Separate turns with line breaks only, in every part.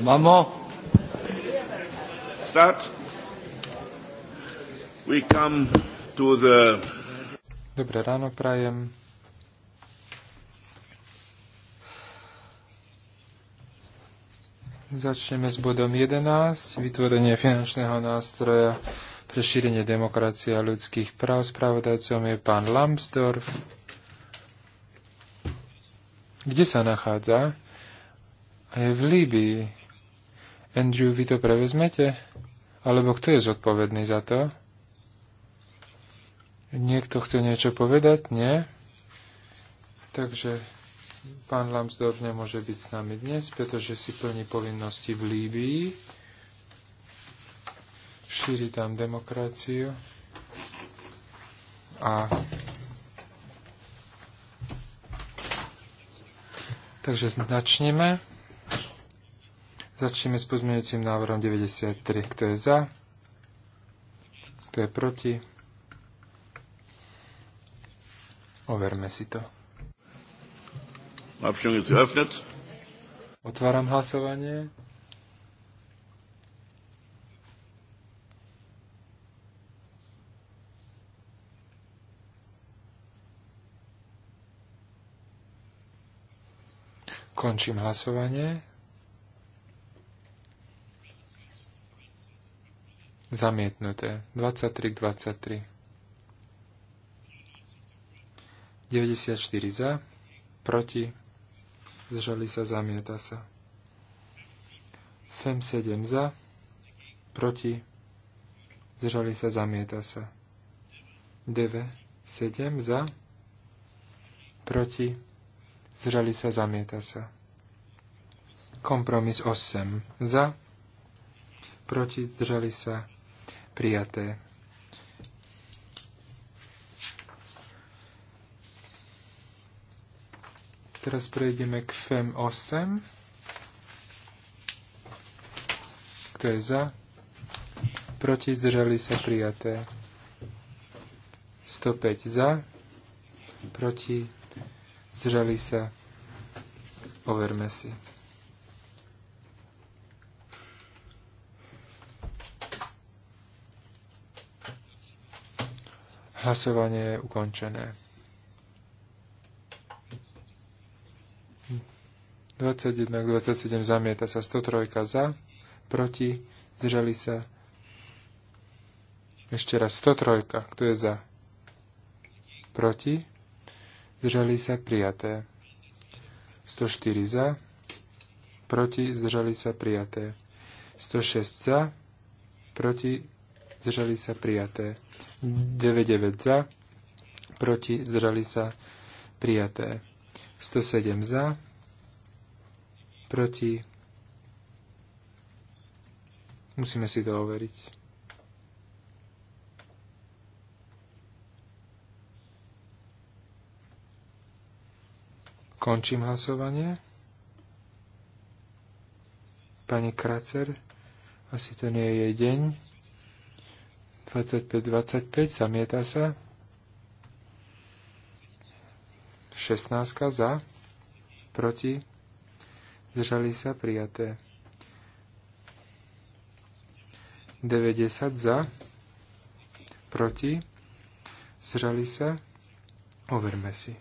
Mamo. Start. We come to the...
Dobré ráno prajem. Začneme s bodom 11, vytvorenie finančného nástroja pre šírenie demokracie a ľudských práv. Spravodajcom je pán Lambsdorff. Kde sa nachádza? aj v Líbii. Andrew, vy to prevezmete? Alebo kto je zodpovedný za to? Niekto chce niečo povedať? Nie? Takže pán Lambsdorff nemôže byť s nami dnes, pretože si plní povinnosti v Líbii. Šíri tam demokraciu. A Takže začneme. Začneme s pozmeňujúcim návrhom 93. Kto je za? Kto je proti? Overme si to. Otváram hlasovanie. Končím hlasovanie. Zamietnuté. 23 k 23. 94 za, proti, zžali sa, zamieta sa. FEM 7 za, proti, zžali sa, zamieta sa. DV 7 za, proti, zžali sa, zamieta sa. Kompromis 8 za, proti, zdržali sa, prijaté. Teraz prejdeme k FEM e 8. Kto je za? Proti zdržali sa prijaté. 105 za, proti zdržali sa. Overme si. Hlasovanie je ukončené. 21 k 27 zamieta sa 103 za, proti, zdržali sa. Ešte raz 103, kto je za? Proti, zdržali sa prijaté. 104 za, proti, zdržali sa prijaté. 106 za, proti, zdržali sa prijaté. 99 za, proti, zdržali sa prijaté. 107 za, proti, musíme si to overiť. Končím hlasovanie. Pani Kracer, asi to nie je jej deň. 25-25, zamieta sa. 16 za, proti, zdržali sa prijaté. 90 za, proti, zdržali sa, overme si.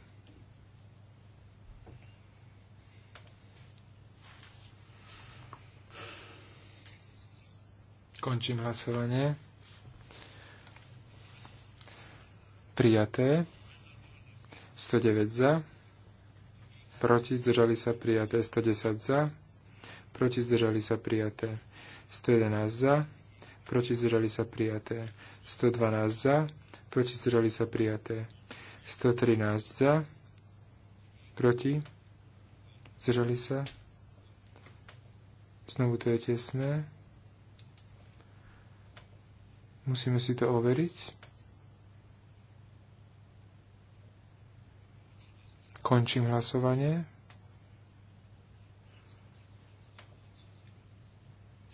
Končím hlasovanie. prijaté. 109 za, proti zdržali sa prijaté. 110 za, proti zdržali sa prijaté. 111 za, proti zdržali sa prijaté. 112 za, proti zdržali sa prijaté. 113 za, proti zdržali sa. Znovu to je tesné. Musíme si to overiť. Končím hlasovanie.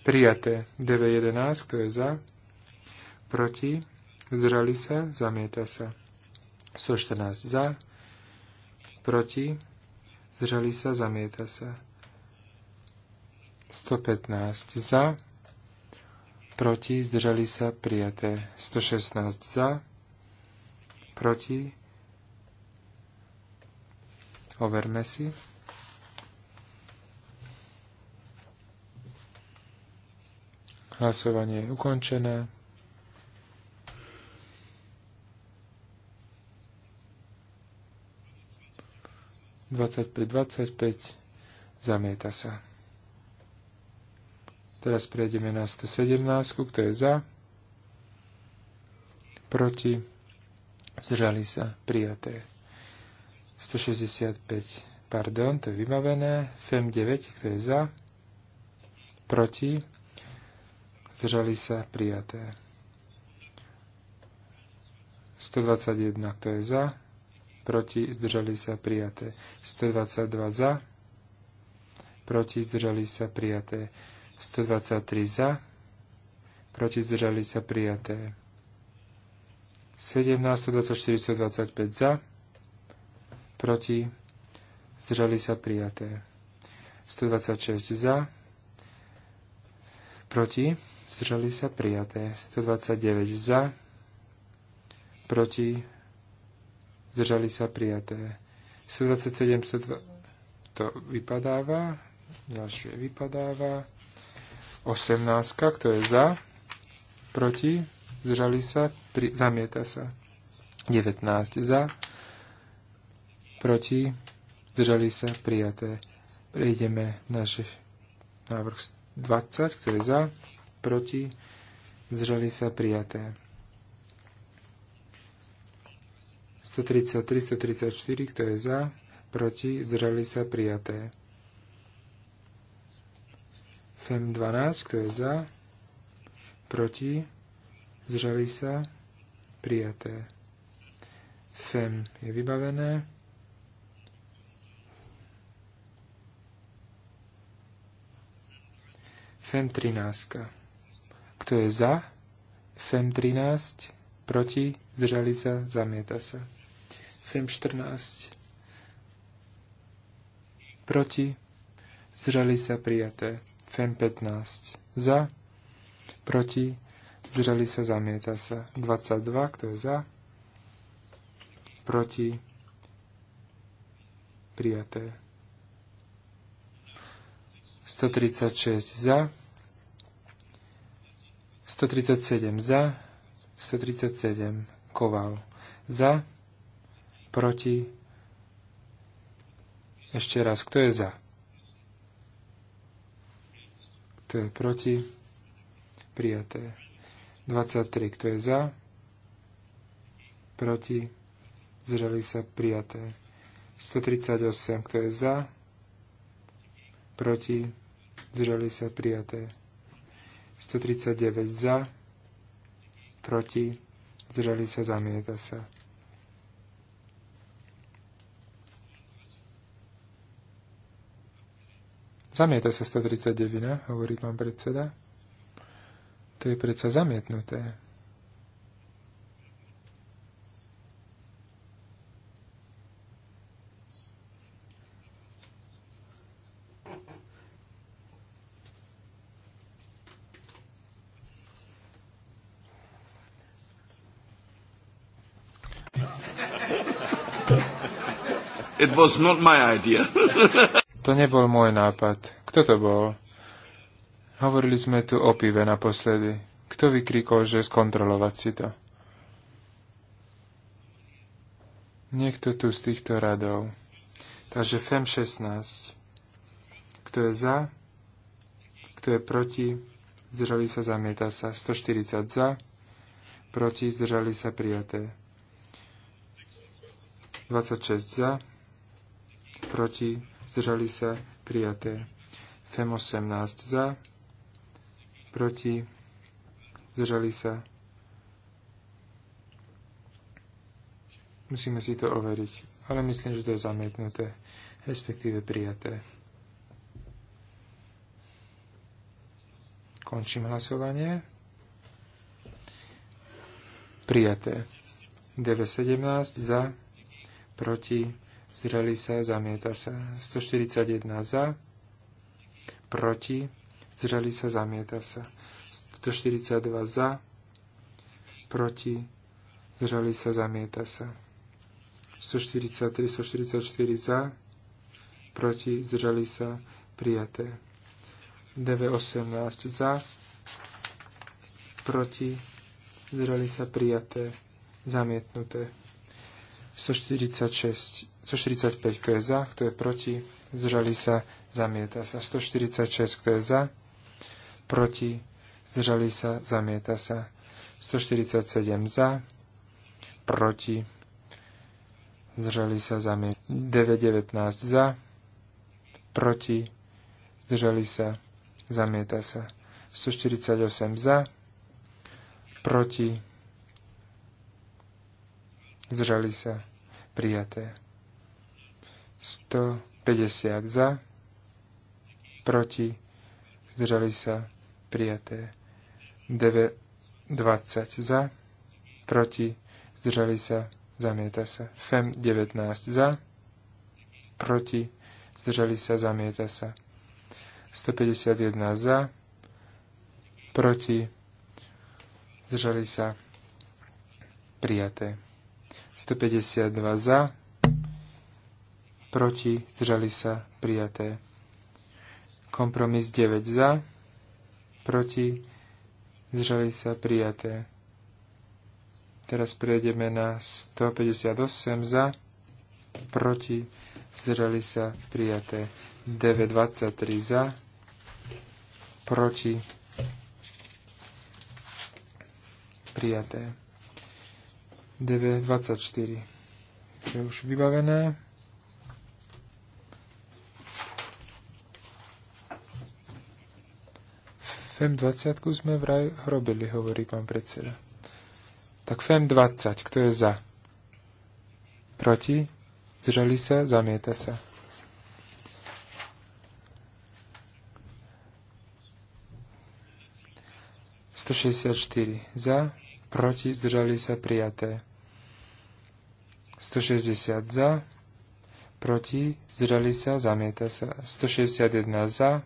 Prijaté 9.11, kto je za, proti, zdržali sa, zamieta sa. 114 za, proti, zdržali sa, zamieta sa. 115 za, proti, zdržali sa, prijaté. 116 za, proti, Overme si. Hlasovanie je ukončené. Dvadsaťpäť, dvadsaťpäť, zamieta sa. Teraz prejdeme na 117, kto je za, proti, zžali sa, prijaté. 165, pardon, to je vybavené. FEM 9, kto je za? Proti? Zdržali sa prijaté. 121, kto je za? Proti? Zdržali sa prijaté. 122 za? Proti? Zdržali sa prijaté. 123 za? Proti? Zdržali sa prijaté. 17, 124, 125 za? proti, zdržali sa prijaté. 126 za, proti, zdržali sa prijaté. 129 za, proti, zdržali sa prijaté. 127 102, to vypadáva, ďalšie vypadáva. 18, kto je za, proti, zdržali sa, pri, zamieta sa. 19 za, proti, zdržali sa, prijaté. Prejdeme na naš návrh 20, kto je za, proti, zdržali sa, prijaté. 133, 134, kto je za, proti, zdržali sa, prijaté. FEM 12, kto je za, proti, zdržali sa, prijaté. FEM je vybavené. FEM 13. Kto je za? FEM 13. Proti? Zdržali sa? Zamieta sa. FEM 14. Proti? Zdržali sa? Prijaté. FEM 15. Za? Proti? Zdržali sa? Zamieta sa. 22. Kto je za? Proti? Prijaté. 136 za, 137 za, 137 Koval za, proti, ešte raz, kto je za? Kto je proti? Prijaté. 23, kto je za? Proti, zreli sa prijaté. 138, kto je za? Proti, zreli sa prijaté. 139 za, proti, zdržali sa, zamieta sa. Zamieta sa 139, hovorí pán predseda. To je predsa zamietnuté.
It was not my idea.
to nebol môj nápad. Kto to bol? Hovorili sme tu o pive naposledy. Kto vykrikol, že skontrolovať si to? Niekto tu z týchto radov. Takže FEM 16. Kto je za? Kto je proti? Zdržali sa, zamieta sa. 140 za. Proti, zdržali sa, prijaté. 26 za proti, zdržali sa, prijaté. FEM 18 za, proti, zdržali sa. Musíme si to overiť, ale myslím, že to je zamietnuté, respektíve prijaté. Končím hlasovanie. Prijaté. 917 za, proti, zdržali sa, zamieta sa. 141 za, proti, zdržali sa, zamieta sa. 142 za, proti, zdržali sa, zamieta sa. 143, 144 za, proti, zdržali sa, prijaté. 918 za, proti, zdržali sa, prijaté, zamietnuté. 146, 145, kto je za, kto je proti, zdržali sa, zamieta sa. 146, kto je za, proti, zdržali sa, zamieta sa. 147 za, proti, zdržali sa, zamieta 919 za, proti, zdržali sa, zamieta sa. 148 za, proti, zdržali sa, prijaté. 150 za, proti, zdržali sa, prijaté. 20 za, proti, zdržali sa, zamieta sa. FEM 19 za, proti, zdržali sa, zamieta sa. 151 za, proti, zdržali sa, prijaté. 152 za, proti, zdržali sa, prijaté. Kompromis 9 za, proti, zdržali sa, prijaté. Teraz prejdeme na 158 za, proti, zdržali sa, prijaté. 923 za, proti, prijaté. DV24 Je už vybavené. FEM 20 sme vraj robili, hovorí pán predseda. Tak FEM 20, kto je za? Proti? Zdržali sa? Zamieta sa. Sto šesťdesiat štyri. Za? Proti? Zdržali sa? Prijaté. 160 za, proti, zdrali sa, zamieta sa. 161 za,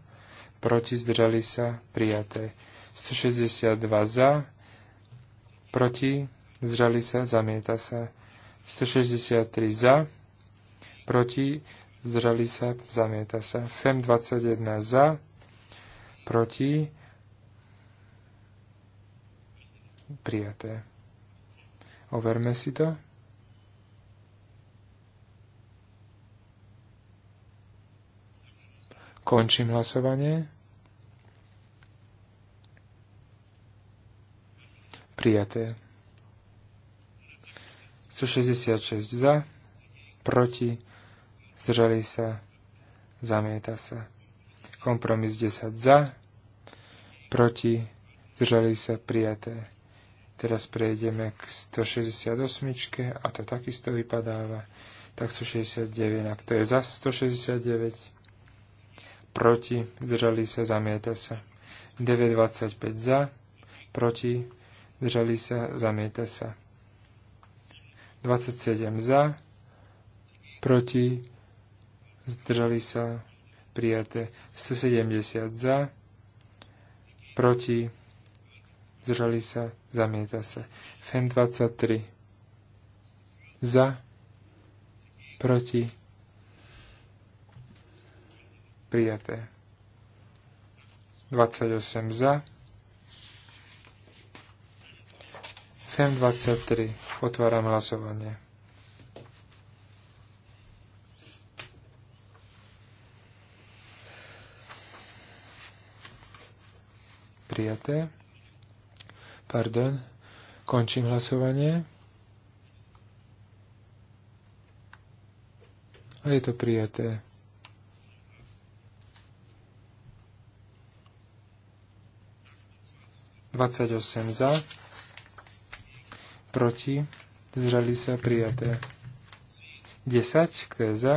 proti, zdrali sa, prijaté. 162 za, proti, zdrali sa, zamieta sa. 163 za, proti, zdrali sa, zamieta sa. FEM 21 za, proti, prijaté. Overme si to. Končím hlasovanie. Prijaté. 166 za, proti, zdržali sa, zamieta sa. Kompromis 10 za, proti, zdržali sa, prijaté. Teraz prejdeme k 168 a to takisto vypadáva. Tak 169, kto je za 169? proti, zdržali sa, zamieta sa. 9.25 za, proti, zdržali sa, zamieta sa. 27 za, proti, zdržali sa, prijaté. 170 za, proti, zdržali sa, zamieta sa. FEM 23 za, proti, prijaté. 28 za. FEM 23. Otváram hlasovanie. Prijaté. Pardon. Končím hlasovanie. A je to prijaté. 28 za, proti, zdržali sa prijaté. 10, kto je za,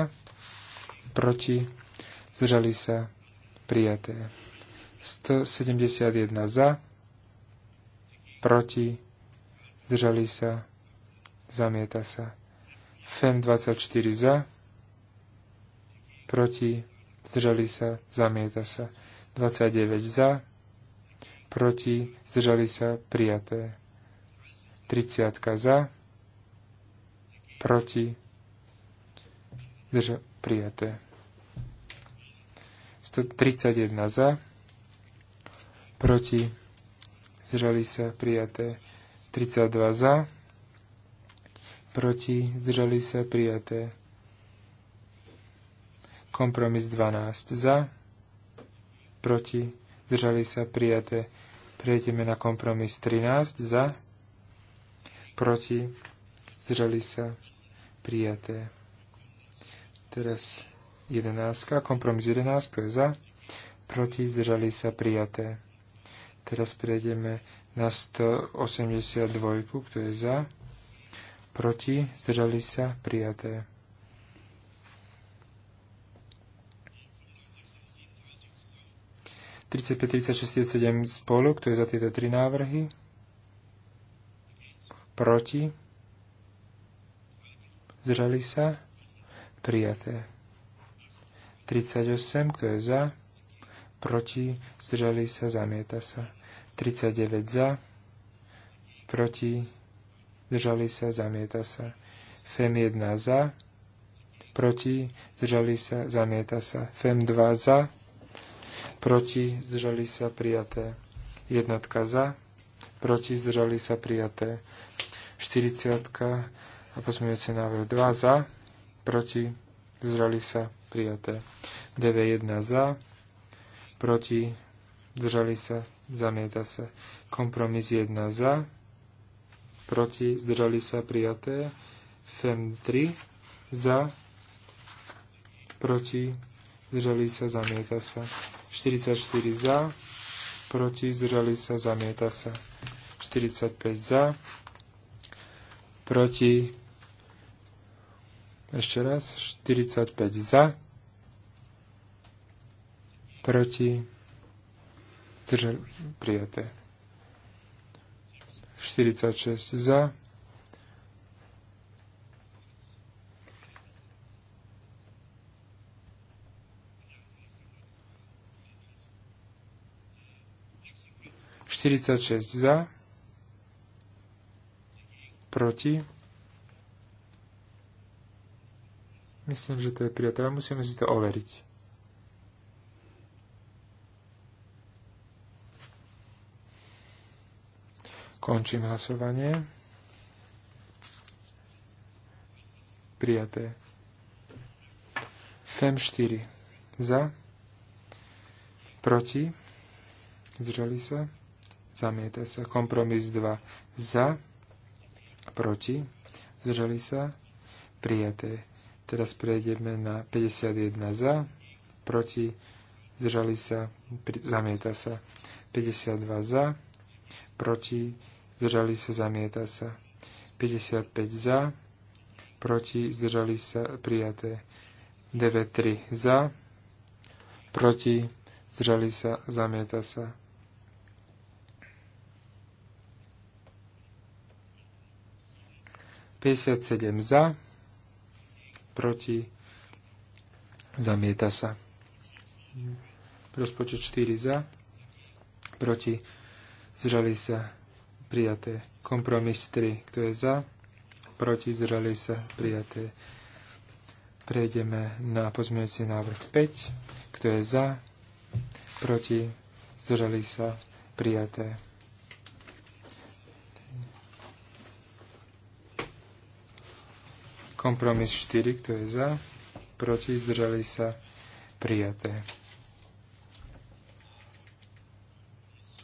proti, zdržali sa prijaté. 171 za, proti, zdržali sa, zamieta sa. FEM 24 za, proti, zdržali sa, zamieta sa. 29 za, proti, zdržali sa, prijaté. 30 za, proti, zdrža, prijaté. 131 za, proti, zdržali sa, prijaté. 32 za, proti, zdržali sa, prijaté. Kompromis 12 za, proti, zdržali sa, prijaté. Prejdeme na kompromis 13 za, proti, zdržali sa, prijaté. Teraz 11, kompromis 11, to je za, proti, zdržali sa, prijaté. Teraz prejdeme na 182, kto je za, proti, zdržali sa, prijaté. 35, 36, 37 spolu, kto je za tieto tri návrhy? Proti? Zdržali sa? Prijaté. 38, kto je za? Proti? Zdržali sa? Zamieta sa. 39 za? Proti? Zdržali sa? Zamieta sa. FEM 1 za? Proti? Zdržali sa? Zamieta sa. FEM 2 za? proti, zdržali sa prijaté. Jednotka za, proti, zdržali sa prijaté. 40 a pozmeňujúce návrh 2 za, proti, zdržali sa prijaté. DV1 za, proti, zdržali sa, zamieta sa. Kompromis 1 za, proti, zdržali sa prijaté. FEM 3 za, proti, zdržali sa, zamieta sa. 44 za, proti, zdržali sa, zamieta sa. 45 za, proti, ešte raz, 45 za, proti, zdržali, prijaté. 46 za, 46 za, proti. Myslím, že to je prijaté, musíme si to overiť. Končím hlasovanie. Prijaté. FEM 4. Za. Proti. Zdržali sa zamieta sa. Kompromis 2 za, proti, zdržali sa, prijaté. Teraz prejdeme na 51 za, proti, zdržali sa, pri, zamieta sa. 52 za, proti, zdržali sa, zamieta sa. 55 za, proti, zdržali sa, prijaté. 93 za, proti, zdržali sa, zamieta sa. 57 za, proti, zamieta sa. Rozpočet 4 za, proti, zžali sa, prijaté. Kompromis 3, kto je za, proti, zžali sa, prijaté. Prejdeme na pozmeňujúci návrh 5, kto je za, proti, zžali sa, prijaté. Kompromis 4, kto je za, proti, zdržali sa, prijaté.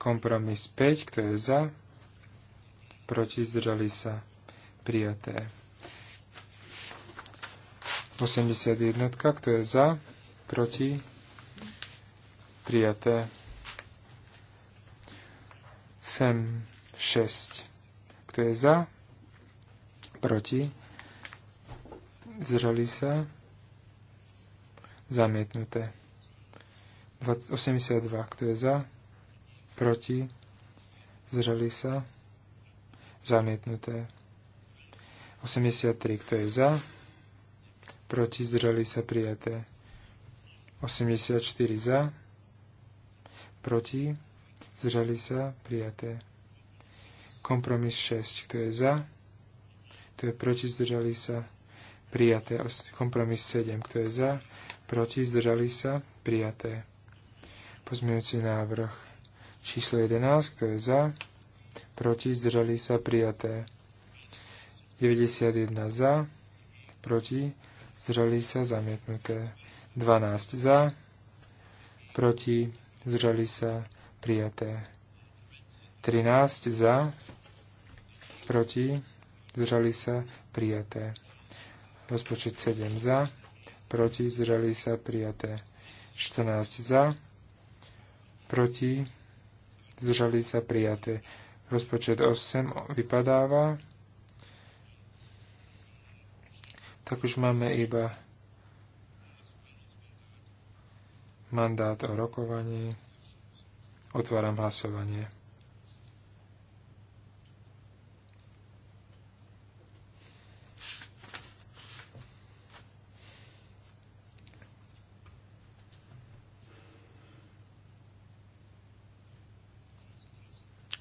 Kompromis 5, kto je za, proti, zdržali sa, prijaté. 81, kto je za, proti, prijaté. FEM 6, kto je za, proti, zdržali sa, zamietnuté. 82, kto je za, proti, zdržali sa, zamietnuté. 83, kto je za, proti, zdržali sa, prijaté. 84 za, proti, zdržali sa, prijaté. Kompromis 6, kto je za, kto je proti, zdržali sa, prijaté prijaté. Kompromis 7, kto je za, proti, zdržali sa, prijaté. Pozmeňujúci návrh číslo 11, kto je za, proti, zdržali sa, prijaté. 91 za, proti, zdržali sa, zamietnuté. 12 za, proti, zdržali sa, prijaté. 13 za, proti, zdržali sa, prijaté. Rozpočet 7 za, proti, zdržali sa prijaté. 14 za, proti, zdržali sa prijaté. Rozpočet 8 vypadáva. Tak už máme iba mandát o rokovaní. Otváram hlasovanie.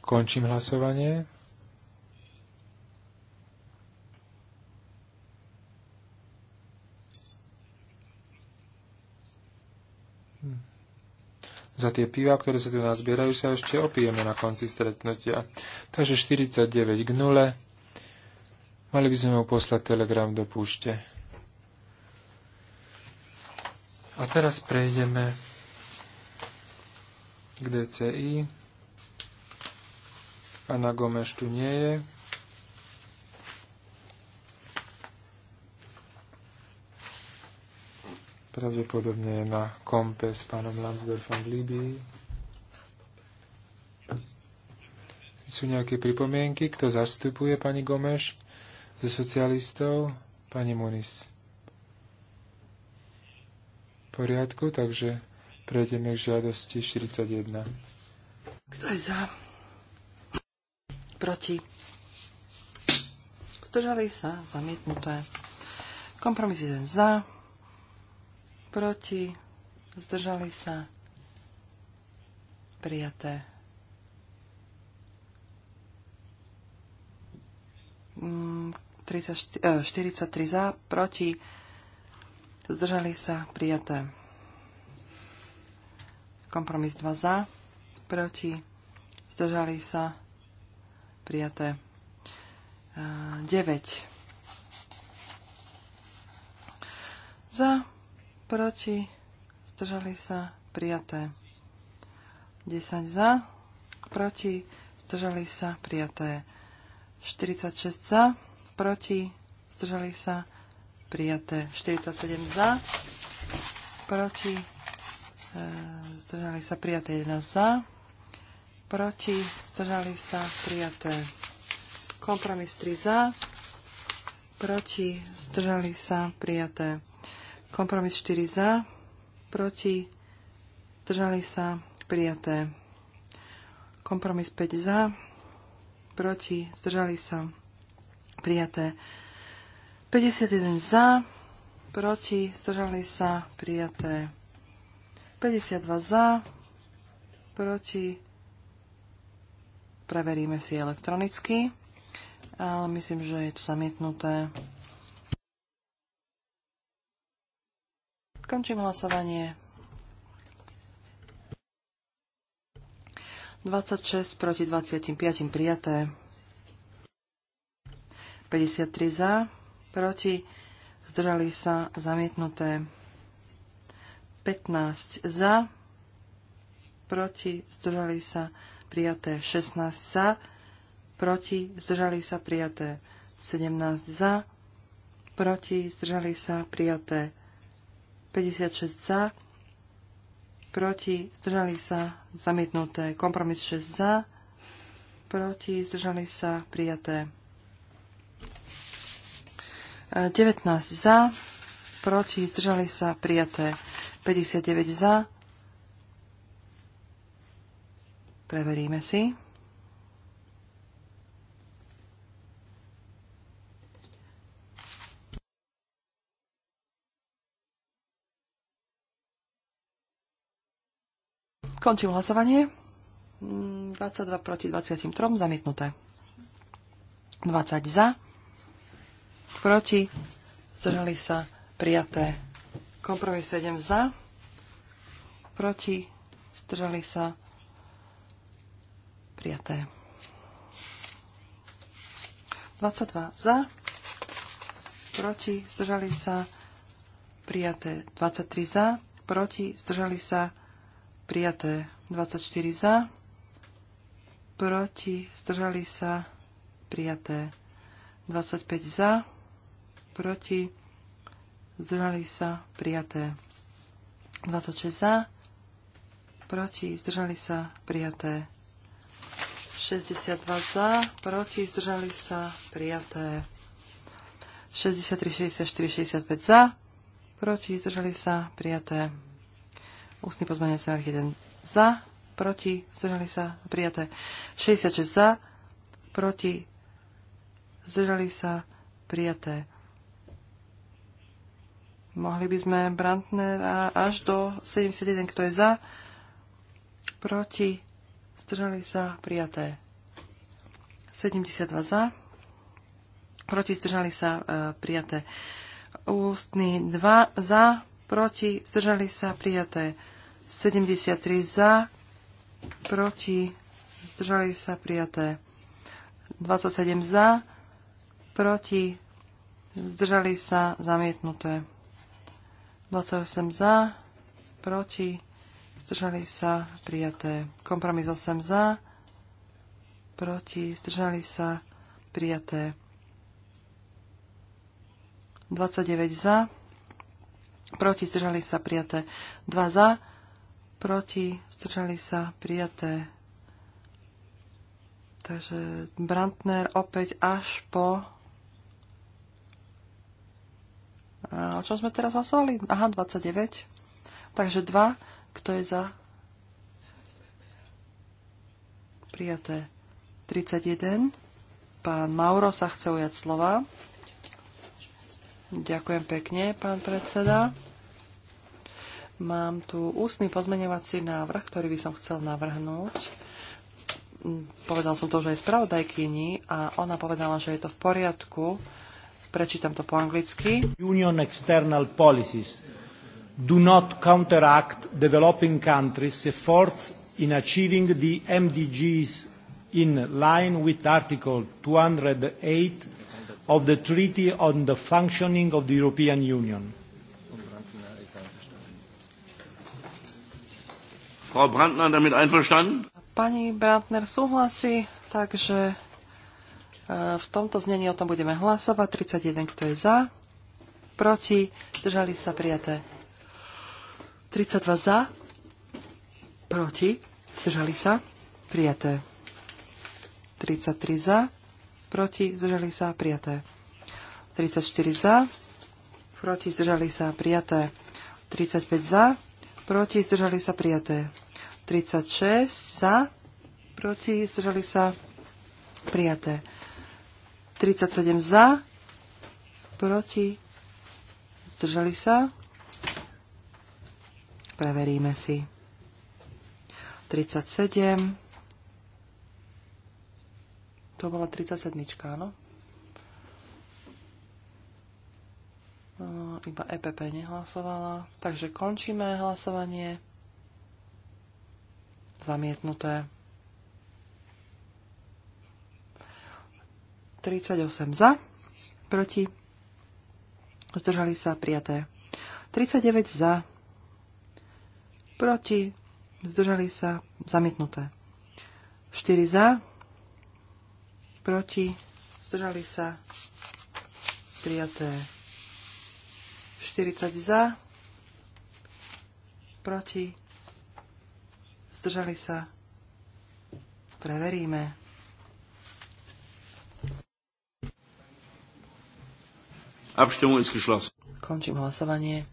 Končím hlasovanie. Za tie piva, ktoré sa tu nazbierajú, sa ešte opijeme na konci stretnutia. Takže 49 k 0 Mali by sme mu poslať telegram do púšte. A teraz prejdeme k DCI. Pana Gomeš tu nie je. Pravdepodobne je na kompe s pánom Lansdorfom v Líbii. Sú nejaké pripomienky? Kto zastupuje pani Gomeš zo socialistov? Pani Munis. poriadku, takže prejdeme k žiadosti 41.
Kto je za? Proti. Zdržali sa. Zamietnuté. Kompromis 1 za. Proti. Zdržali sa. Prijaté. Mm, 43 eh, za. Proti. Zdržali sa. Prijaté. Kompromis 2 za. Proti. Zdržali sa prijaté. 9. E, za, proti, zdržali sa, prijaté. 10 za, proti, zdržali sa, prijaté. 46 za, proti, zdržali sa, prijaté. 47 za, proti, e, zdržali sa, prijaté. 11 za, proti, zdržali sa, prijaté. Kompromis 3 za, proti, zdržali sa, prijaté. Kompromis 4 za, proti, zdržali sa, prijaté. Kompromis 5 za, proti, zdržali sa, prijaté. 51 za, proti, zdržali sa, prijaté. 52 za, proti, Preveríme si elektronicky, ale myslím, že je to zamietnuté. Končím hlasovanie. 26 proti 25 prijaté. 53 za, proti, zdržali sa zamietnuté. 15 za, proti, zdržali sa zamietnuté prijaté 16 za, proti, zdržali sa prijaté 17 za, proti, zdržali sa prijaté 56 za, proti, zdržali sa zamietnuté kompromis 6 za, proti, zdržali sa prijaté 19 za, proti, zdržali sa prijaté 59 za, Preveríme si. Končím hlasovanie. 22 mm, proti 23, zamietnuté. 20 za, proti, zdržali sa, prijaté. Kompromis 7 za, proti, zdržali sa, prijaté. 22 za, proti, zdržali sa, prijaté. 23 za, proti, zdržali sa, prijaté. 24 za, proti, zdržali sa, prijaté. 25 za, proti, zdržali sa, prijaté. 26 za, proti, zdržali sa, prijaté. 62 za, proti, zdržali sa, prijaté. 63, 64, 65 za, proti, zdržali sa, prijaté. Ústny pozmeňujúci návrh 1 za, proti, zdržali sa, prijaté. 66 za, proti, zdržali sa, prijaté. Mohli by sme Brantnera až do 71, kto je za, proti, zdržali sa, prijaté. 72 e, za, proti, zdržali sa, prijaté. Ústny 2 za, proti, zdržali sa, prijaté. 73 za, proti, zdržali sa, prijaté. 27 za, proti, zdržali sa, zamietnuté. 28 za, proti, zdržali sa, prijaté. Kompromis 8 za, proti, zdržali sa, prijaté. 29 za, proti, zdržali sa, prijaté. 2 za, proti, zdržali sa, prijaté. Takže Brantner opäť až po... A o čom sme teraz hlasovali? Aha, 29. Takže 2 kto je za? Prijaté. 31. Pán Mauro sa chce ujať slova. Ďakujem pekne, pán predseda. Mám tu ústny pozmeňovací návrh, ktorý by som chcel navrhnúť. Povedal som to už aj spravodajkyni a ona povedala, že je to v poriadku. Prečítam to po anglicky.
Union External Policies
do not counteract developing countries' efforts in achieving
the MDGs in line with Article 208
of the Treaty on the Functioning of the European Union.
Frau Brandner damit einverstanden?
Pani Brandner súhlasí, takže e, v tomto znení o tom budeme hlasovať. 31, kto je za, proti, zdržali sa prijaté. 32 za, proti, zdržali sa, prijaté. 33 za, proti, zdržali sa, prijaté. 34 za, proti, zdržali sa, prijaté. 35 za, proti, zdržali sa, prijaté. 36 za, proti, zdržali sa, prijaté. 37 za, proti, zdržali sa, prijaté. Preveríme si. 37. To bola 37, áno? No, iba EPP nehlasovala. Takže končíme hlasovanie. Zamietnuté. 38 za, proti, zdržali sa prijaté. 39 za, proti, zdržali sa, zamietnuté. 4 za, proti, zdržali sa, prijaté. 40 za, proti, zdržali sa, preveríme.
Abstimmung ist geschlossen.
Končím hlasovanie.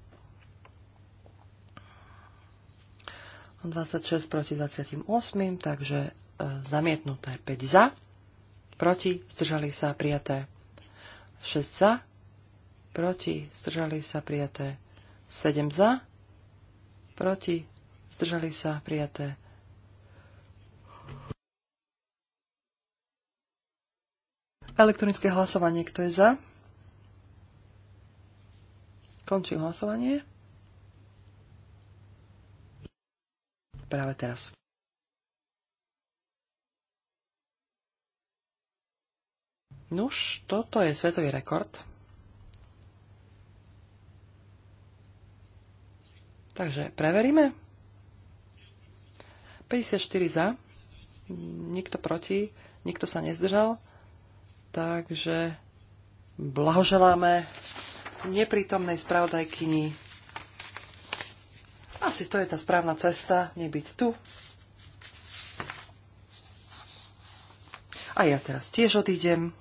26 proti 28, takže e, zamietnuté 5 za, proti, zdržali sa prijaté 6 za, proti, zdržali sa prijaté 7 za, proti, zdržali sa prijaté Elektronické hlasovanie, kto je za? Končím hlasovanie. práve teraz. Nuž, toto je svetový rekord. Takže preveríme. 54 za, nikto proti, nikto sa nezdržal. Takže blahoželáme neprítomnej spravodajkyni asi to je tá správna cesta, nebyť tu. A ja teraz tiež odídem.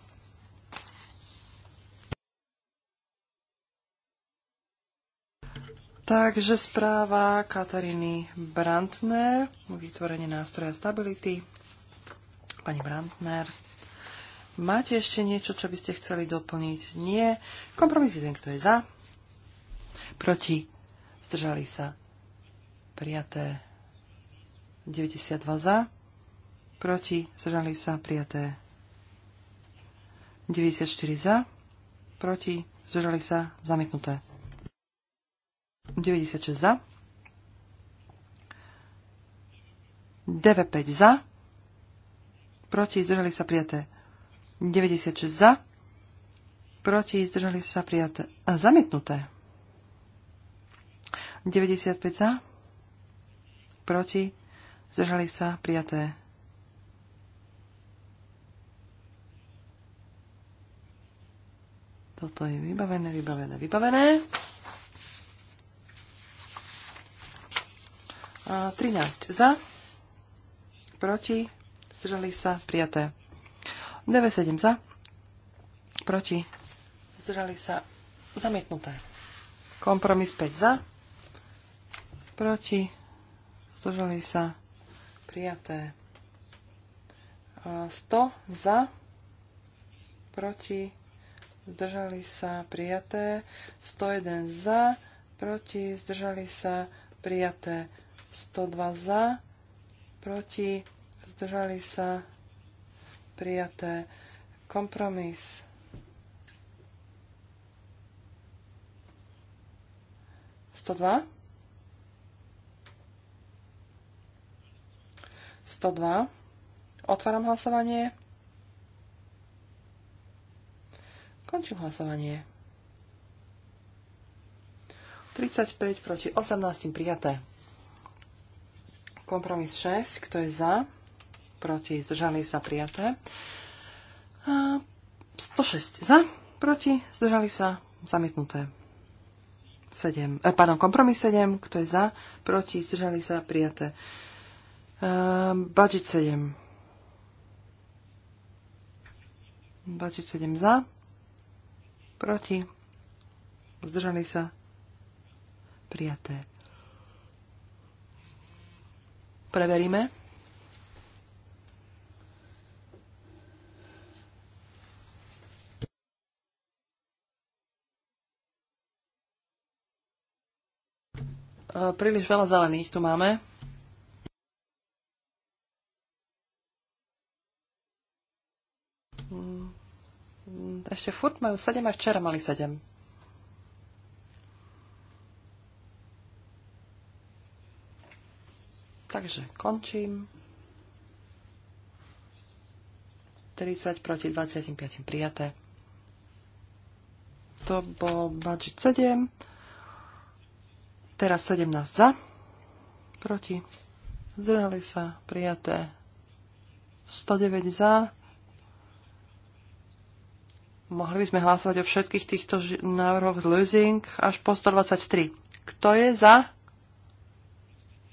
Takže správa Katariny Brandner, vytvorenie nástroja stability. Pani Brandner, máte ešte niečo, čo by ste chceli doplniť? Nie. Kompromis jeden, kto je za, proti, zdržali sa, prijaté 92 za, proti, zdržali sa, prijaté 94 za, proti, zdržali sa, zamietnuté 96 za, 95 za, proti, zdržali sa, prijaté 96 za, proti, zdržali sa, prijaté a zamietnuté 95 za, proti, zdržali sa, prijaté. Toto je vybavené, vybavené, vybavené. A 13 za, proti, zdržali sa, prijaté. 97 za, proti, zdržali sa, zamietnuté. Kompromis 5 za, proti, zdržali sa prijaté. 100 za, proti, zdržali sa prijaté. 101 za, proti, zdržali sa prijaté. 102 za, proti, zdržali sa prijaté. Kompromis. Sto dva. 102. Otváram hlasovanie. Končím hlasovanie. 35 proti 18 prijaté. Kompromis 6, kto je za, proti, zdržali sa prijaté. A 106 za, proti, zdržali sa zamietnuté. 7, eh, pardon, kompromis 7, kto je za, proti, zdržali sa prijaté. Budget 7. Budget 7 za. Proti. Zdržali sa. Prijaté. Preveríme. Ehm, príliš veľa zelených tu máme. Ešte furt majú 7 a včera mali 7. Takže končím. 30 proti 25 prijaté. To bol budget 7. Teraz 17 za. Proti. Zdržali sa prijaté. 109 za Mohli by sme hlasovať o všetkých týchto návrhoch losing až po 123. Kto je za?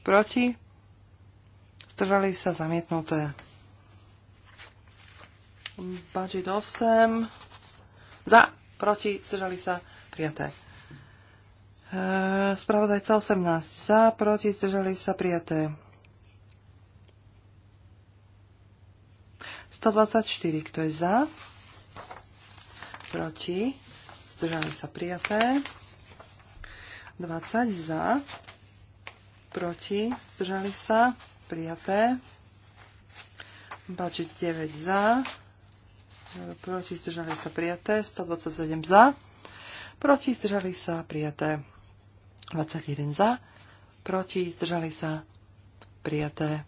Proti? Zdržali sa zamietnuté. Budget 8. Za, proti, zdržali sa prijaté. E, spravodajca 18. Za, proti, zdržali sa prijaté. 124. Kto je za? proti, zdržali sa prijaté, 20 za, proti, zdržali sa prijaté, bačiť 9 za, proti, zdržali sa prijaté, 127 za, proti, zdržali sa prijaté, 21 za, proti, zdržali sa prijaté,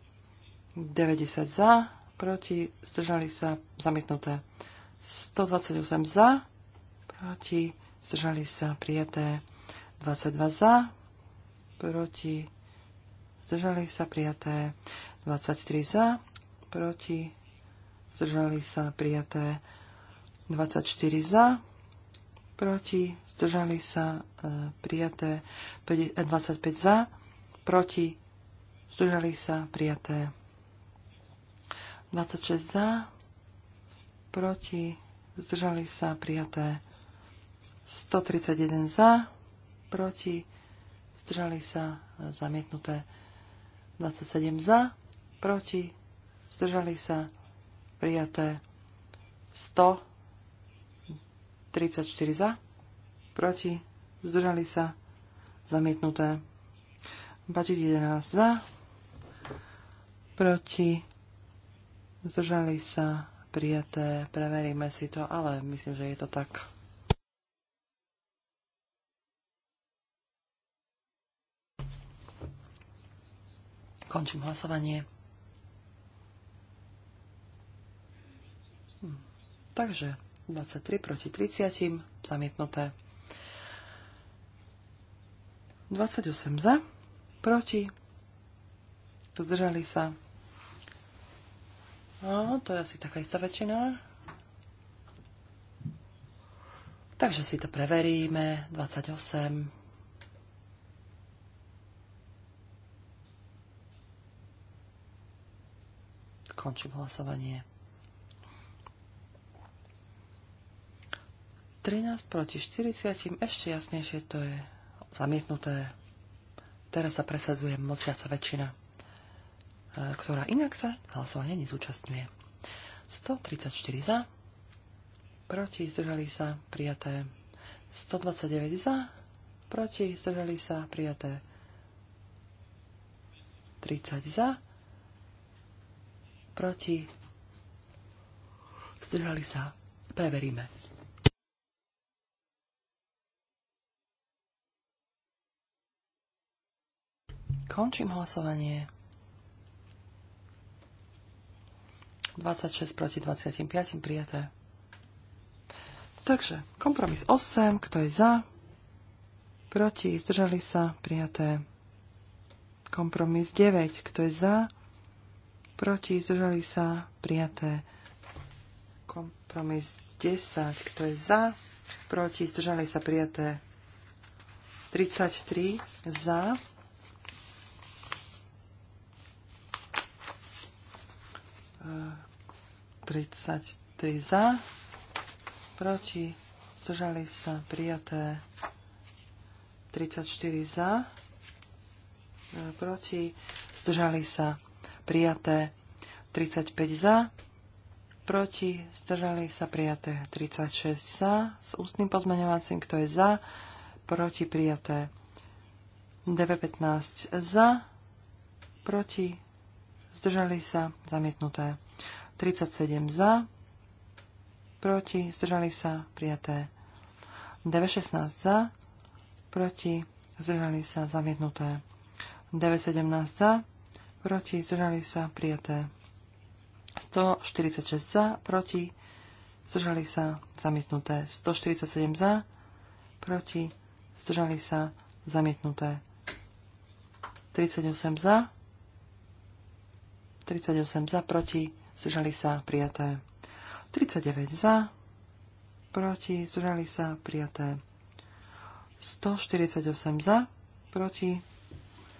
90 za, proti, zdržali sa zamietnuté. 128 za, proti, zdržali sa prijaté 22 za, proti, zdržali sa prijaté 23 za, proti, zdržali sa prijaté 24 e, e, za, proti, zdržali sa prijaté 25 za, proti, zdržali sa prijaté 26 za, proti, zdržali sa prijaté 131 za, proti, zdržali sa zamietnuté 27 za, proti, zdržali sa prijaté 134 za, proti, zdržali sa zamietnuté budget 11 za, proti, zdržali sa prijaté, preveríme si to, ale myslím, že je to tak. Končím hlasovanie. Hm. Takže 23 proti 30, zamietnuté. 28 za, proti, zdržali sa, No, to je asi taká istá väčšina. Takže si to preveríme. 28. Končím hlasovanie. 13 proti 40, ešte jasnejšie to je zamietnuté. Teraz sa presadzuje mlčiaca väčšina. E, ktorá inak sa hlasovania nezúčastňuje. 134 za, proti zdržali sa prijaté 129 za, proti zdržali sa prijaté 30 za, proti zdržali sa, preveríme. Končím hlasovanie. 26 proti 25 prijaté. Takže kompromis 8, kto je za, proti, zdržali sa, prijaté. Kompromis 9, kto je za, proti, zdržali sa, prijaté. Kompromis 10, kto je za, proti, zdržali sa, prijaté. 33 za, 33 za, proti, zdržali sa prijaté 34 e, za, proti, zdržali sa prijaté 35 za, proti, zdržali sa prijaté 36 za, s ústnym pozmeňovacím, kto je za, proti prijaté 915 za, proti, zdržali sa zamietnuté 37 za, proti, zdržali sa, prijaté. 916 za, proti, zdržali sa, zamietnuté. 917 za, proti, zdržali sa, prijaté. 146 za, proti, zdržali sa, zamietnuté. 147 za, proti, zdržali sa, zamietnuté. 38 za, 38 za, proti, zdržali sa, prijaté. 39 za, proti, zdržali sa, prijaté. 148 za, proti,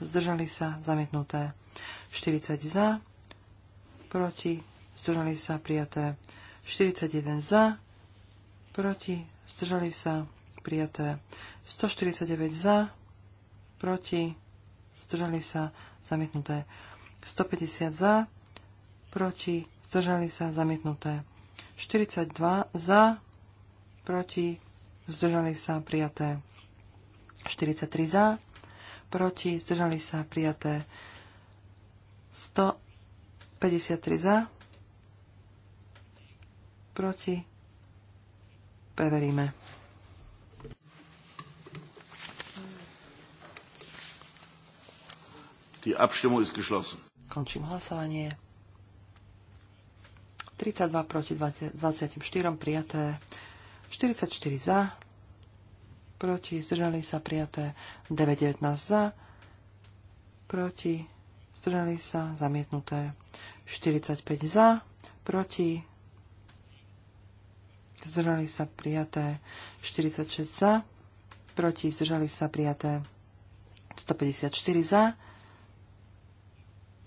zdržali sa, zamietnuté. 40 za, proti, zdržali sa, prijaté. 41 za, proti, zdržali sa, prijaté. 149 za, proti, zdržali sa, zamietnuté. 150 za, proti, zdržali sa, zamietnuté. 42 za, proti, zdržali sa, prijaté. 43 za, proti, zdržali sa, prijaté. 153 za, proti, preveríme.
Die Abstimmung ist geschlossen.
Končím hlasovanie. 32 proti 24 prijaté, 44 za, proti zdržali sa prijaté, 919 za, proti zdržali sa zamietnuté, 45 za, proti zdržali sa prijaté, 46 za, proti zdržali sa prijaté, 154 za,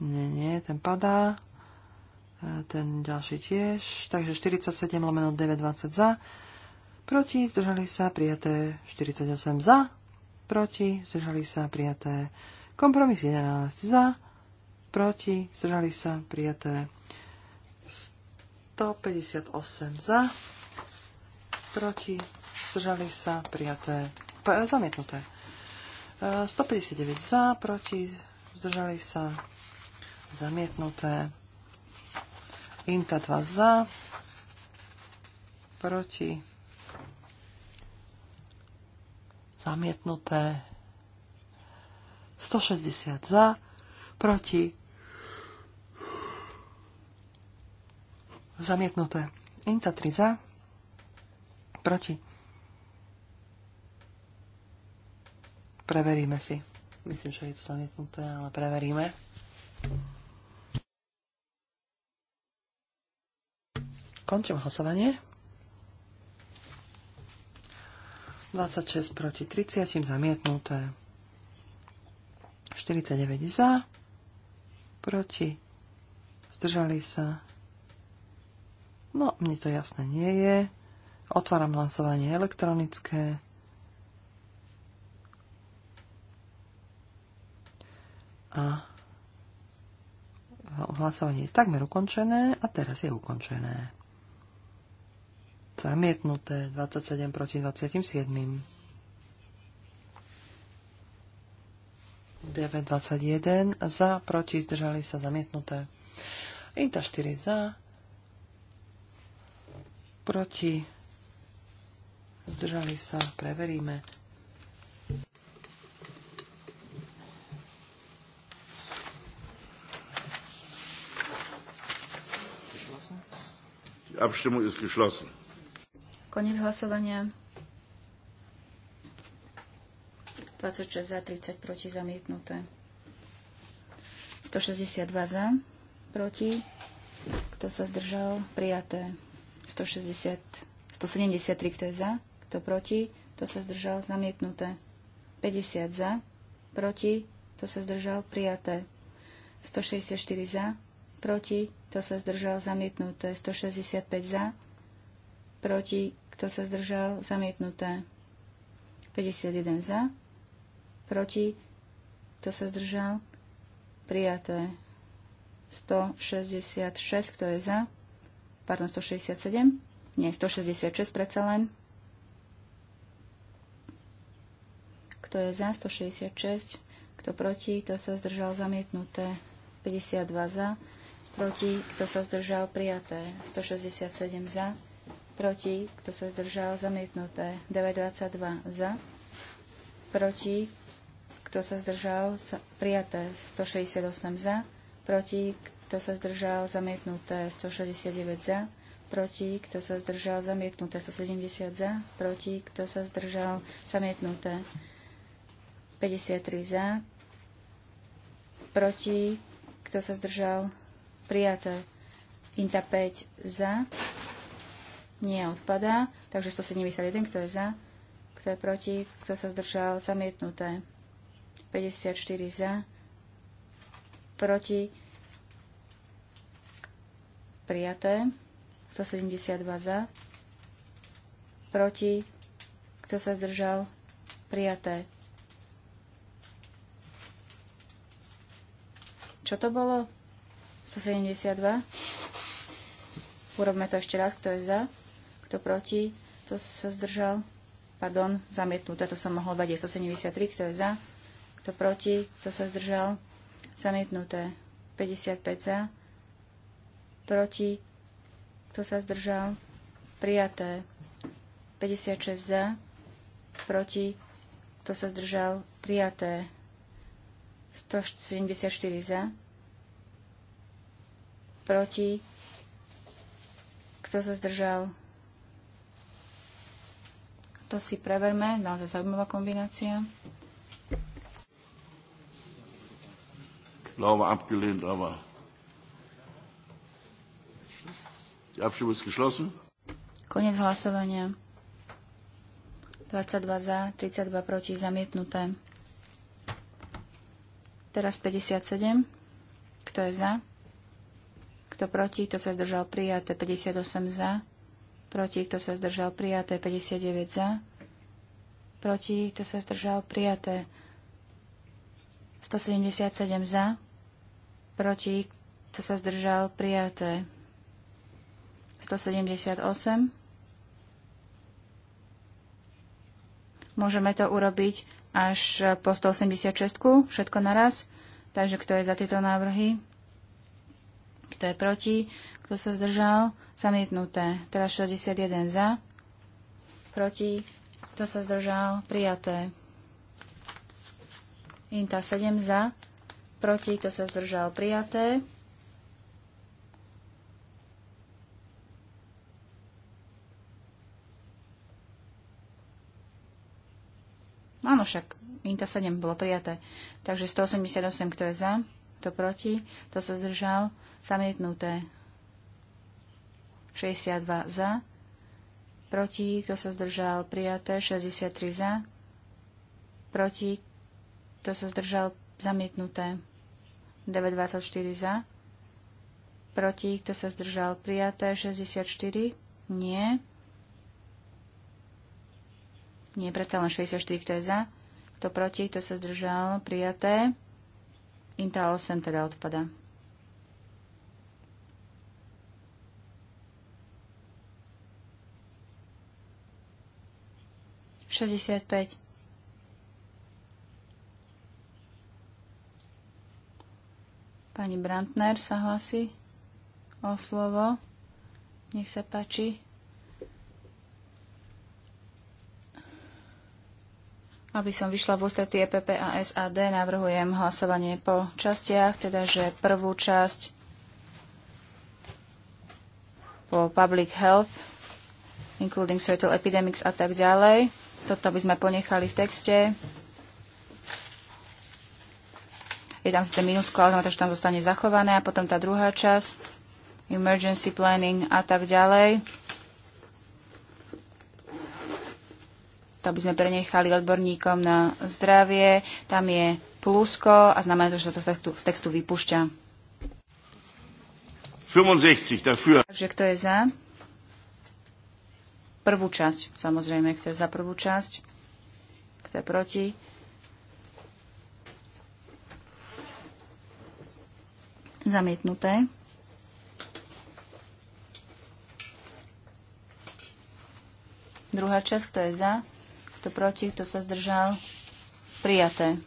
nie, nie, ten padá, ten ďalší tiež. Takže 47 lomeno 920 za. Proti zdržali sa prijaté 48 za. Proti zdržali sa prijaté kompromis 11 za. Proti zdržali sa prijaté 158 za. Proti zdržali sa prijaté e, zamietnuté. 159 e, za, proti zdržali sa zamietnuté. Inta 2 za, proti, zamietnuté, 160 za, proti, zamietnuté, Inta 3 za, proti. Preveríme si. Myslím, že je to zamietnuté, ale preveríme. Končím hlasovanie. 26 proti 30 zamietnuté. 49 za, proti, zdržali sa. No, mne to jasné nie je. Otváram hlasovanie elektronické. A hlasovanie je takmer ukončené a teraz je ukončené. Zamietnuté 27 proti 27. 921 za, proti, zdržali sa zamietnuté. Inta 4 za, proti, zdržali sa, preveríme.
Die Abstimmung ist geschlossen.
Konec hlasovania. 26 za, 30 proti, zamietnuté. 162 za, proti, kto sa zdržal, prijaté. 160, 173, kto je za, kto proti, kto sa zdržal, zamietnuté. 50 za, proti, kto sa zdržal, prijaté. 164 za, proti, kto sa zdržal, zamietnuté. 165 za, proti, kto sa zdržal, zamietnuté. 51 za, proti, kto sa zdržal, prijaté. 166, kto je za, pardon, 167, nie, 166 predsa len. Kto je za, 166, kto proti, kto sa zdržal, zamietnuté. 52 za, proti, kto sa zdržal, prijaté. 167 za, proti, kto sa zdržal, zamietnuté. 922 za, proti, kto sa zdržal, prijaté. 168 za, proti, kto sa zdržal, zamietnuté. 169 za, proti, kto sa zdržal, zamietnuté. 170 za, proti, kto sa zdržal, zamietnuté. 53 za, proti, kto sa zdržal, prijaté. Inta 5 za, nie, odpadá. Takže 171, kto je za, kto je proti, kto sa zdržal, zamietnuté. 54 za, proti, prijaté. 172 za, proti, kto sa zdržal, prijaté. Čo to bolo? 172. Urobme to ešte raz, kto je za. Kto proti? Kto sa zdržal? Pardon, zamietnuté, to som mohol vedieť. 173, kto je za? Kto proti? Kto sa zdržal? Zamietnuté. 55 za. Proti? Kto sa zdržal? Prijaté. 56 za. Proti? Kto sa zdržal? Prijaté. 174 za proti, kto sa zdržal, to si preverme. Naozaj zaujímavá kombinácia.
Glaube abgelehnt, aber die Abstimmung ist geschlossen.
Konec hlasovania. 22 za, 32 proti, zamietnuté. Teraz 57. Kto je za? Kto proti? Kto sa zdržal prijaté? 58 za proti, kto sa zdržal prijaté, 59 za, proti, kto sa zdržal prijaté, 177 za, proti, kto sa zdržal prijaté, 178. Môžeme to urobiť až po 186, všetko naraz. Takže kto je za tieto návrhy? Kto je proti? Kto sa zdržal? zamietnuté. Teraz 61 za, proti, kto sa zdržal, prijaté. Inta 7 za, proti, kto sa zdržal, prijaté. Áno, však Inta 7 bolo prijaté. Takže 188, kto je za, kto proti, kto sa zdržal, zamietnuté. 62 za, proti, kto sa zdržal, prijaté, 63 za, proti, kto sa zdržal, zamietnuté, 924 za, proti, kto sa zdržal, prijaté, 64, nie, nie, predsa len 64, kto je za, kto proti, kto sa zdržal, prijaté, Intel 8 teda odpada. 65. Pani Brantner sa hlasí o slovo. Nech sa páči. Aby som vyšla v ústretí EPP a SAD, navrhujem hlasovanie po častiach, teda že prvú časť po public health, including social epidemics a tak ďalej. Toto by sme ponechali v texte. Je tam síce minus klauzula, to, že tam zostane zachované. A potom tá druhá časť, emergency planning a tak ďalej. To by sme prenechali odborníkom na zdravie. Tam je plusko a znamená to, že sa to z textu, z textu vypúšťa.
65 dafür.
Takže kto je za? prvú časť, samozrejme, kto je za prvú časť, kto je proti. Zamietnuté. Druhá časť, kto je za, kto proti, kto sa zdržal. Prijaté.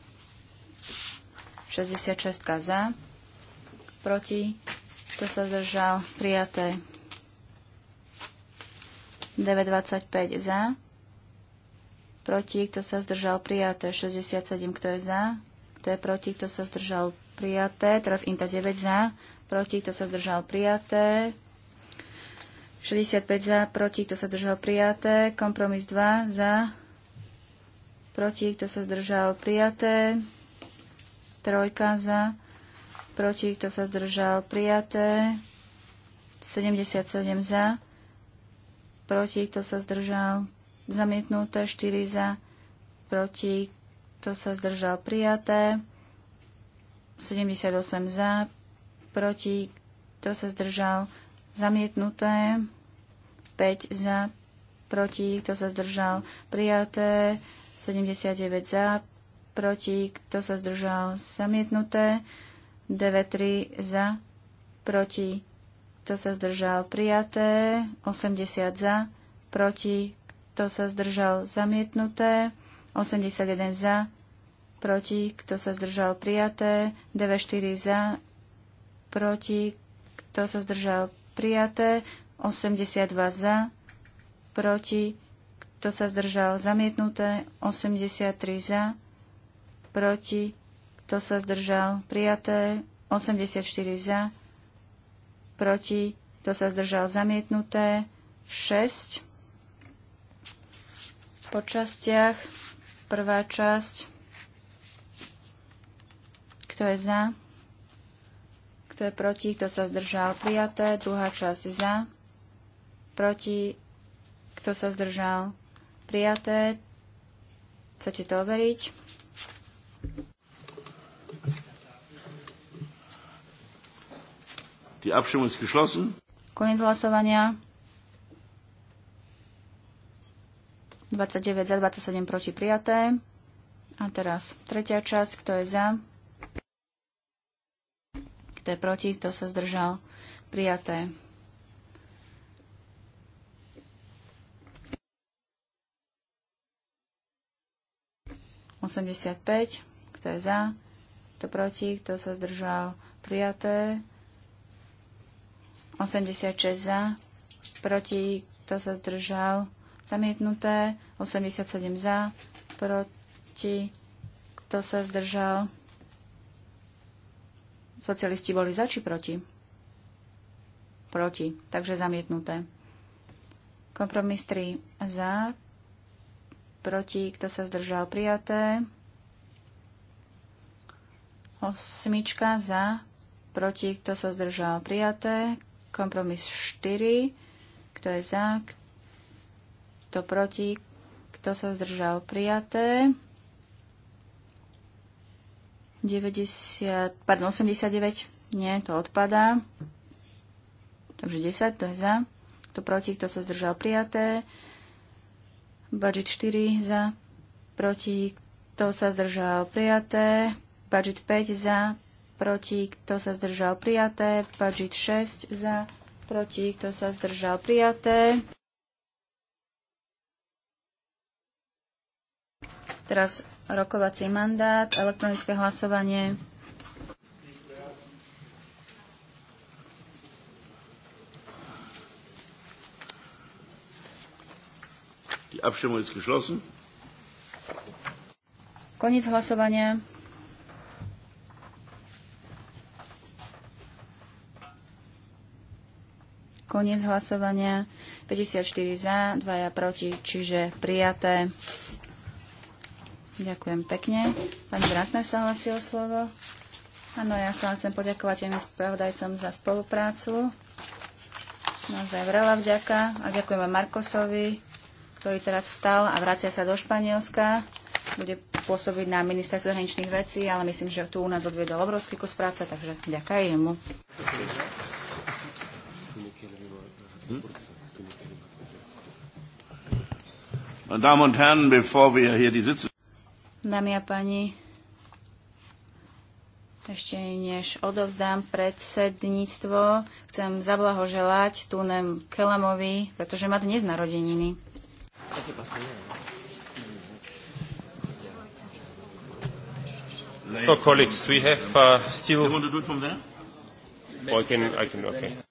66 za, proti, kto sa zdržal. Prijaté. 925 za, proti, kto sa zdržal prijaté, 67, kto je za, kto je proti, kto sa zdržal prijaté, teraz INTA 9 za, proti, kto sa zdržal prijaté, 65 za, proti, kto sa zdržal prijaté, kompromis 2 za, proti, kto sa zdržal prijaté, trojka za, proti, kto sa zdržal prijaté, 77 za, proti, kto sa zdržal, zamietnuté, 4 za, proti, kto sa zdržal, prijaté, 78 za, proti, kto sa zdržal, zamietnuté, 5 za, proti, kto sa zdržal, prijaté, 79 za, proti, kto sa zdržal, zamietnuté, 9 3 za, proti, kto sa zdržal, prijaté. 80 za, proti, kto sa zdržal, zamietnuté. 81 za, proti, kto sa zdržal, prijaté. 94 za, proti, kto sa zdržal, prijaté. 82 za, proti, kto sa zdržal, zamietnuté. 83 za, proti, kto sa zdržal, prijaté. 84 za, proti, kto sa zdržal zamietnuté, 6 po častiach, prvá časť, kto je za, kto je proti, kto sa zdržal prijaté, druhá časť za, proti, kto sa zdržal prijaté, chcete to overiť?
Die Abstimmung ist geschlossen.
Koniec hlasovania. 29 za, 27 proti prijaté. A teraz tretia časť, kto je za, kto je proti, kto sa zdržal, prijaté. kto je za, kto proti, kto sa zdržal, prijaté. 86 za, proti, kto sa zdržal, zamietnuté, 87 za, proti, kto sa zdržal. Socialisti boli za či proti? Proti, takže zamietnuté. Kompromis 3 za, proti, kto sa zdržal, prijaté. Osmička za, proti, kto sa zdržal, prijaté. Kompromis 4. Kto je za? Kto proti? Kto sa zdržal? Prijaté. 90, pardon, 89. Nie, to odpadá. Takže 10, to je za. Kto proti? Kto sa zdržal? Prijaté. Budget 4 za. Proti? Kto sa zdržal? Prijaté. Budget 5 za proti, kto sa zdržal prijaté, budget 6 za, proti, kto sa zdržal prijaté. Teraz rokovací mandát, elektronické hlasovanie.
Die Abstimmung ist geschlossen.
Koniec hlasovania. Koniec hlasovania. 54 za, 2 proti, čiže prijaté. Ďakujem pekne. Pán Bratner sa hlasí o slovo. Áno, ja sa chcem poďakovať aj spravodajcom za spoluprácu. Naozaj veľa vďaka a ďakujem aj Markosovi, ktorý teraz vstal a vracia sa do Španielska. Bude pôsobiť na ministerstvo zahraničných vecí, ale myslím, že tu u nás odviedol obrovský kus práce, takže ďakujem mu.
Ďakujem.
Dámy a páni, ešte než odovzdám predsedníctvo, chcem zablahoželať Túnem Kelamovi, pretože má dnes narodeniny.
So
colleagues, we have uh, still... Oh, I can, I can, okay.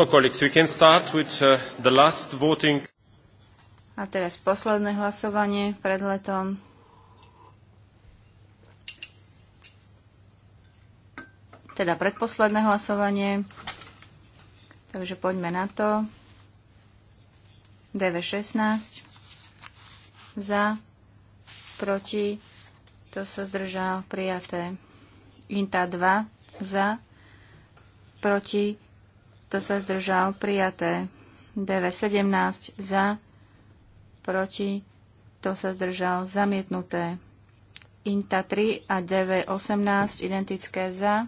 So, colleagues, we can start with uh, the last voting.
A teraz posledné hlasovanie pred letom. Teda predposledné hlasovanie. Takže poďme na to. DV16 za, proti, to sa zdržal, prijaté. INTA 2 za, proti, kto sa zdržal? Prijaté. DV17 za, proti, kto sa zdržal, zamietnuté. INTA 3 a DV18 identické za,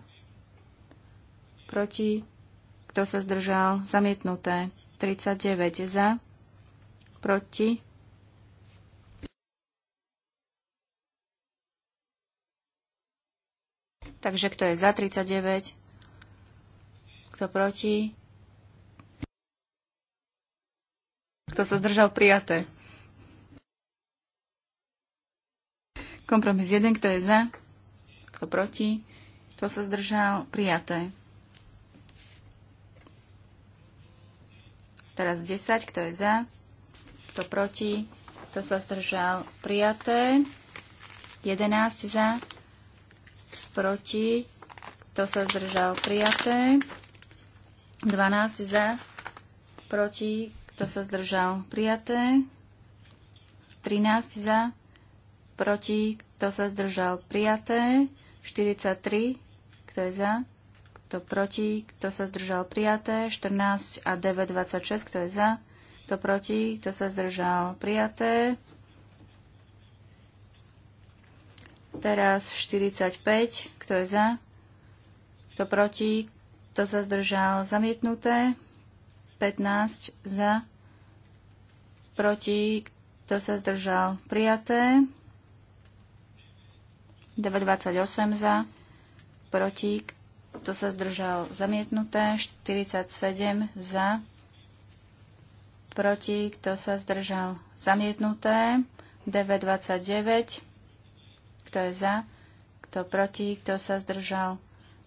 proti, kto sa zdržal, zamietnuté. 39 za, proti, Takže kto je za 39? Kto proti? Kto sa zdržal? Prijaté. Kompromis 1. Kto je za? Kto proti? Kto sa zdržal? Prijaté. Teraz 10. Kto je za? Kto proti? Kto sa zdržal? Prijaté. 11 za. Proti. Kto sa zdržal? Prijaté. 12 za, proti, kto sa zdržal, prijaté. 13 za, proti, kto sa zdržal, prijaté. 43, kto je za, kto proti, kto sa zdržal, prijaté. 14 a 926, kto je za, kto proti, kto sa zdržal, prijaté. Teraz 45, kto je za, kto proti, kto sa zdržal? Zamietnuté. 15 za. Proti. Kto sa zdržal? Prijaté. 928 za. Proti. Kto sa zdržal? Zamietnuté. 47 za. Proti. Kto sa zdržal? Zamietnuté. 929. Kto je za? Kto proti? Kto sa zdržal?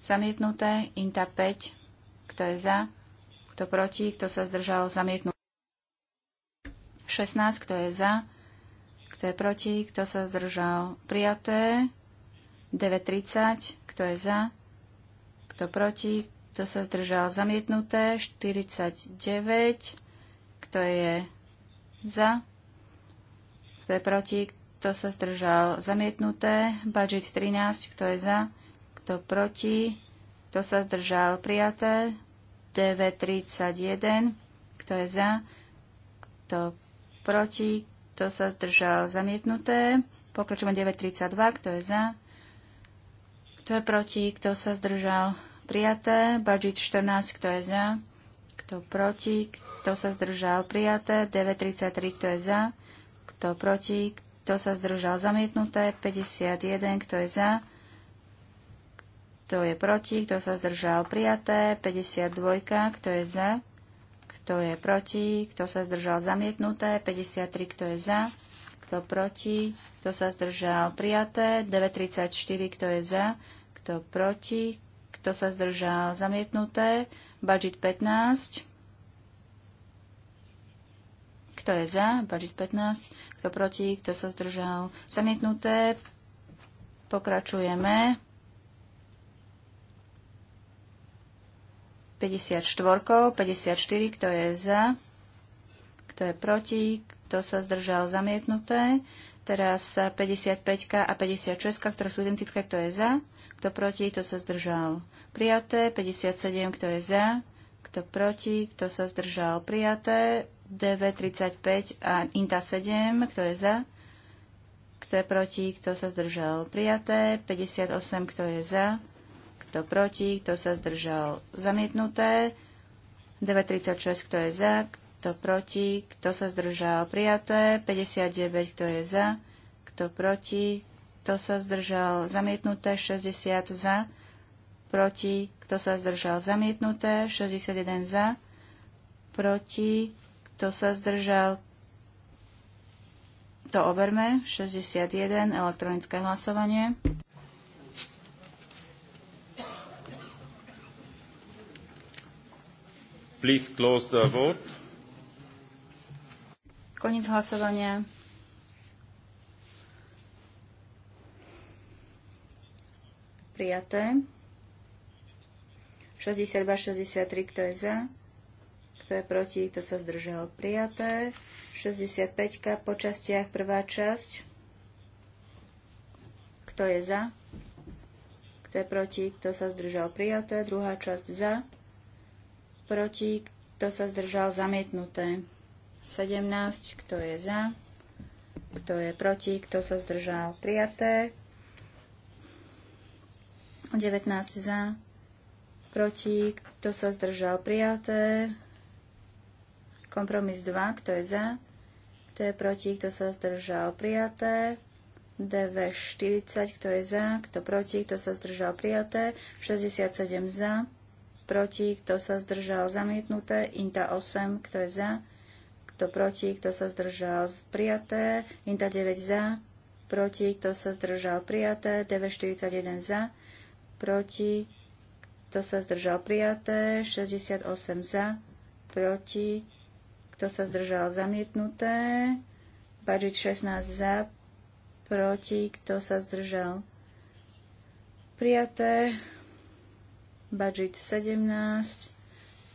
zamietnuté, Inta 5, kto je za, kto proti, kto sa zdržal, zamietnuté. 16, kto je za, kto je proti, kto sa zdržal, prijaté. 9.30, kto je za, kto proti, kto sa zdržal, zamietnuté. 49, kto je za, kto je proti, kto sa zdržal, zamietnuté. Budget 13, kto je za, kto proti? Kto sa zdržal? Prijaté. DV31. Kto je za? Kto proti? Kto sa zdržal? Zamietnuté. Pokračujem 932. Kto je za? Kto je proti? Kto sa zdržal? Prijaté. Budget 14. Kto je za? Kto proti? Kto sa zdržal? Prijaté. DV33, Kto je za? Kto proti? Kto sa zdržal? Zamietnuté. 51. Kto je za? Kto je proti? Kto sa zdržal? Prijaté. 52. Kto je za? Kto je proti? Kto sa zdržal? Zamietnuté. 53. Kto je za? Kto proti? Kto sa zdržal? Prijaté. 934. Kto je za? Kto proti? Kto sa zdržal? Zamietnuté. Budget 15. Kto je za? Budget 15. Kto proti? Kto sa zdržal? Zamietnuté. Pokračujeme. 54, 54, kto je za, kto je proti, kto sa zdržal zamietnuté. Teraz 55 a 56, ktoré sú identické, kto je za, kto proti, kto sa zdržal. Prijaté 57, kto je za, kto proti, kto sa zdržal. Prijaté DV35 a INTA 7, kto je za, kto je proti, kto sa zdržal. Prijaté 58, kto je za, kto proti, kto sa zdržal zamietnuté, 936, kto je za, kto proti, kto sa zdržal prijaté, 59, kto je za, kto proti, kto sa zdržal zamietnuté, 60 za, proti, kto sa zdržal zamietnuté, 61 za, proti, kto sa zdržal to overme, 61, elektronické hlasovanie.
Please close the vote.
Koniec hlasovania. Prijaté. 62, 63, kto je za? Kto je proti? Kto sa zdržal? Prijaté. 65 po častiach, prvá časť. Kto je za? Kto je proti? Kto sa zdržal? Prijaté. Druhá časť za proti, kto sa zdržal, zamietnuté. 17, kto je za, kto je proti, kto sa zdržal, prijaté. 19 za, proti, kto sa zdržal, prijaté. Kompromis 2, kto je za, kto je proti, kto sa zdržal, prijaté. DV 40, kto je za, kto proti, kto sa zdržal, prijaté. 67 za, proti, kto sa zdržal, zamietnuté. Inta 8, kto je za, kto proti, kto sa zdržal, prijaté. Inta 9 za, proti, kto sa zdržal, prijaté. 941 za, proti, kto sa zdržal, prijaté. 68 za, proti, kto sa zdržal, zamietnuté. Budget 16 za, proti, kto sa zdržal, prijaté budget 17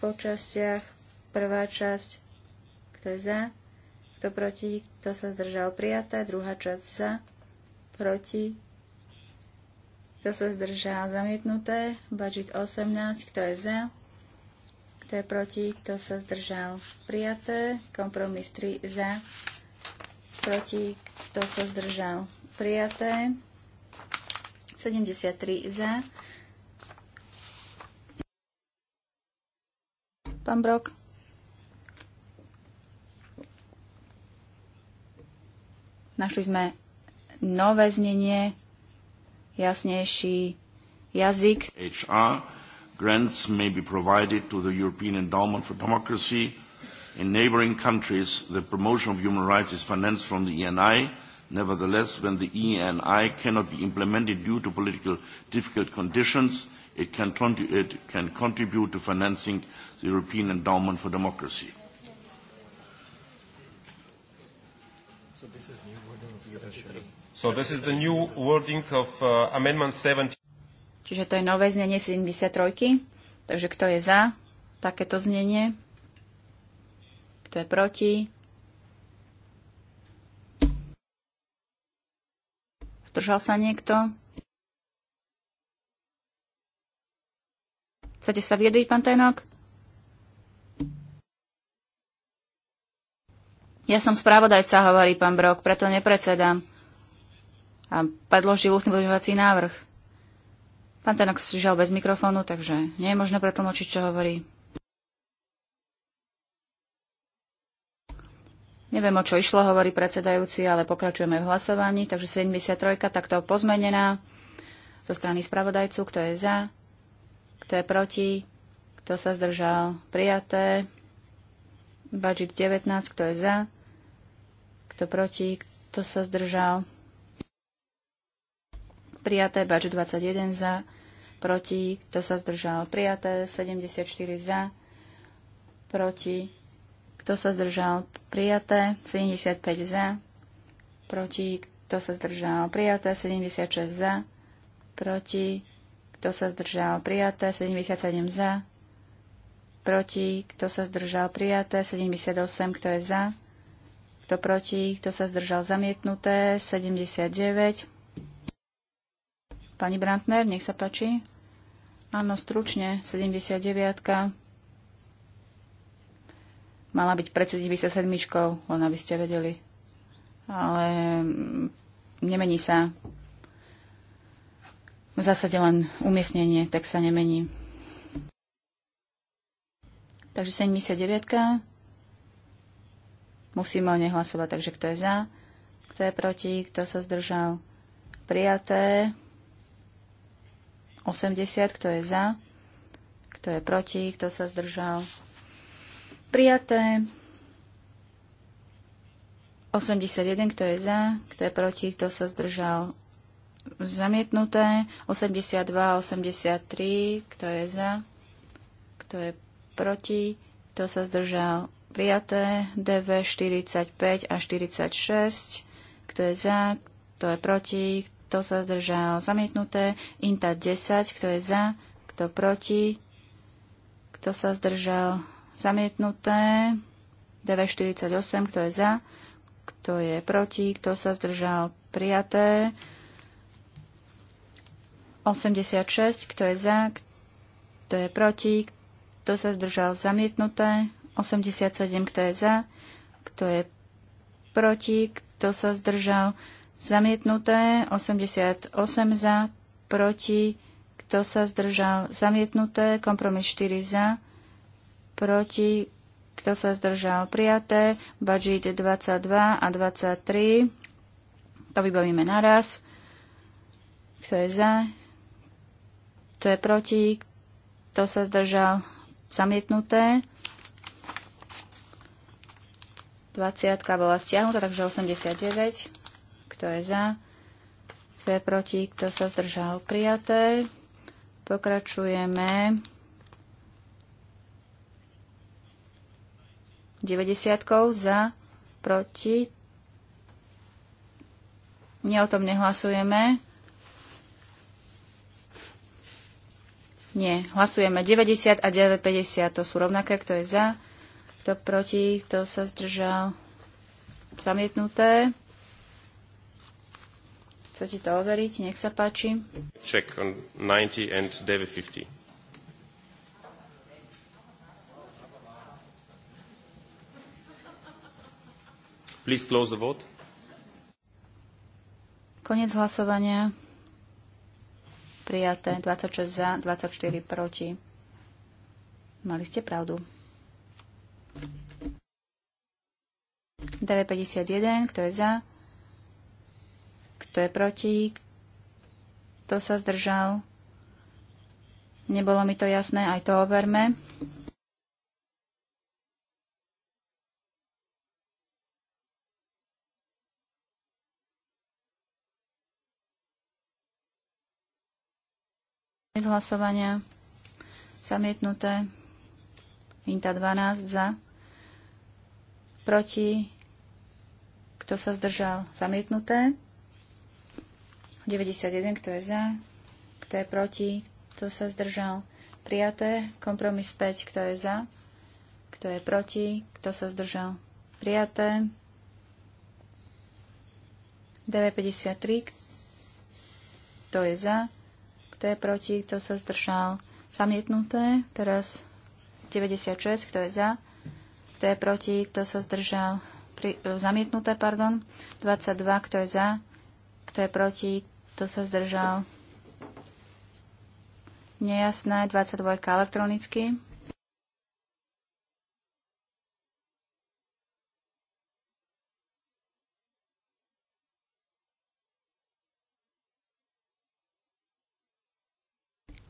po častiach. Prvá časť, kto je za, kto proti, kto sa zdržal prijaté, druhá časť za, proti, kto sa zdržal zamietnuté, budget 18, kto je za, kto je proti, kto sa zdržal prijaté, kompromis 3 za, proti, kto sa zdržal prijaté, 73 za, pán Brok. Našli sme nové znenie, jasnejší jazyk.
HR grants may be provided to the European Endowment for Democracy. In neighboring countries, the promotion of human rights is financed from the ENI. Nevertheless, when the ENI cannot be implemented due to political difficult conditions, It can, it can contribute to financing the European Endowment for Democracy. So this is
So this is the new wording of uh, Amendment 70.
Čiže to je nové znenie 73. Takže kto je za takéto znenie? Kto je proti? Zdržal sa niekto? Chcete sa viedriť, pán Tajnok? Ja som spravodajca, hovorí pán Brok, preto nepredsedám. A predložil ústny pozmeňovací návrh. Pán si žiaľ bez mikrofónu, takže nie je možné pretlmočiť, čo hovorí. Neviem, o čo išlo, hovorí predsedajúci, ale pokračujeme v hlasovaní. Takže 73, takto pozmenená zo strany spravodajcu, kto je za, kto je proti? Kto sa zdržal? Prijaté. Budget 19. Kto je za? Kto proti? Kto sa zdržal? Prijaté. Budget 21 za. Proti. Kto sa zdržal? Prijaté. 74 za. Proti. Kto sa zdržal? Prijaté. 75 za. Proti. Kto sa zdržal? Prijaté. 76 za. Proti kto sa zdržal, prijaté 77 za, proti, kto sa zdržal, prijaté 78, kto je za, kto proti, kto sa zdržal, zamietnuté 79. Pani Brantner, nech sa páči. Áno, stručne, 79. Mala byť pred 77, len aby ste vedeli. Ale mm, nemení sa v zásade len umiestnenie, tak sa nemení. Takže 79. Musíme o nej hlasovať, takže kto je za, kto je proti, kto sa zdržal. Prijaté. 80, kto je za, kto je proti, kto sa zdržal. Prijaté. 81, kto je za, kto je proti, kto sa zdržal zamietnuté. 82, 83, kto je za, kto je proti, kto sa zdržal prijaté. DV 45 a 46, kto je za, kto je proti, kto sa zdržal zamietnuté. INTA 10, kto je za, kto proti, kto sa zdržal zamietnuté. DV 48, kto je za, kto je proti, kto sa zdržal prijaté. 86, kto je za, kto je proti, kto sa zdržal zamietnuté, 87, kto je za, kto je proti, kto sa zdržal zamietnuté, 88 za, proti, kto sa zdržal zamietnuté, kompromis 4 za, proti, kto sa zdržal prijaté, budget 22 a 23, to vybavíme naraz, kto je za, kto je proti? Kto sa zdržal? Zamietnuté. 20 bola stiahnutá, takže 89. Kto je za? Kto je proti? Kto sa zdržal? Prijaté. Pokračujeme. 90 za, proti. Nie o tom nehlasujeme. Nie. Hlasujeme 90 a 950. To sú rovnaké. Kto je za? Kto proti? Kto sa zdržal? Zamietnuté. Chcete to overiť? Nech sa páči.
Check on 90 and 950. Please close the vote.
Konec hlasovania prijaté, 26 za, 24 proti. Mali ste pravdu. 951, kto je za, kto je proti, kto sa zdržal. Nebolo mi to jasné, aj to overme. Z hlasovania zamietnuté. Inta 12 za. Proti. Kto sa zdržal? Zamietnuté. 91, kto je za, kto je proti, kto sa zdržal. Prijaté. Kompromis 5, kto je za, kto je proti, kto sa zdržal. Prijaté. 953, kto je za, kto je proti, kto sa zdržal. Zamietnuté. Teraz 96, kto je za, kto je proti, kto sa zdržal. Pri, e, zamietnuté, pardon. 22, kto je za, kto je proti, kto sa zdržal. Nejasné, 22 elektronicky.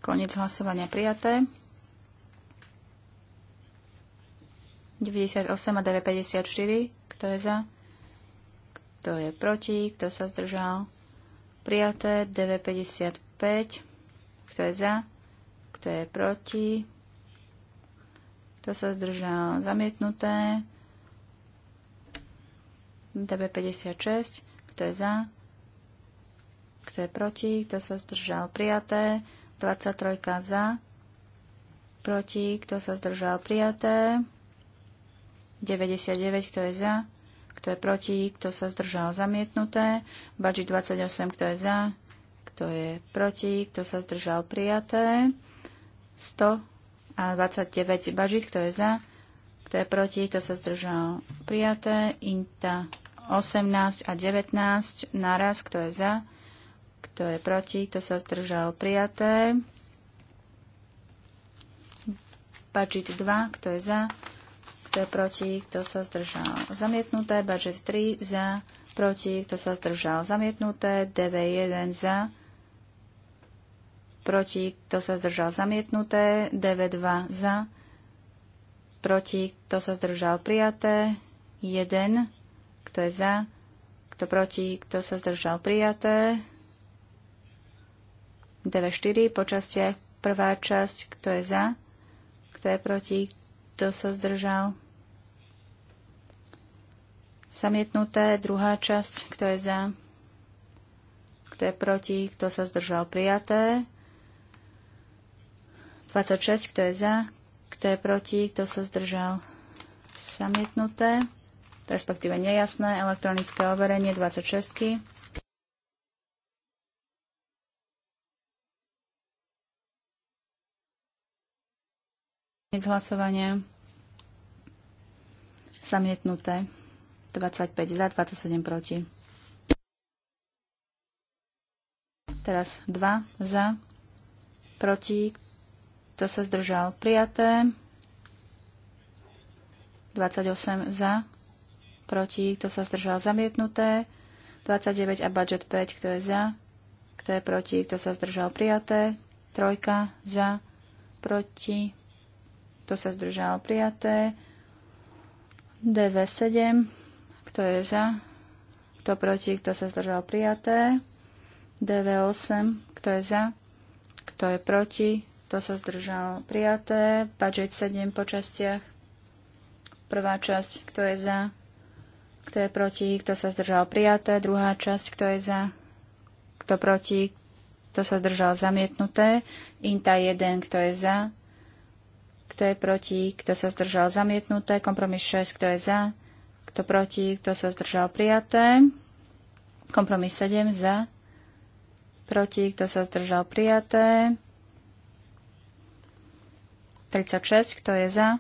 Koniec hlasovania prijaté. 98 a 954. Kto je za? Kto je proti? Kto sa zdržal? Prijaté 955. Kto je za? Kto je proti? Kto sa zdržal? Zamietnuté. DB56. Kto je za? Kto je proti? Kto sa zdržal? Prijaté. 23 za, proti, kto sa zdržal prijaté, 99, kto je za, kto je proti, kto sa zdržal zamietnuté, Bači 28, kto je za, kto je proti, kto sa zdržal prijaté, 100 a 29 Bažit, kto je za, kto je proti, kto sa zdržal prijaté, Inta 18 a 19 naraz, kto je za, kto je proti? Kto sa zdržal? Prijaté. Budget 2. Kto je za? Kto je proti? Kto sa zdržal? Zamietnuté. Budget 3. Za. Proti. Kto sa zdržal? Zamietnuté. DV1 za. Proti. Kto sa zdržal? Zamietnuté. DV2 za. Proti. Kto sa zdržal? Prijaté. 1. Kto je za? Kto proti? Kto sa zdržal? Prijaté. DV4 počaste Prvá časť, kto je za, kto je proti, kto sa zdržal. Samietnuté, Druhá časť, kto je za, kto je proti, kto sa zdržal. Prijaté. 26, kto je za, kto je proti, kto sa zdržal. Samietnuté, respektíve nejasné elektronické overenie 26. -ky. Koniec hlasovania. Zamietnuté. 25 za, 27 proti. Teraz 2 za, proti, kto sa zdržal? Prijaté. 28 za, proti, kto sa zdržal? Zamietnuté. 29 a budget 5, kto je za, kto je proti, kto sa zdržal? Prijaté. Trojka za, proti, kto sa zdržal? Prijaté. DV7. Kto je za? Kto proti? Kto sa zdržal? Prijaté. DV8. Kto je za? Kto je proti? Kto sa zdržal? Prijaté. Budget 7 po častiach. Prvá časť. Kto je za? Kto je proti? Kto sa zdržal? Prijaté. Druhá časť. Kto je za? Kto proti? Kto sa zdržal? Zamietnuté. Inta 1. Kto je za? kto je proti, kto sa zdržal zamietnuté, kompromis 6, kto je za, kto proti, kto sa zdržal prijaté, kompromis 7 za, proti, kto sa zdržal prijaté, 36, kto je za,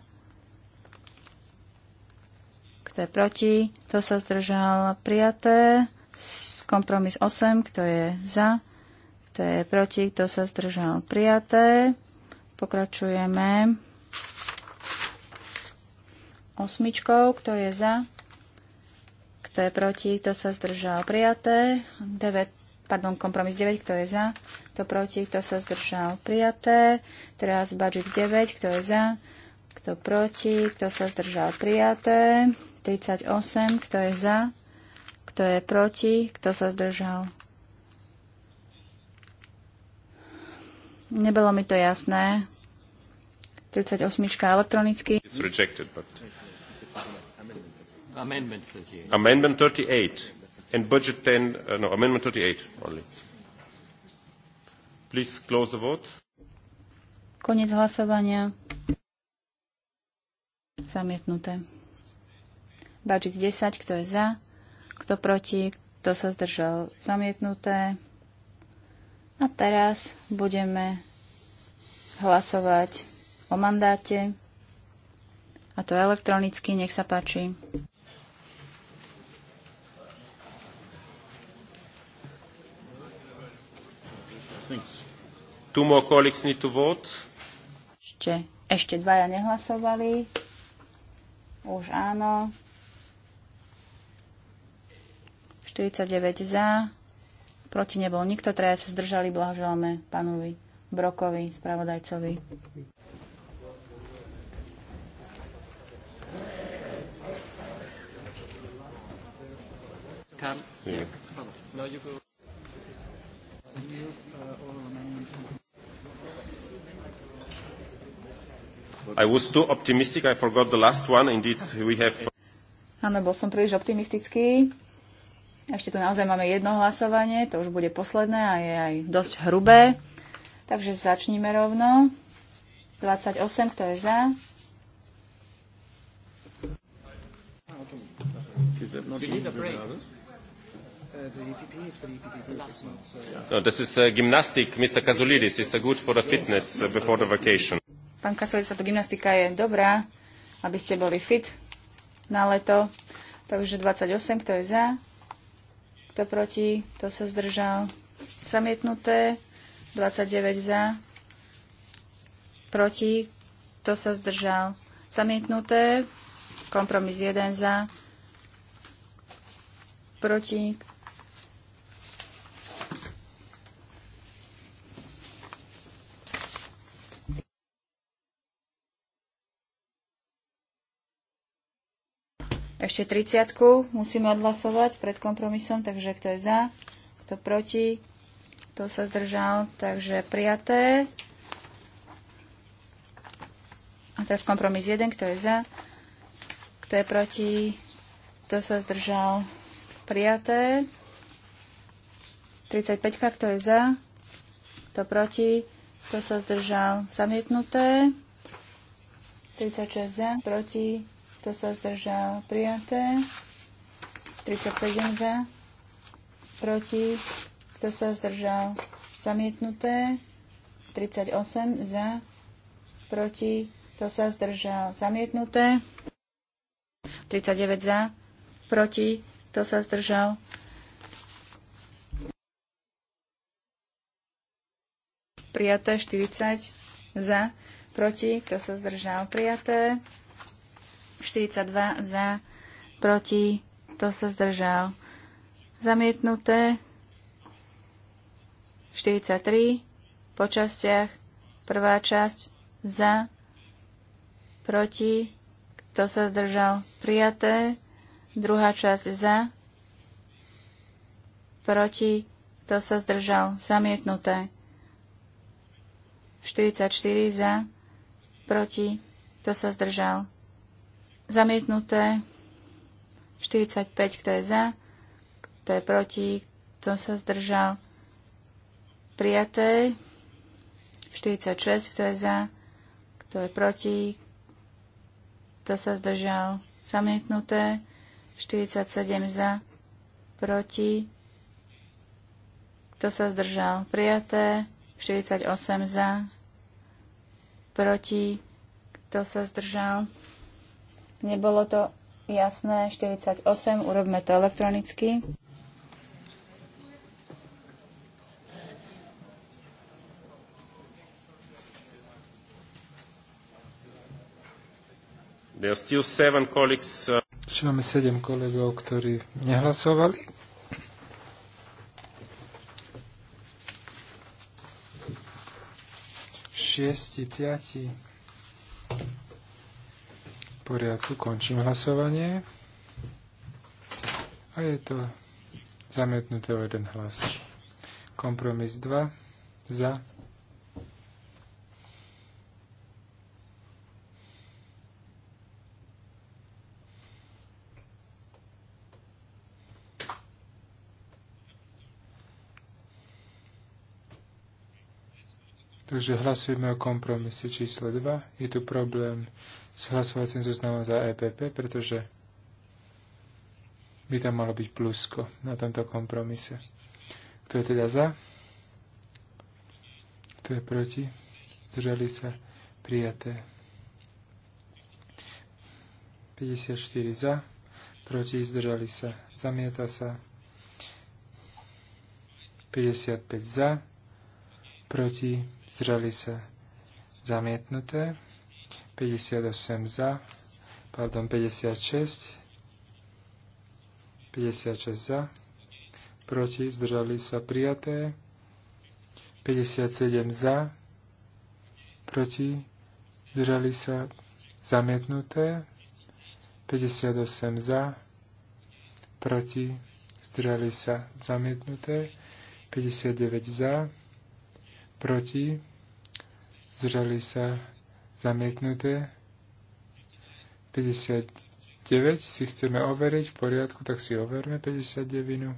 kto je proti, kto sa zdržal prijaté, kompromis 8, kto je za, kto je proti, kto sa zdržal prijaté, pokračujeme osmičkou, kto je za, kto je proti, kto sa zdržal prijaté, 9, pardon, kompromis 9, kto je za, kto proti, kto sa zdržal prijaté, teraz budget 9, kto je za, kto proti, kto sa zdržal prijaté, 38, kto je za, kto je proti, kto sa zdržal. Nebolo mi to jasné. 38 elektronicky. It's
rejected, but...
Amendment 38.
Amendment 38 and budget 10, uh, no, amendment 38 only. Please close the vote.
Konec hlasovania. Zamietnuté. Budget 10, kto je za, kto proti, kto sa zdržal. Zamietnuté. A teraz budeme hlasovať o mandáte. A to elektronicky, nech sa páči.
Two more colleagues need to vote.
Ešte, ešte dvaja nehlasovali. Už áno. 49 za. Proti nebol nikto, traja sa zdržali. Blahoželáme pánovi Brokovi, spravodajcovi.
Karl? Yeah. No, you go.
I was too optimistic, I forgot the last one. Indeed, we have...
Áno, bol som príliš optimistický. Ešte tu naozaj máme jedno hlasovanie, to už bude posledné a je aj dosť hrubé. Takže začníme rovno. 28, kto je za?
No, this is uh, gymnastic, Mr. Kazulidis. It's uh, good for the fitness uh, before the vacation.
Pán Kasovic, táto gymnastika je dobrá, aby ste boli fit na leto. Takže 28, kto je za, kto proti, kto sa zdržal. Zamietnuté, 29 za, proti, kto sa zdržal. Zamietnuté, kompromis 1 za, proti, Ešte 30 musíme odhlasovať pred kompromisom, takže kto je za, kto proti, kto sa zdržal, takže prijaté. A teraz kompromis 1, kto je za, kto je proti, kto sa zdržal, prijaté. 35, kto je za, kto proti, kto sa zdržal, zamietnuté. 36 za, proti, kto sa zdržal? Prijaté. 37 za. Proti. Kto sa zdržal? Zamietnuté. 38 za. Proti. Kto sa zdržal? Zamietnuté. 39 za. Proti. Kto sa zdržal? Prijaté 40 za. Proti. Kto sa zdržal? Prijaté. 42 za, proti, to sa zdržal. Zamietnuté 43 po častiach. Prvá časť za, proti, kto sa zdržal. Prijaté. Druhá časť za, proti, kto sa zdržal. Zamietnuté. 44 za, proti, kto sa zdržal. Zamietnuté. 45, kto je za, kto je proti, kto sa zdržal. Prijaté. 46, kto je za, kto je proti, kto sa zdržal. Zamietnuté. 47 za, proti, kto sa zdržal. Prijaté. 48 za, proti, kto sa zdržal. Nebolo to jasné. 48, urobme to elektronicky.
There are still seven colleagues.
Ešte uh, máme sedem kolegov, ktorí nehlasovali. Šiesti, piati poriadku, končím hlasovanie. A je to zamietnuté o jeden hlas. Kompromis 2 za. Takže hlasujeme o kompromise číslo 2. Je tu problém s hlasovacím zoznamom za EPP, pretože by tam malo byť plusko na tomto kompromise. Kto je teda za? Kto je proti? Zdržali sa prijaté. 54 za, proti zdržali sa, zamieta sa. 55 za, proti zdržali sa, zamietnuté. 58 za, pardon, 56, 56 za, proti, zdržali sa prijaté, 57 za, proti, zdržali sa zamietnuté, 58 za, proti, zdržali sa zamietnuté, 59 za, proti, zdržali sa zamietnuté. 59 si chceme overiť v poriadku, tak si overme 59.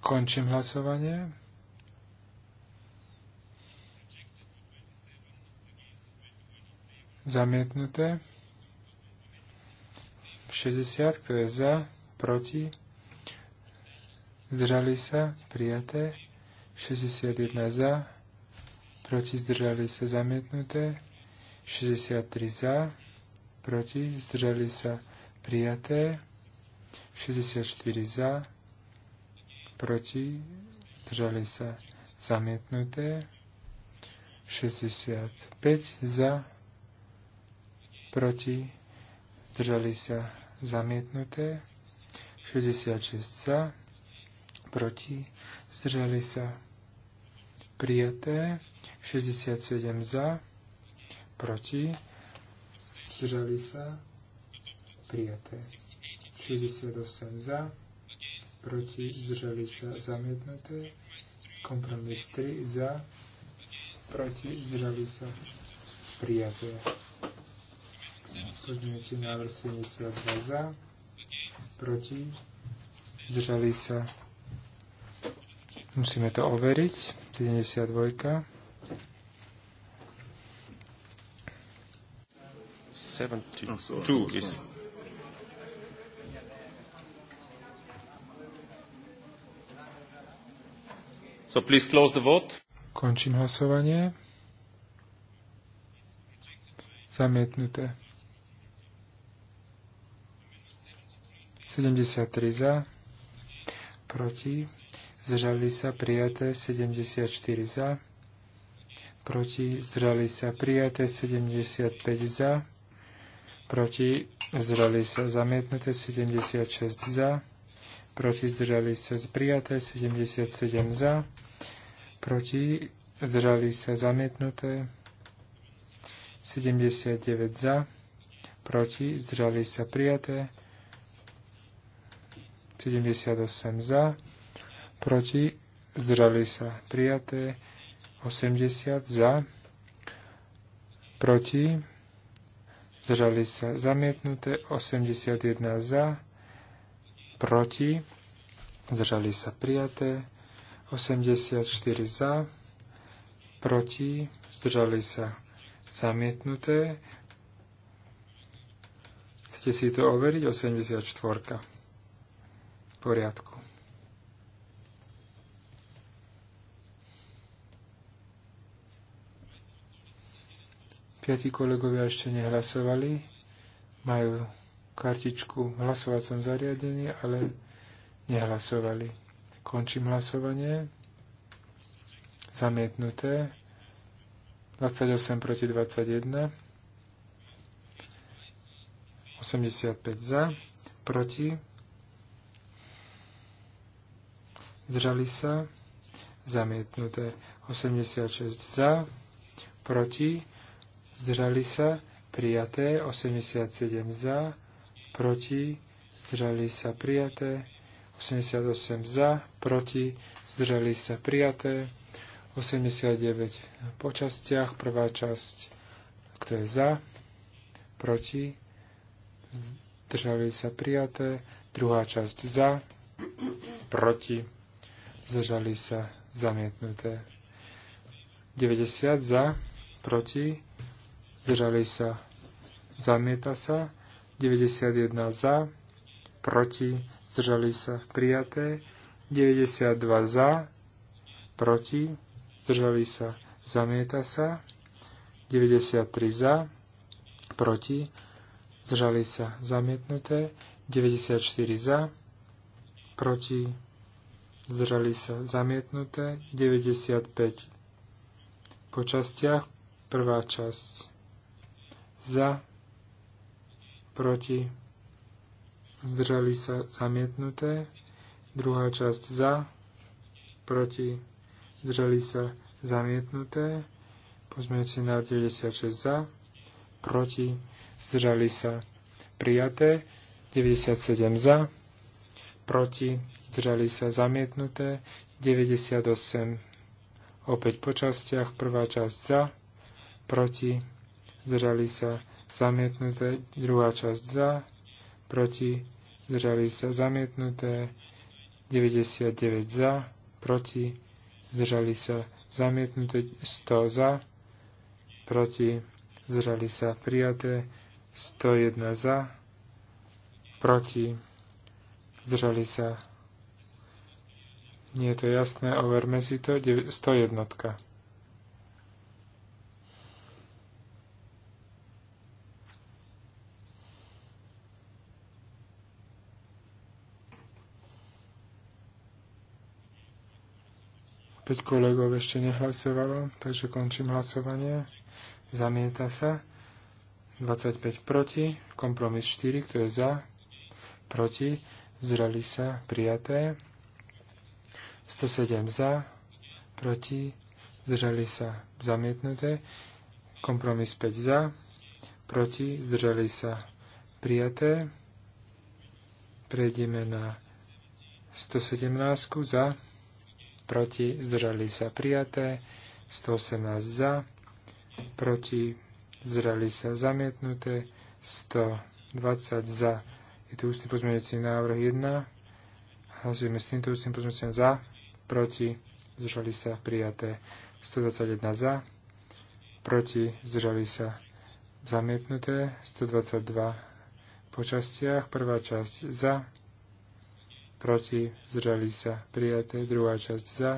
Končím hlasovanie. Zamietnuté. 60, kto je za, proti, zdržali sa, prijaté. 61 za, proti, zdržali sa, zamietnuté. 63 za, proti, zdržali sa, prijaté. 64 za, proti, zdržali sa, zamietnuté. 65 za, proti, zdržali sa zamietnuté, 66 za, proti, zdržali sa prijaté, 67 za, proti, zdržali sa prijaté, 68 za, proti, zdržali sa zamietnuté, kompromis 3 za, proti, zdržali sa prijaté. Pozmeňujúci návrh 72 za, proti, zdržali sa. Musíme to overiť. 72.
72 So please close the vote.
Končím hlasovanie. Zamietnuté. 73 za, proti, zdržali sa prijaté 74 za, proti, zdržali sa prijaté 75 za, proti, zdržali sa zamietnuté 76 za, proti, zdržali sa prijaté 77 za, proti, zdržali sa zamietnuté 79 za, proti, zdržali sa prijaté 77 za. 78 za, proti, zdržali sa prijaté, 80 za, proti, zdržali sa zamietnuté, 81 za, proti, zdržali sa prijaté, 84 za, proti, zdržali sa zamietnuté. Chcete si to overiť? 84 poriadku. Piati kolegovia ešte nehlasovali, majú kartičku v hlasovacom zariadení, ale nehlasovali. Končím hlasovanie. Zamietnuté. 28 proti 21. 85 za, proti zdržali sa, zamietnuté. 86 za, proti, zdržali sa, prijaté. 87 za, proti, zdržali sa, prijaté. 88 za, proti, zdržali sa, prijaté. 89 po častiach, prvá časť, kto je za, proti, zdržali sa, prijaté. Druhá časť za, proti, zdržali sa zamietnuté. 90 za, proti, zdržali sa, zamieta sa. 91 za, proti, zdržali sa, prijaté. 92 za, proti, zdržali sa, zamieta sa. 93 za, proti, zdržali sa, zamietnuté. 94 za, proti, zdržali sa zamietnuté, 95 po častiach, prvá časť za, proti, zdržali sa zamietnuté, druhá časť za, proti, zdržali sa zamietnuté, pozmeňujúci na 96 za, proti, zdržali sa prijaté, 97 za, proti, zdržali sa zamietnuté, 98 opäť po častiach, prvá časť za, proti, zdržali sa zamietnuté, druhá časť za, proti, zdržali sa zamietnuté, 99 za, proti, zdržali sa zamietnuté, 100 za, proti, zdržali sa prijaté, 101 za, proti, zdržali sa nie je to jasné, overme si to. 101. Opäť kolegov ešte nehlasovalo, takže končím hlasovanie. Zamieta sa. 25 proti, kompromis 4, kto je za, proti, zreli sa, prijaté. 107 za, proti, zdržali sa zamietnuté, kompromis 5 za, proti, zdržali sa prijaté. Prejdeme na 117 za, proti, zdržali sa prijaté, 118 za, proti, zdržali sa zamietnuté, 120 za, je tu ústny pozmeňujúci návrh 1, hlasujeme s týmto ústnym pozmeňujúcim za, proti, zdržali sa prijaté 121 za, proti, zdržali sa zamietnuté 122 po častiach, prvá časť za, proti, zdržali sa prijaté, druhá časť za,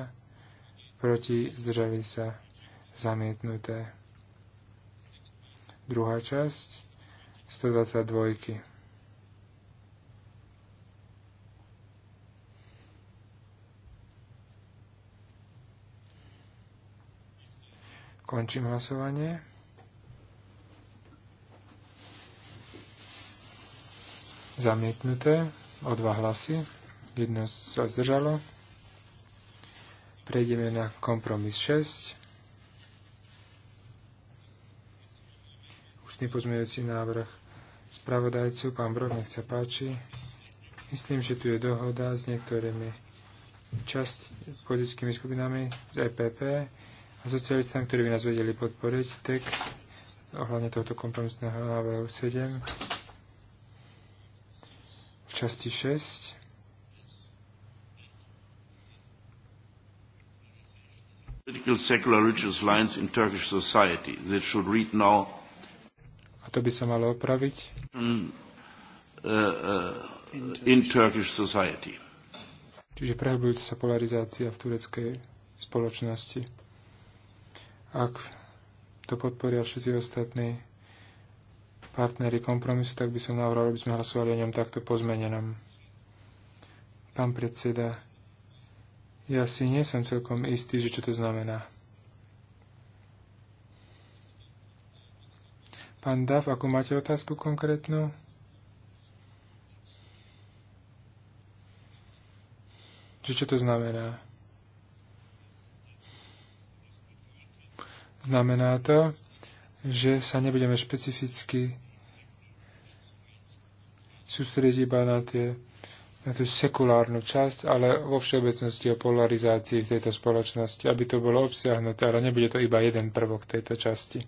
proti, zdržali sa zamietnuté. Druhá časť 122. Končím hlasovanie. Zamietnuté o dva hlasy. Jedno sa zdržalo. Prejdeme na kompromis 6. Ústny pozmeňujúci návrh spravodajcu, pán Brok, nech sa páči. Myslím, že tu je dohoda s niektorými časť politickými skupinami z EPP, a socialistám, ktorí by nás vedeli podporiť text ohľadne tohto kompromisného návrhu 7 v časti 6.
Political secular religious lines in Turkish society. That should read now.
A to by sa malo opraviť.
Mm, uh, uh, in Turkish society.
Čiže prehľadujúca sa polarizácia v tureckej spoločnosti. Ak to podporia všetci ostatní partnery kompromisu, tak by som navrhol, aby sme hlasovali o ňom takto pozmenenom. Pán predseda, ja si nie som celkom istý, že čo to znamená. Pán Dav, ako máte otázku konkrétnu? Že čo to znamená? Znamená to, že sa nebudeme špecificky sústrediť iba na, tie, na tú sekulárnu časť, ale vo všeobecnosti o polarizácii v tejto spoločnosti, aby to bolo obsiahnuté, ale nebude to iba jeden prvok tejto časti.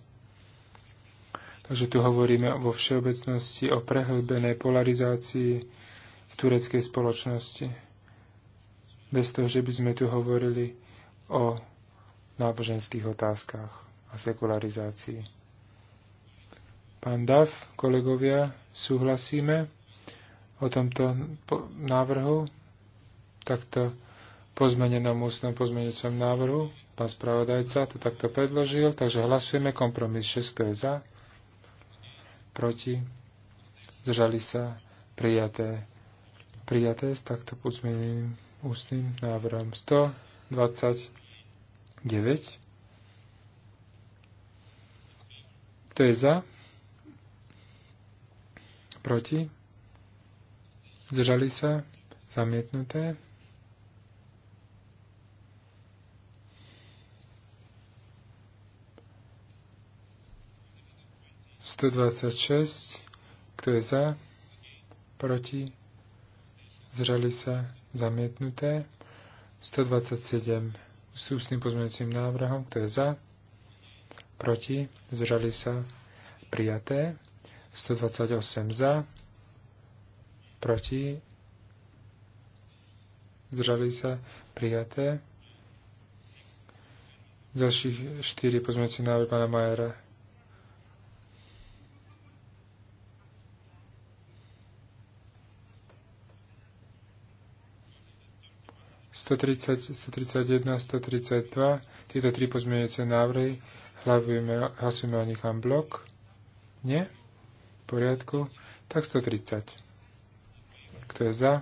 Takže tu hovoríme vo všeobecnosti o prehlbenej polarizácii v tureckej spoločnosti. Bez toho, že by sme tu hovorili o náboženských otázkach a sekularizácii. Pán Dav, kolegovia, súhlasíme o tomto návrhu, takto pozmenenom ústnom pozmenecom návrhu. Pán spravodajca to takto predložil, takže hlasujeme kompromis 6, kto je za, proti, zdržali sa, prijaté, prijaté s takto pozmeneným ústnym návrhom 129 Kto je za? Proti? Zdržali sa? Zamietnuté? Sto dvadsať šesť. Kto je za? Proti? Zdržali sa? Zamietnuté? 127 s ústnym pozmeňujúcim návrhom. Kto je za? proti, zdržali sa prijaté, 128 za, proti, zdržali sa prijaté. Ďalších 4 pozmeňujúci návrhy pána Majera. ...130, 131, 132, tieto tri pozmeňujúce návrhy hlavujeme, hlasujeme o nich len blok. Nie? V poriadku. Tak 130. Kto je za?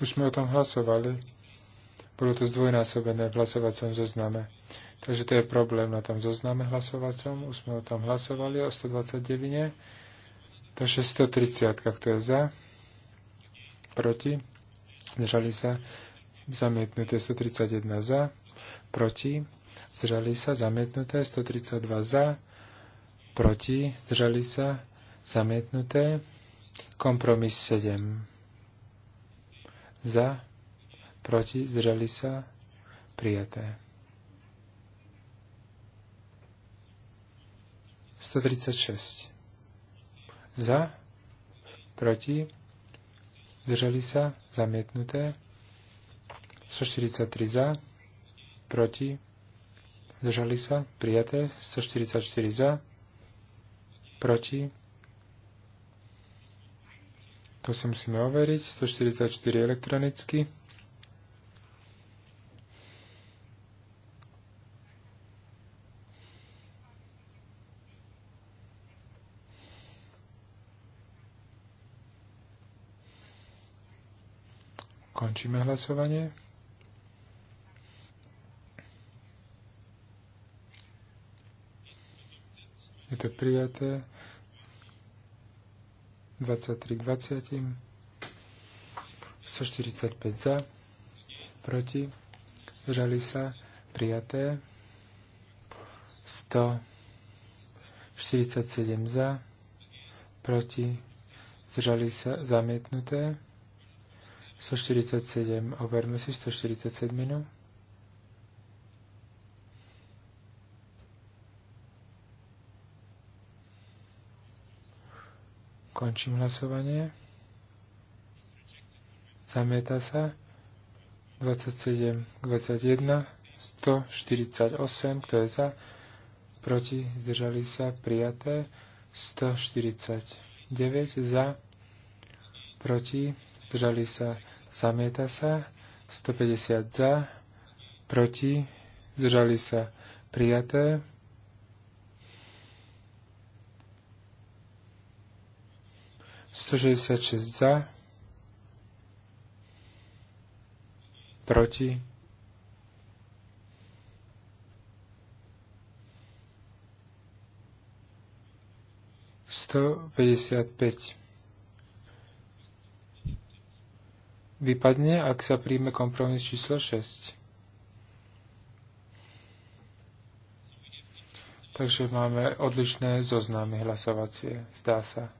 Už sme o tom hlasovali. Bolo to zdvojnásobené v hlasovacom zozname. Takže to je problém na tom zozname hlasovacom. Už sme o tom hlasovali o 129. Takže 130, kto je za? Proti? Držali sa? zamietnuté 131 za, proti, zdržali sa, zamietnuté 132 za, proti, zdržali sa, zamietnuté, kompromis 7 za, proti, zdržali sa, prijaté. 136 za, proti, zdržali sa, zamietnuté, 143 za, proti, zdržali sa, prijaté, 144 za, proti, to si musíme overiť, 144 elektronicky, Končíme hlasovanie. Je to prijaté 23 k 20. 145 za, proti, zdržali sa, prijaté 147 za, proti, zdržali sa, zamietnuté 147, overme si 147 minút. Končím hlasovanie. Zamieta sa. 27 21. 148, kto je za. Proti, zdržali sa, prijaté. 149 za. Proti, zdržali sa, zamieta sa. 150 za. Proti, zdržali sa, prijaté. 166 za, proti, Sto päťdesiat päť. Vypadne, ak sa príjme kompromis číslo šesť. Takže máme odlišné zoznámy hlasovacie, zdá sa.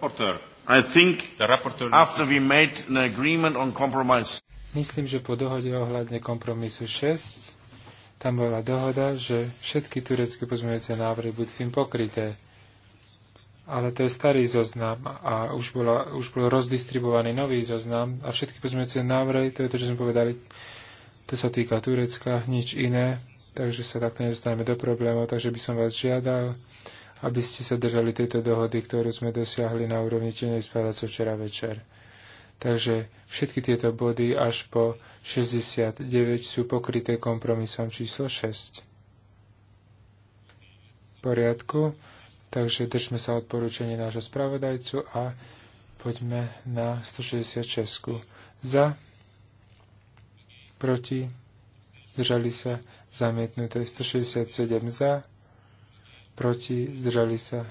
rapporteur. I think the rapporteur after we made an agreement on compromise.
Myslím, že po dohode ohľadne kompromisu 6 tam bola dohoda, že všetky turecké pozmeňujúce návrhy budú tým pokryté. Ale to je starý zoznam a už, bola, už bol rozdistribovaný nový zoznam a všetky pozmeňujúce návrhy, to je to, čo sme povedali, to sa týka Turecka, nič iné, takže sa takto nedostaneme do problémov, takže by som vás žiadal, aby ste sa držali tejto dohody, ktorú sme dosiahli na úrovni tenej spravdacov včera večer. Takže všetky tieto body až po 69 sú pokryté kompromisom číslo 6. V poriadku, takže držme sa odporúčanie nášho spravodajcu a poďme na 166. Za, proti, držali sa zamietnuté 167 za, proti, zdržali sa,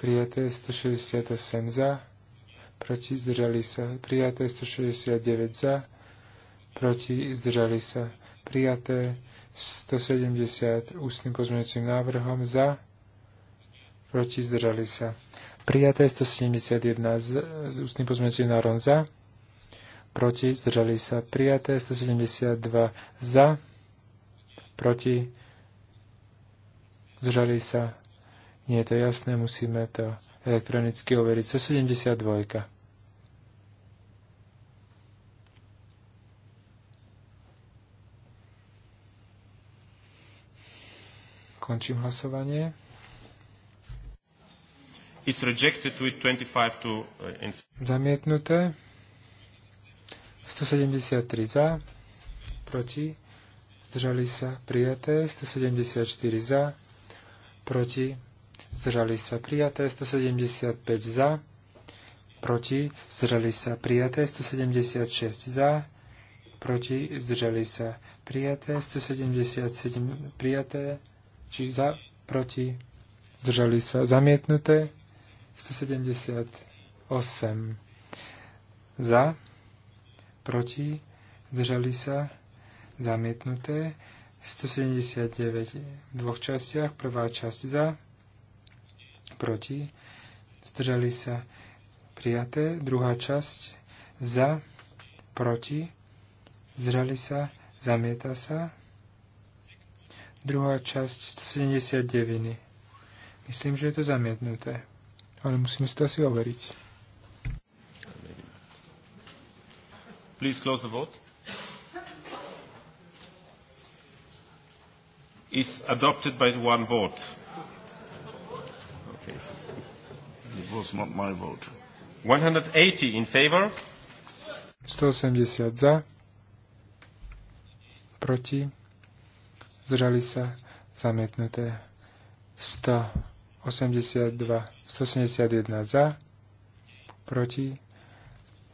prijaté 168 za, proti, zdržali sa, prijaté 169 za, proti, zdržali sa, prijaté 170 ústnym pozmeňujúcim návrhom za, proti, zdržali sa. Prijaté 171 z, s ústnym pozmeňujúcim návrhom za, proti, zdržali sa. Prijaté 172 za, proti, zdržali sa. Nie je to jasné, musíme to elektronicky overiť. 172. Končím hlasovanie.
It's rejected with 25 to, uh,
Zamietnuté. 173 za, proti, zdržali sa, prijaté, 174 za, proti, zdržali sa prijaté, 175 za, proti, zdržali sa prijaté, 176 za, proti, zdržali sa prijaté, 177 prijaté, či za, proti, zdržali sa zamietnuté, 178 za, proti, zdržali sa zamietnuté, 179 v dvoch častiach, prvá časť za, proti, zdržali sa prijaté, druhá časť za, proti, zdržali sa, zamieta sa, druhá časť 179. Myslím, že je to zamietnuté, ale musíme si to asi overiť.
Please close the vote. Is adopted by one vote. was not my vote. 180 in favor.
180 za. Proti. Zdržali sa zamietnuté. 182. 181 za. Proti.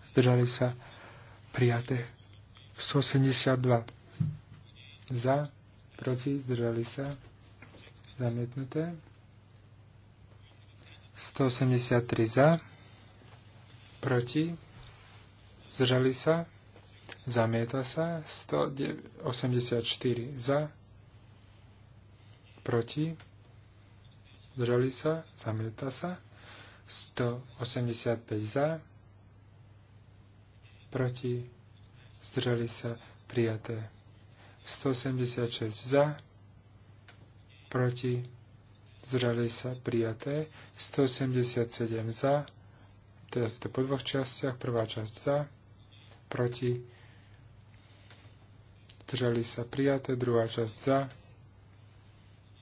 Zdržali sa prijaté. 182 za. Proti. Zdržali sa zamietnuté. 183 za, proti, zdržali sa, zamieta sa, 184 za, proti, zdržali sa, zamieta sa, 185 za, proti, zdržali sa, prijaté. 186 za, proti, zdržali sa prijaté, 187 za, teraz to po dvoch častiach, prvá časť za, proti, zdržali sa prijaté, druhá časť za,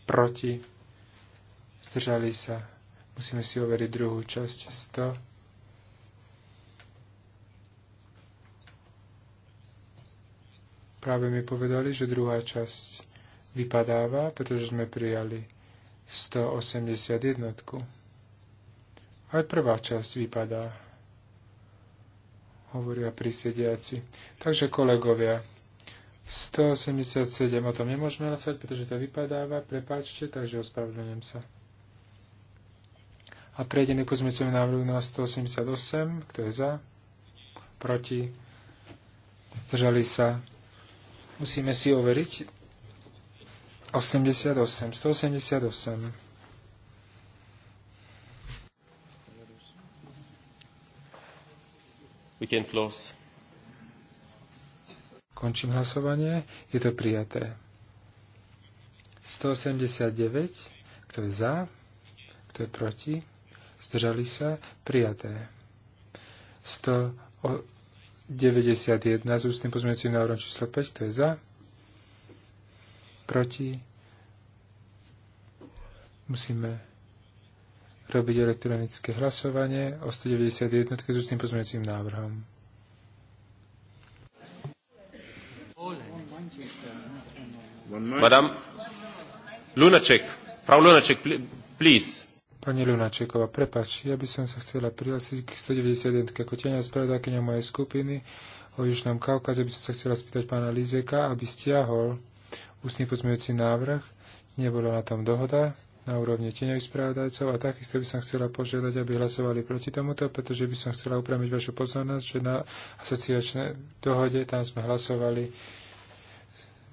proti, zdržali sa, musíme si overiť druhú časť, 100, Práve mi povedali, že druhá časť vypadáva, pretože sme prijali 181. Aj prvá časť vypadá, hovoria prisediaci. Takže kolegovia, 187 o tom nemôžeme hlasovať, pretože to vypadáva, prepáčte, takže ospravedlňujem sa. A prejdeme k pozmeňujúcemu návrhu na 188, kto je za, proti, zdržali sa. Musíme si overiť 88, 188.
We can close.
Končím hlasovanie. Je to prijaté. 189. Kto je za? Kto je proti? Zdržali sa? Prijaté. 191 s ústnym pozmeňujúcim návrhom číslo 5. Kto je za? proti. Musíme robiť elektronické hlasovanie o 191 s ústnym pozmeňujúcim návrhom.
Madam Lunaček, Frau Lunaček, please.
Pani Lunačeková, prepač, ja by som sa chcela prihlásiť k 191 ako tieňa spravodajkynia mojej skupiny o Južnom Kaukaze, by som sa chcela spýtať pána Lizeka, aby stiahol ústny pozmeňujúci návrh. Nebola na tom dohoda na úrovni tieňových správodajcov a takisto by som chcela požiadať, aby hlasovali proti tomuto, pretože by som chcela upramiť vašu pozornosť, že na asociačnej dohode tam sme hlasovali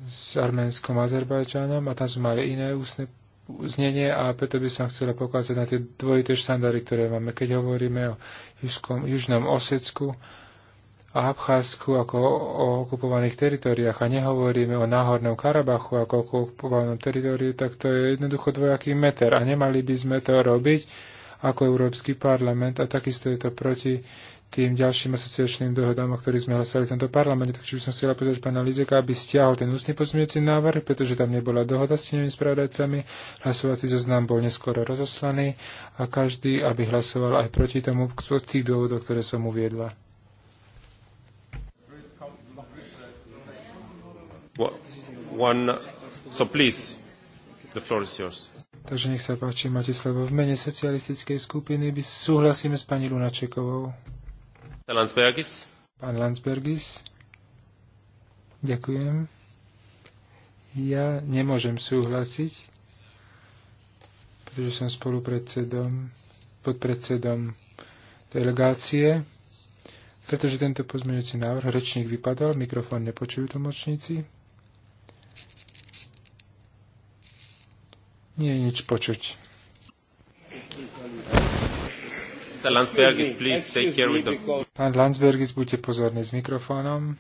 s Arménskom Azerbajčanom a tam sme mali iné ústne znenie a preto by som chcela pokázať na tie dvojité štandardy, ktoré máme. Keď hovoríme o Južskom, Južnom Osecku, a Abcházsku ako o okupovaných teritoriách a nehovoríme o Náhornom Karabachu ako o okupovanom teritoriu, tak to je jednoducho dvojaký meter a nemali by sme to robiť ako Európsky parlament a takisto je to proti tým ďalším asociačným dohodám, o ktorých sme hlasali v tomto parlamente. Takže by som chcela povedať pána Lizeka, aby stiahol ten ústny pozmieci návrh, pretože tam nebola dohoda s tými spravodajcami. Hlasovací zoznam bol neskoro rozoslaný a každý, aby hlasoval aj proti tomu z tých dôvodov, ktoré som uviedla.
One, so please, the floor is yours.
Takže nech sa páči, máte slovo. V mene socialistickej skupiny by súhlasíme s pani Lunačekovou.
Pán Landsbergis.
Pán Landsbergis. Ďakujem. Ja nemôžem súhlasiť, pretože som spolupredsedom, podpredsedom delegácie, pretože tento pozmeňujúci návrh, rečník vypadal, mikrofón nepočujú tlmočníci. Nie je nič počuť. Pán Landsbergis, buďte pozorní s mikrofónom.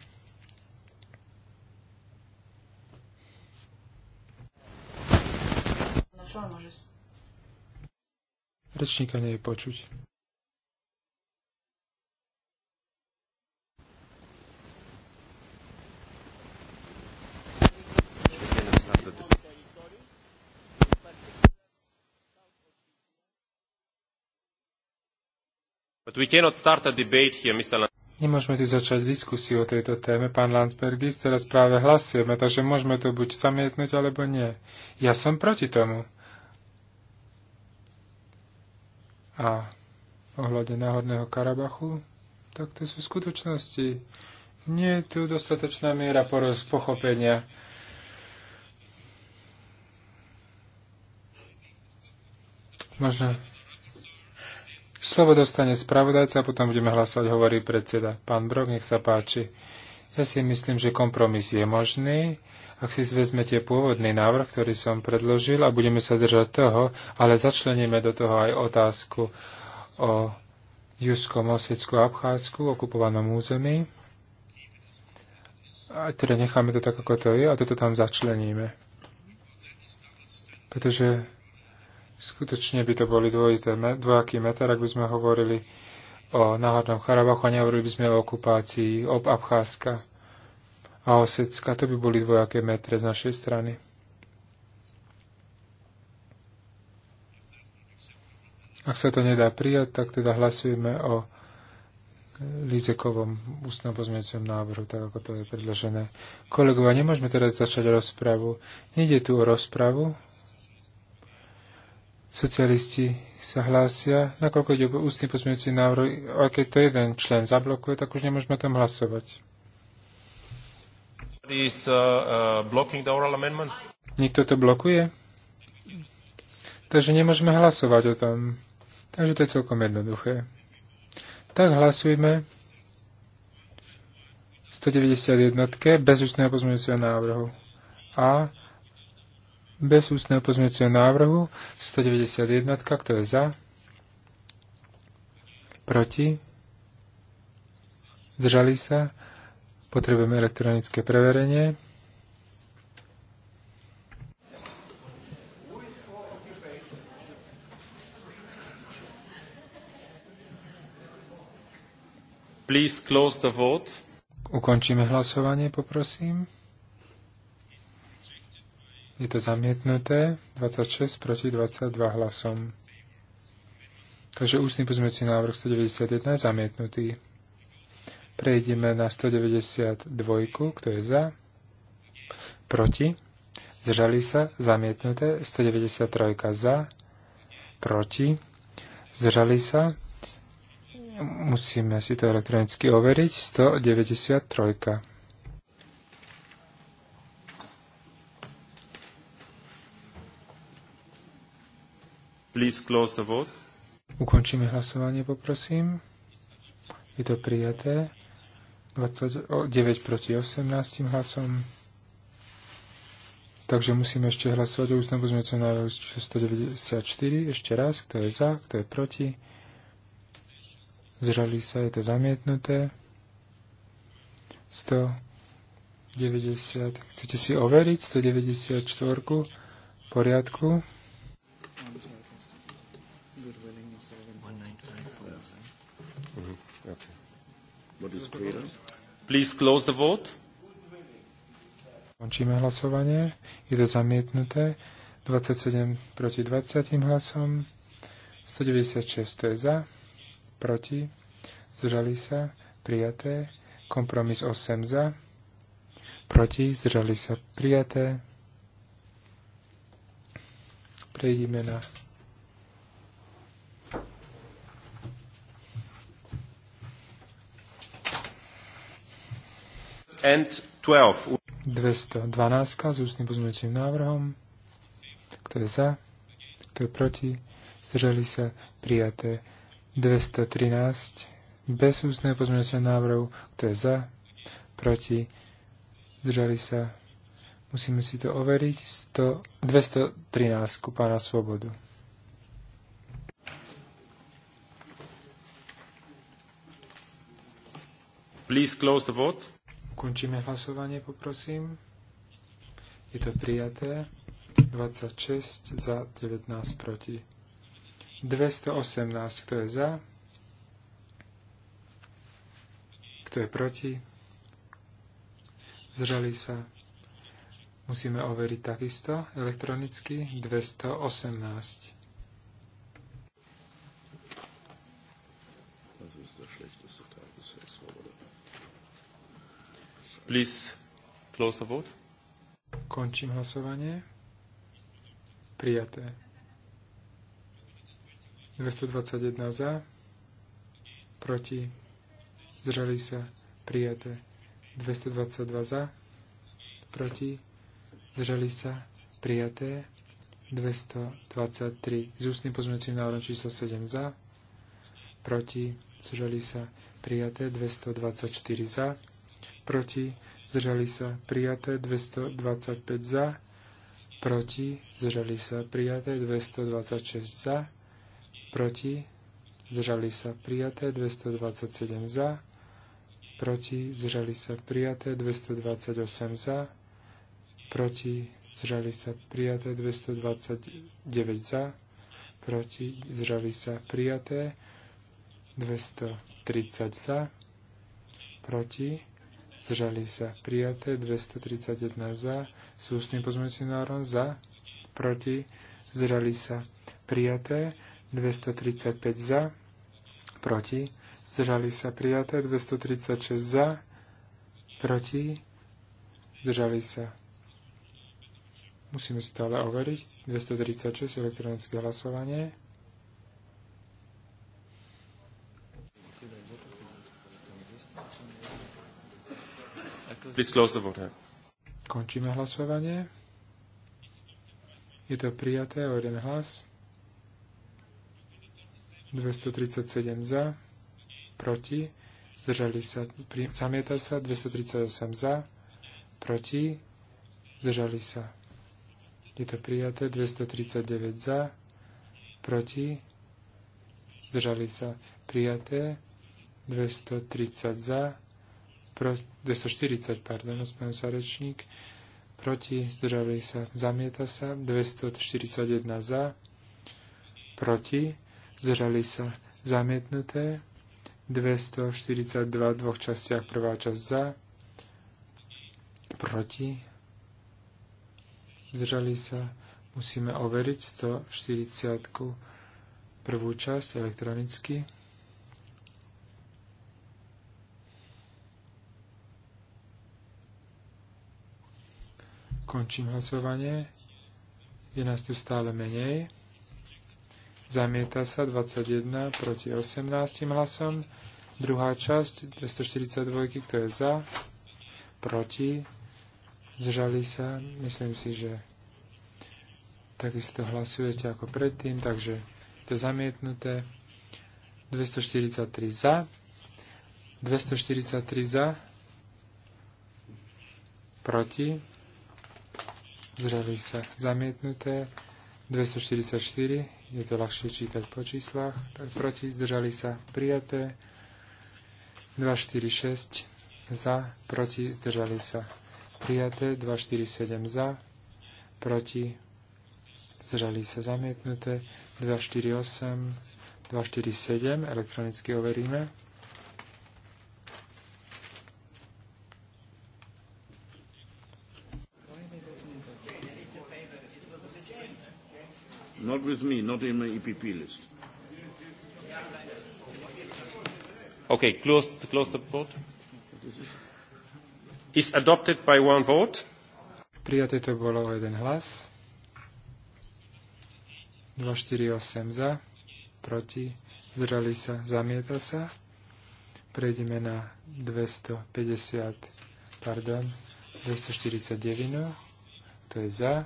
Rečníka nie je počuť.
But we cannot start a debate here, Mr.
Nemôžeme tu začať diskusiu o tejto téme. Pán Landsbergis, teraz práve hlasujeme, takže môžeme to buď zamietnúť, alebo nie. Ja som proti tomu. A ohľade Náhorného Karabachu, tak to sú skutočnosti. Nie je tu dostatočná miera poroz pochopenia. Možno Slovo dostane spravodajca a potom budeme hlasovať, hovorí predseda. Pán Brok, nech sa páči. Ja si myslím, že kompromis je možný, ak si zvezmete pôvodný návrh, ktorý som predložil a budeme sa držať toho, ale začleníme do toho aj otázku o Juskom, Osecku a Abcházsku, okupovanom území. A teda necháme to tak, ako to je a toto tam začleníme. Pretože Skutočne by to boli dvojité, dvojaký meter, ak by sme hovorili o Náhodnom Karabachu a nehovorili by sme o okupácii, ob Abcházska a Osecka. To by boli dvojaké metre z našej strany. Ak sa to nedá prijať, tak teda hlasujeme o Lizekovom ústnom pozmeňujúcom návrhu, tak ako to je predložené. Kolegovia, nemôžeme teraz začať rozpravu. Nejde tu o rozpravu, Socialisti sa hlásia, nakoľko ide o ústny pozmeňujúci návrh, a keď to jeden člen zablokuje, tak už nemôžeme tam hlasovať.
Is, uh, uh
Nikto to blokuje? Takže nemôžeme hlasovať o tom. Takže to je celkom jednoduché. Tak hlasujme 191 bez ústneho pozmeňujúceho návrhu. A bez ústneho pozmeňujúceho návrhu 191, kto je za, proti, zdržali sa, potrebujeme elektronické preverenie.
Please close the vote.
Ukončíme hlasovanie, poprosím. Je to zamietnuté 26 proti 22 hlasom. Takže ústny pozmeňujúci návrh 191 je zamietnutý. Prejdeme na 192, kto je za, proti, zdržali sa, zamietnuté, 193 za, proti, zdržali sa, musíme si to elektronicky overiť, 193.
Please close the vote.
Ukončíme hlasovanie, poprosím. Je to prijaté. 29 proti 18 hlasom. Takže musíme ešte hlasovať o ústnom pozmeňujúcom návrhu 194. Ešte raz, kto je za, kto je proti. Zrali sa, je to zamietnuté. 190. Chcete si overiť 194? poriadku. Please close the vote. Končíme hlasovanie. Je to zamietnuté. 27 proti 20 hlasom. 196 to je za. Proti. Zdržali sa. Prijaté. Kompromis 8 za. Proti. Zdržali sa. Prijaté. Prejdime na
212.
s ústnym pozmeňujúcim návrhom. Kto je za? Kto je proti? Zdržali sa prijaté 213 bez ústneho pozmeňujúceho návrhu. Kto je za? Proti? Zdržali sa? Musíme si to overiť. 100, 213 ku pána Svobodu.
Please close the vote.
Končíme hlasovanie, poprosím. Je to prijaté. 26 za, 19 proti. 218, kto je za? Kto je proti? Zrali sa. Musíme overiť takisto elektronicky 218. Please close the vote. Končím hlasovanie. Prijaté. 221 za, proti, zdržali sa, prijaté. 222 za, proti, zdržali sa, prijaté. 223 z ústnym pozmeňujúcim návrhom číslo 7 za, proti, zdržali sa, prijaté. 224 za, proti, zdržali sa prijaté 225 za, proti, zdržali sa prijaté 226 za, proti, zdržali sa prijaté 227 za, proti, zdržali sa prijaté 228 za, proti, zdržali sa prijaté 229 za, proti, zdržali sa prijaté 230 za, proti, zdržali sa prijaté, 231 za, s ústnym pozmeňujúcim návrhom za, proti, zdržali sa prijaté, 235 za, proti, zdržali sa prijaté, 236 za, proti, zdržali sa. Musíme si to ale overiť, 236 elektronické hlasovanie. Končíme hlasovanie. Je to prijaté o jeden hlas. 237 za, proti, zdržali sa, pri, zamieta sa, 238 za, proti, zdržali sa. Je to prijaté, 239 za, proti, zdržali sa, prijaté, 230 za, 240, pardon, aspoň sa rečník, proti, zdržali sa, zamieta sa, 241 za, proti, zdržali sa, zamietnuté, 242 v dvoch častiach, prvá časť za, proti, zdržali sa, musíme overiť 140 prvú časť elektronicky. Končím hlasovanie. Je nás tu stále menej. Zamieta sa 21 proti 18 hlasom. Druhá časť 242, kto je za, proti, zžali sa. Myslím si, že takisto hlasujete ako predtým, takže to zamietnuté. 243 za, 243 za, proti, zdržali sa zamietnuté, 244, je to ľahšie čítať po číslach, tak proti, zdržali sa prijaté, 246 za, proti, zdržali sa prijaté, 247 za, proti, zdržali sa zamietnuté, 248, 247, elektronicky overíme.
Not with me, not in my EPP list. Okay, close, close the vote.
Is adopted by one vote.
Prijaté to bolo o jeden hlas. 248 za, proti, zdržali sa, zamieta sa. Prejdeme na 250, pardon, 249, to je za,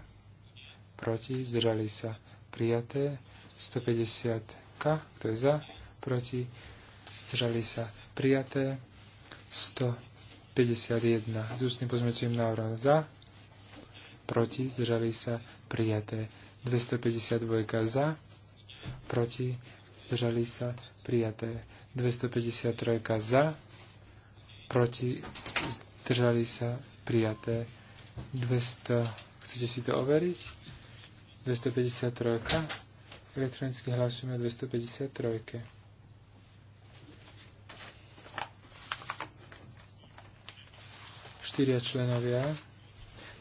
proti, zdržali sa, prijaté. 150 K, kto je za, proti, zdržali sa prijaté. 151 s ústnym pozmeňujúcim návrhom za, proti, zdržali sa prijaté. 252 za, proti, zdržali sa prijaté. 253 za, proti, zdržali sa prijaté. 200, chcete si to overiť? 253. Elektronicky hlasujeme 253. Štyria členovia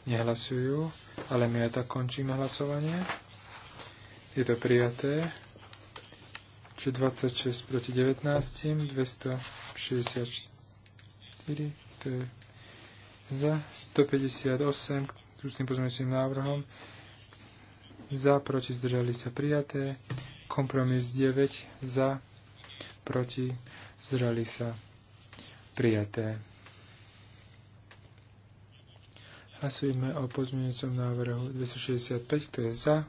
nehlasujú, ale my aj tak končíme hlasovanie. Je to prijaté. Čiže 26 proti 19, 264, to je za 158 s tým pozmeňujúcim návrhom, za, proti, zdržali sa prijaté. Kompromis 9 za, proti, zdržali sa prijaté. Hlasujeme o pozmeňujúcom návrhu 265, kto je za,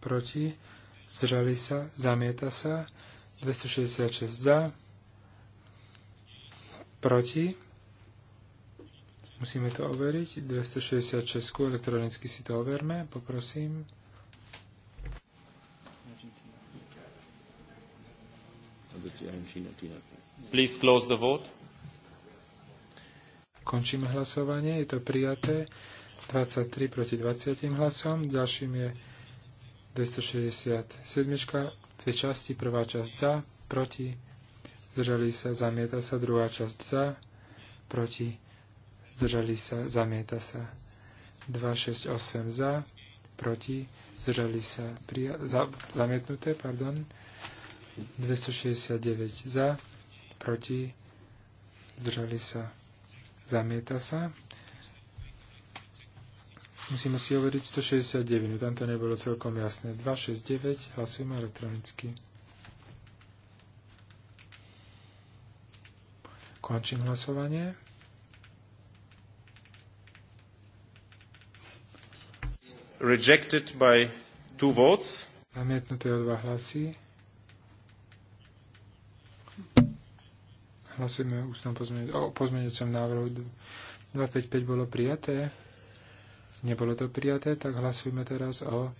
proti, zdržali sa, zamieta sa. 266 za, proti, musíme to overiť, 266 elektronicky si to overme, poprosím.
Please close the vote.
Končíme hlasovanie, je to prijaté. 23 proti 20 hlasom. Ďalším je 267. Dve časti, prvá časť za, proti, zdržali sa, zamieta sa, druhá časť za, proti, zdržali sa, zamieta sa. 268 za, proti, zdržali sa, prija- za, zamietnuté, pardon. 269 za, proti, zdržali sa, zamieta sa. Musíme si overiť 169, no tam to nebolo celkom jasné. 269, hlasujeme elektronicky. Končím hlasovanie.
Rejected by two votes.
Zamietnuté o dva hlasy. Hlasujeme ústnom o pozmeňujúcom návrhu 255 bolo prijaté. Nebolo to prijaté, tak hlasujeme teraz o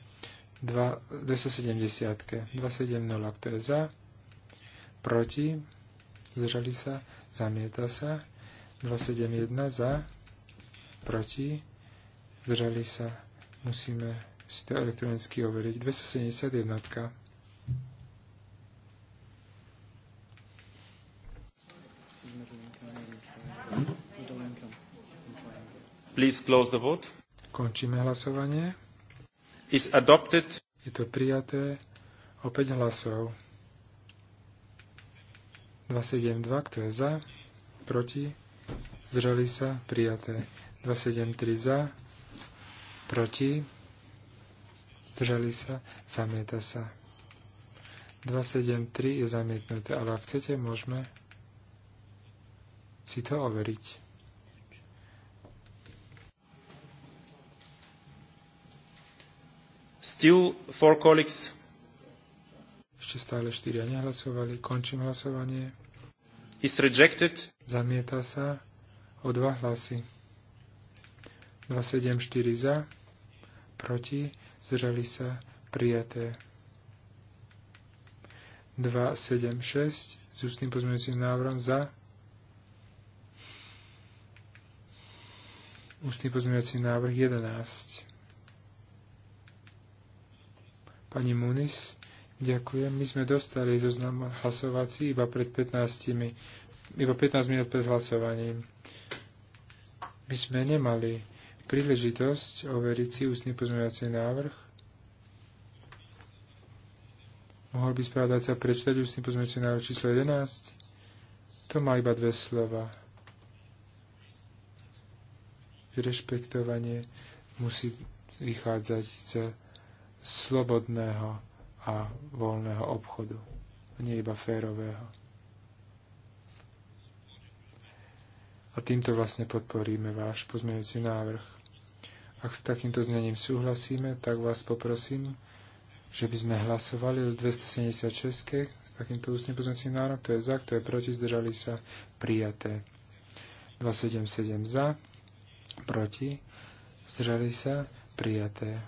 270. 270, kto je za, proti, zdržali sa, zamieta sa. 271 za, proti, zdržali sa, musíme si to elektronicky overiť. 271.
Please close the vote.
Končíme hlasovanie. Is adopted. Je to prijaté. Opäť hlasov. 272, kto je za, proti, zdržali sa, prijaté. 273 za, proti, zdržali sa, zamieta sa. 273 je zamietnuté, ale ak chcete, môžeme si to overiť. Still four colleagues. Ešte stále štyria nehlasovali. Končím hlasovanie.
Is rejected.
Zamieta sa o dva hlasy. 274 za, proti, zdržali sa, prijaté. 276 s ústnym pozmeňujúcim návrhom za, ústny pozmeňovací návrh 11. Pani Munis, ďakujem. My sme dostali zoznam hlasovací iba pred 15 iba 15 minút pred hlasovaním. My sme nemali príležitosť overiť si ústny pozmeňovací návrh. Mohol by správdať sa prečítať ústny pozmeňovací návrh číslo 11? To má iba dve slova. Rešpektovanie musí vychádzať z slobodného a voľného obchodu, nie iba férového. A týmto vlastne podporíme váš pozmeňujúci návrh. Ak s takýmto znením súhlasíme, tak vás poprosím, že by sme hlasovali o 276 s takýmto ústnym pozmeňujúcim návrhom, to je za, kto je proti, zdržali sa prijaté. 277 za, proti, zdržali sa prijaté.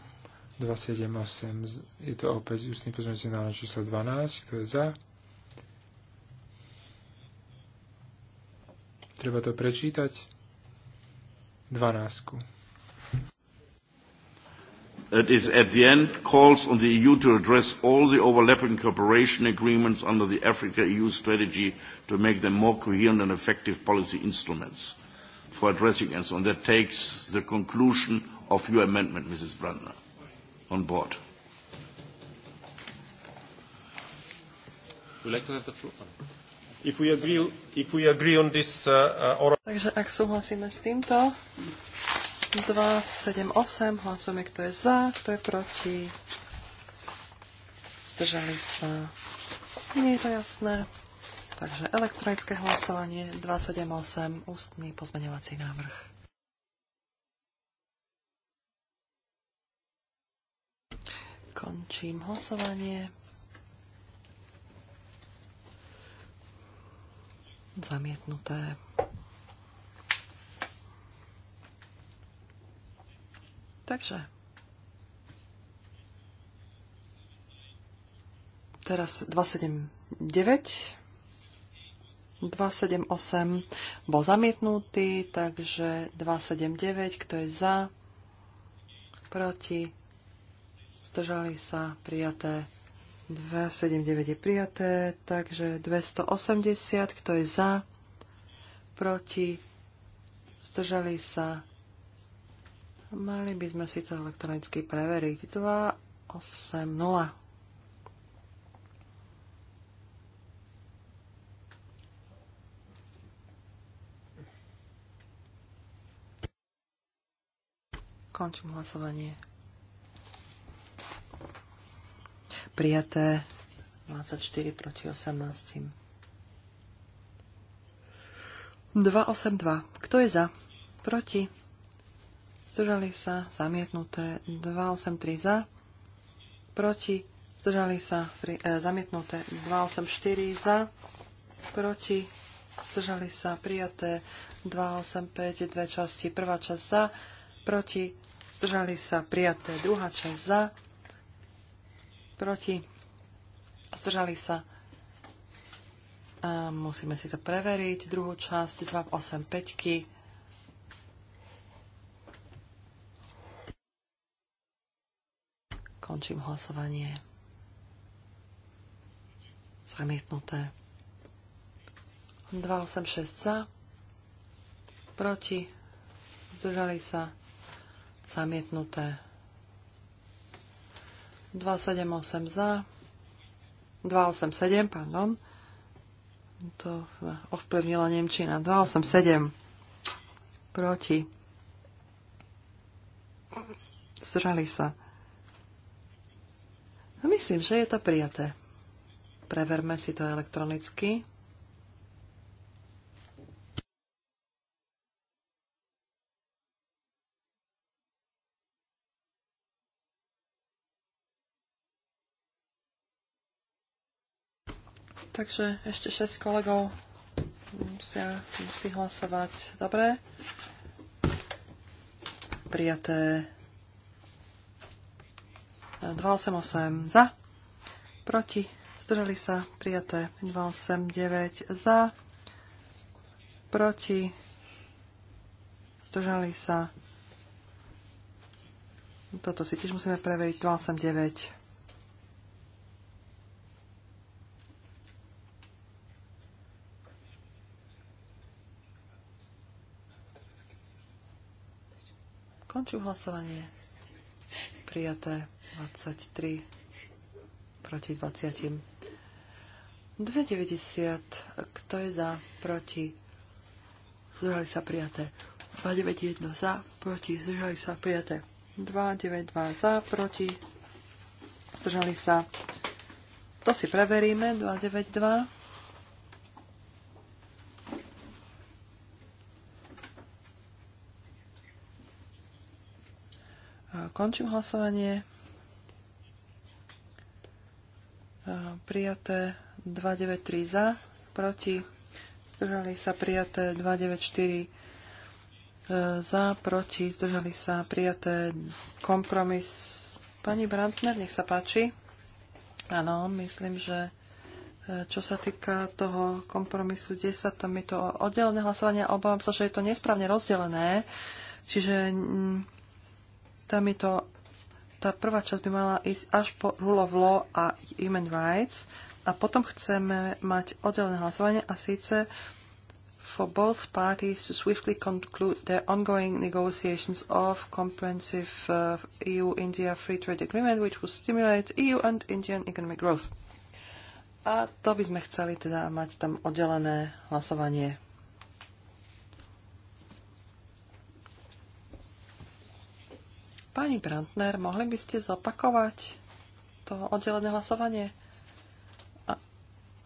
278, je to opäť ústny pozmeňujúci návrh číslo 12, kto je za. Treba to prečítať. 12.
It is at the end calls on the EU to address all the overlapping cooperation agreements under the Africa-EU strategy to make them more coherent and effective policy instruments for addressing and so on. That takes the conclusion of your amendment, Mrs. Brandner on board.
If we agree, if we agree on this, uh, uh oral...
Takže ak súhlasíme s týmto, 2, 7, 8, hlasujeme, kto je za, kto je proti. Zdržali sa. Nie je to jasné. Takže elektronické hlasovanie 278, ústny pozmeňovací návrh. Končím hlasovanie. Zamietnuté. Takže. Teraz 279. 278 bol zamietnutý, takže 279, kto je za, proti, zdržali sa, prijaté. 279 je prijaté, takže 280, kto je za, proti, zdržali sa. Mali by sme si to elektronicky preveriť. 280. Končím hlasovanie. prijaté 24 proti 18. 282. Kto je za? Proti. Zdržali sa. Zamietnuté. 283 za. Proti. Zdržali sa. Pri, e, zamietnuté. 284 za. Proti. Zdržali sa. Prijaté. 285. Dve časti. Prvá časť za. Proti. Zdržali sa. Prijaté. Druhá časť za proti, zdržali sa. A musíme si to preveriť. Druhú časť, 2 v 8 peťky. Končím hlasovanie. Zamietnuté. 2, 8, 6 za. Proti. Zdržali sa. Zamietnuté. 278 za, 287, pardon. To ovplyvnila Nemčina. 287 proti. Zrali sa. myslím, že je to prijaté. Preverme si to elektronicky. Takže ešte 6 kolegov musia, musí hlasovať. Dobre. Prijaté. 288 za. Proti. Zdrali sa. Prijaté. 289 za. Proti. Zdržali sa. Toto si tiež musíme preveriť. 289. Končím hlasovanie. Prijaté 23 proti 20. 290. Kto je za? Proti. Zdržali sa prijaté. 291 za, proti, zdržali sa prijaté. 292 za, proti, zdržali sa. To si preveríme. 292. Končím hlasovanie. Prijaté 293 za, proti. Zdržali sa prijaté 294 e, za, proti. Zdržali sa prijaté kompromis. Pani Brantner, nech sa páči. Áno, myslím, že e, čo sa týka toho kompromisu 10, tam je to oddelené hlasovanie a obávam sa, že je to nesprávne rozdelené. Čiže mm, tam je to, tá prvá časť by mala ísť až po rule of law a human rights a potom chceme mať oddelené hlasovanie a síce for both parties to swiftly conclude their ongoing negotiations of comprehensive uh, EU-India free trade agreement, which will stimulate EU and Indian economic growth. A to by sme chceli teda mať tam oddelené hlasovanie. Pani Brandner, mohli by ste zopakovať to oddelené hlasovanie? A,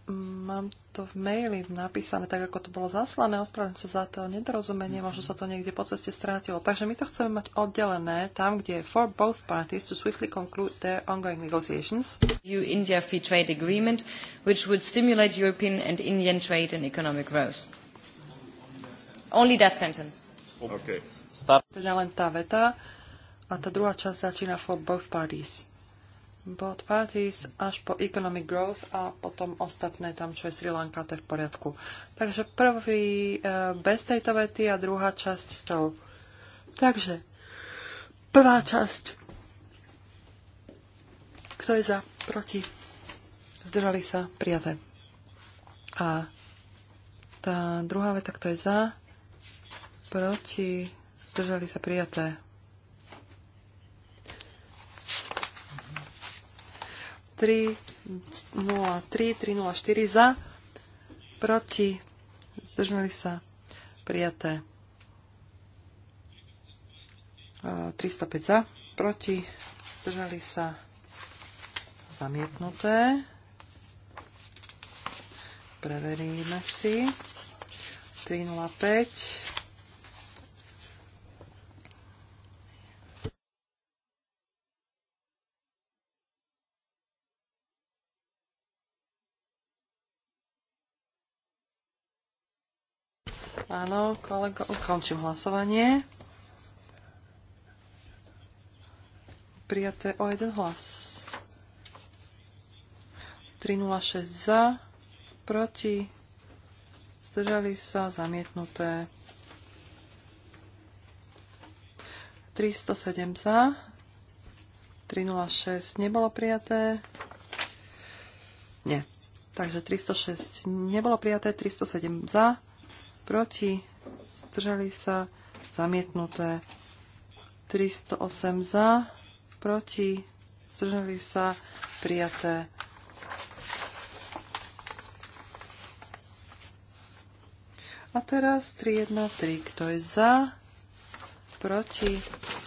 mm, mám to v maili napísané, tak ako to bolo zaslané. Ospravedlňujem sa za to nedorozumenie, možno sa to niekde po ceste strátilo. Takže my to chceme mať oddelené tam, kde je for both parties to swiftly conclude
their ongoing negotiations. EU-India Free Trade Agreement, which would stimulate European and Indian trade and economic growth. Only that sentence.
Okay.
Start. Teda len tá veta a tá druhá časť začína for both parties. Both parties až po economic growth a potom ostatné tam, čo je Sri Lanka, to je v poriadku. Takže prvý e, bez tejto vety a druhá časť s tou. Takže prvá časť. Kto je za? Proti? Zdržali sa? Prijaté. A tá druhá veta, kto je za? Proti? Zdržali sa? Prijaté. 303, 304 za, proti, zdržali sa, prijaté. 305 e, za, proti, zdržali sa, zamietnuté. Preveríme si. 305. Áno, kolego, ukončím hlasovanie. Prijaté o jeden hlas. 306 za, proti, zdržali sa, zamietnuté. 307 za, 306 nebolo prijaté. Nie. Takže 306 nebolo prijaté, 307 za, proti, zdržali sa, zamietnuté. 308 za, proti, zdržali sa, prijaté. A teraz 313, kto je za, proti,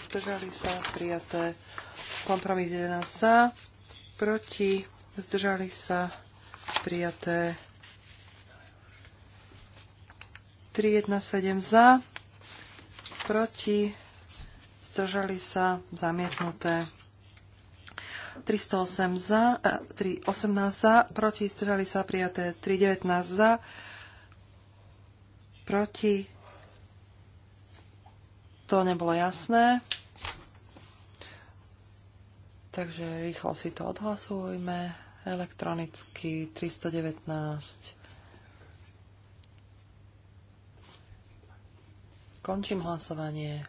zdržali sa, prijaté. Kompromis 11 za, proti, zdržali sa, prijaté. 317 za, proti, zdržali sa, zamietnuté. 308 za, 318 eh, za, proti, zdržali sa, prijaté. 319 za, proti, to nebolo jasné. Takže rýchlo si to odhlasujme. Elektronicky 319. Končím hlasovanie.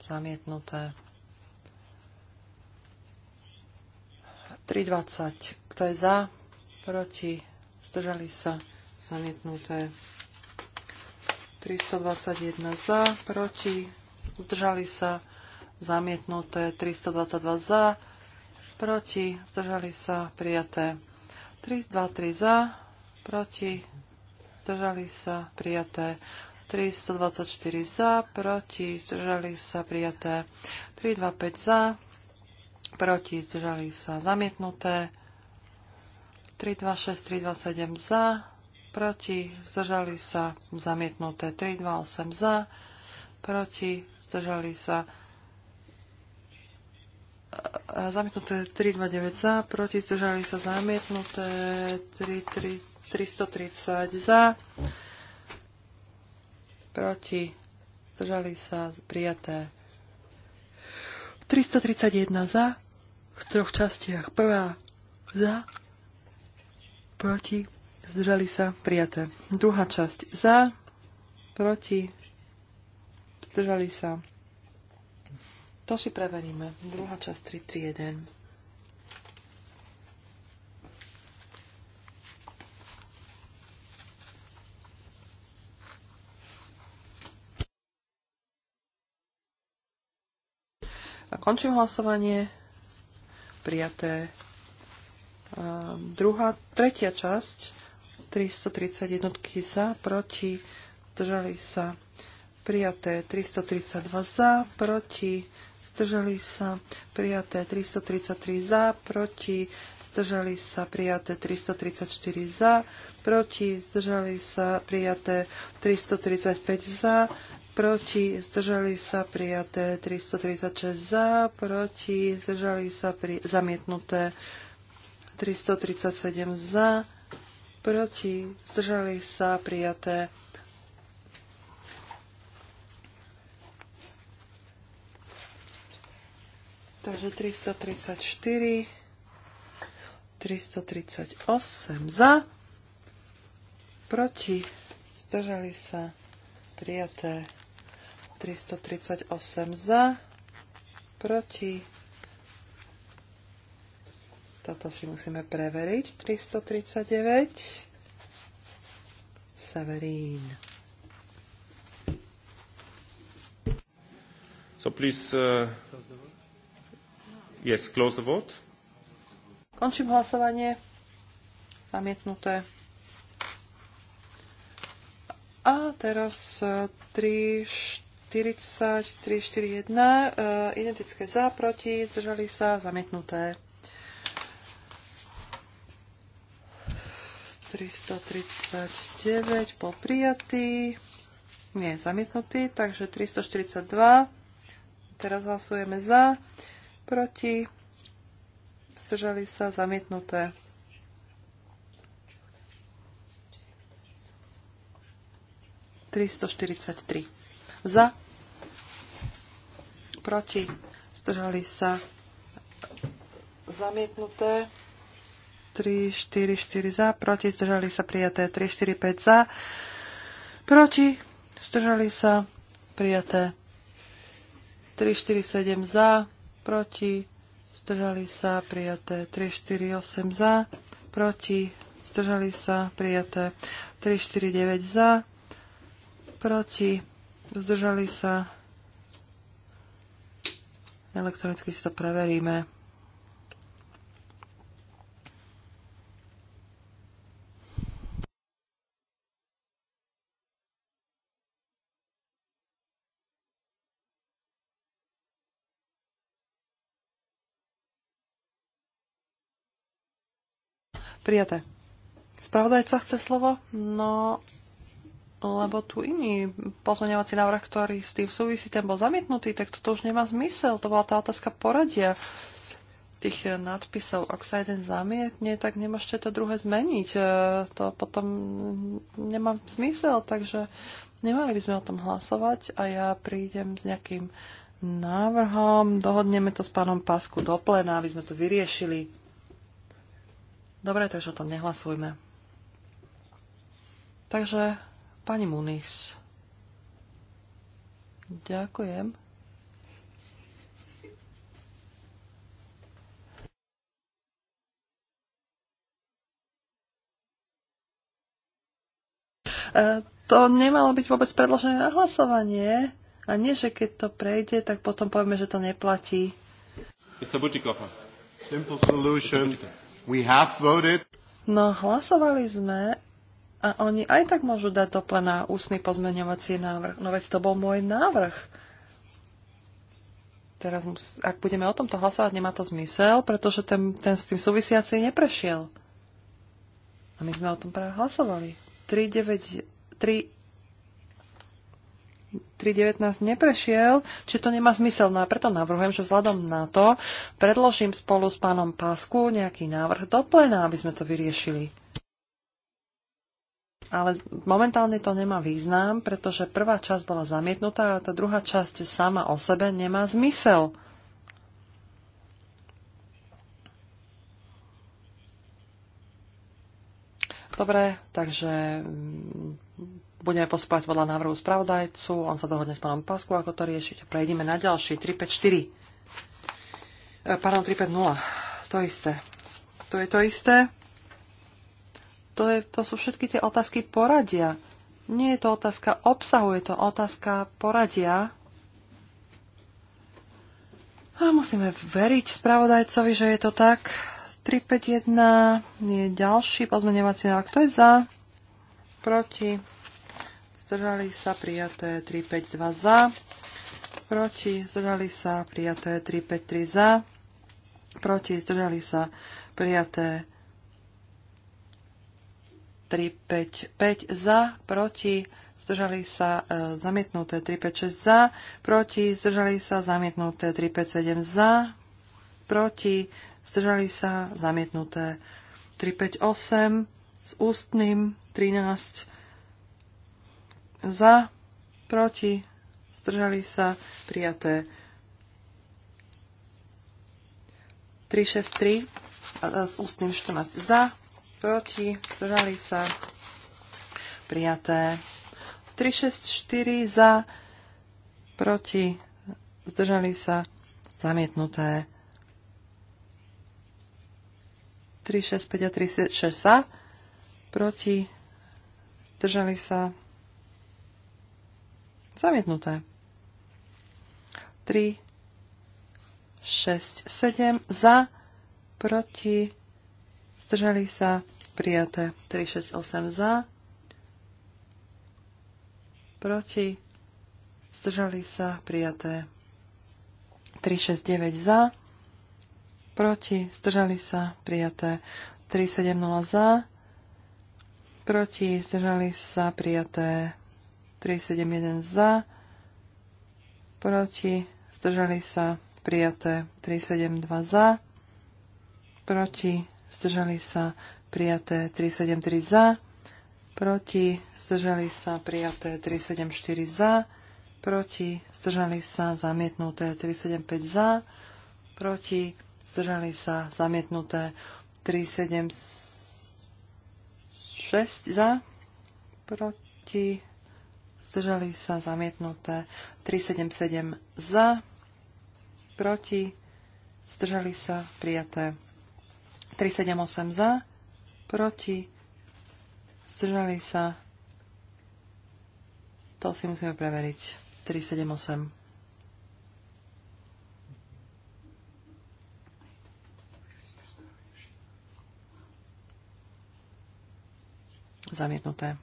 Zamietnuté. 3.20. Kto je za? Proti? Zdržali sa? Zamietnuté. 321 za, proti, zdržali sa, zamietnuté, 322 za, proti, zdržali sa, prijaté, 323 za, proti, zdržali sa, prijaté. 324 za, proti, zdržali sa, prijaté. 325 za, proti, zdržali sa, zamietnuté. 326, 327 za, proti, zdržali sa, zamietnuté. 328 e, e, za, proti, zdržali sa, zamietnuté 329 za, proti zdržali sa zamietnuté 330 330 za, proti, zdržali sa, prijaté. 331 za, v troch častiach. Prvá za, proti, zdržali sa, prijaté. Druhá časť za, proti, zdržali sa. To si preveríme. Druhá časť 331. A končím hlasovanie. Prijaté. A druhá, tretia časť. 330 jednotky za, proti, zdržali sa. Prijaté 332 za, proti, zdržali sa. Prijaté 333 za, proti, zdržali sa prijaté 334 za, proti zdržali sa prijaté 335 za, proti, zdržali sa prijaté 336 za, proti, zdržali sa pri, zamietnuté 337 za, proti, zdržali sa prijaté Takže 334, 338 za, proti, zdržali sa prijaté 338 za, proti. Toto si musíme preveriť. 339. Severín.
So please, uh, yes, close the vote.
Končím hlasovanie. Zamietnuté. A teraz 3, uh, 4, 43, 4, 1, identické za, proti, zdržali sa, zamietnuté. 339 bol prijatý, nie zamietnutý, takže 342. Teraz hlasujeme za, proti, zdržali sa, zamietnuté. Tristoštyridsaťtri. Za, proti, zdržali sa zamietnuté. 3, 4, 4 za, proti, zdržali sa prijaté 3, 4, 5 za, proti, zdržali sa prijaté 3, 4, 7 za, proti, zdržali sa prijaté 3, 4, 8 za, proti, zdržali sa prijaté 3, 4, 9 za, proti, zdržali sa prijaté. Elektronicky si to preveríme. Prijaté. Spravodajca chce slovo? No, lebo tu iný pozmeňovací návrh, ktorý s tým súvisí, ten bol zamietnutý, tak toto už nemá zmysel. To bola tá otázka poradia tých eh, nadpisov. Ak sa jeden zamietne, tak nemôžete to druhé zmeniť. Eh, to potom nemá zmysel, takže nemali by sme o tom hlasovať a ja prídem s nejakým návrhom. Dohodneme to s pánom Pasku do plena, aby sme to vyriešili. Dobre, takže o tom nehlasujme. Takže Pani Munis. Ďakujem. E, to nemalo byť vôbec predložené na hlasovanie. A nie, že keď to prejde, tak potom povieme, že to neplatí. No, hlasovali sme a oni aj tak môžu dať do na ústny pozmeňovací návrh. No veď to bol môj návrh. Teraz, ak budeme o tomto hlasovať, nemá to zmysel, pretože ten, ten s tým súvisiaci neprešiel. A my sme o tom práve hlasovali. 3, 9, 3, 3.19 neprešiel, či to nemá zmysel. No a preto navrhujem, že vzhľadom na to predložím spolu s pánom Pásku nejaký návrh do plena, aby sme to vyriešili ale momentálne to nemá význam, pretože prvá časť bola zamietnutá a tá druhá časť sama o sebe nemá zmysel. Dobre, takže mm, budeme postupovať podľa návrhu spravodajcu, on sa dohodne s pánom Pasku, ako to riešiť. Prejdeme na ďalší, 354. E, pardon, 350. To isté. To je to isté to, je, to sú všetky tie otázky poradia. Nie je to otázka obsahu, je to otázka poradia. A musíme veriť spravodajcovi, že je to tak. 351 je ďalší pozmeňovací návrh. Kto je za? Proti? Zdržali sa prijaté 352 za. Proti? Zdržali sa prijaté 353 za. Proti? Zdržali sa prijaté 355 za, proti, zdržali sa e, zamietnuté 356 za, proti, zdržali sa zamietnuté 357 za, proti, zdržali sa zamietnuté 358 s ústnym 13 za, proti, zdržali sa prijaté 363 e, s ústnym 14 za, proti, zdržali sa, prijaté. 3 4 za, proti, zdržali sa, zamietnuté. 3 5 a 6 za, proti, zdržali sa, zamietnuté. 3, 6, 7 za, proti, zdržali sa, prijaté 368 za, proti, zdržali sa, prijaté 369 za, proti, zdržali sa, prijaté 370 za, proti, zdržali sa, prijaté 371 za, proti, zdržali sa, prijaté 372 za, proti, zdržali sa prijaté 373 za, proti zdržali sa prijaté 374 za, proti zdržali sa zamietnuté 375 za, proti zdržali sa zamietnuté 376 za, proti zdržali sa zamietnuté 377 za, proti zdržali sa prijaté 378 za, proti, zdržali sa. To si musíme preveriť. 378. Zamietnuté.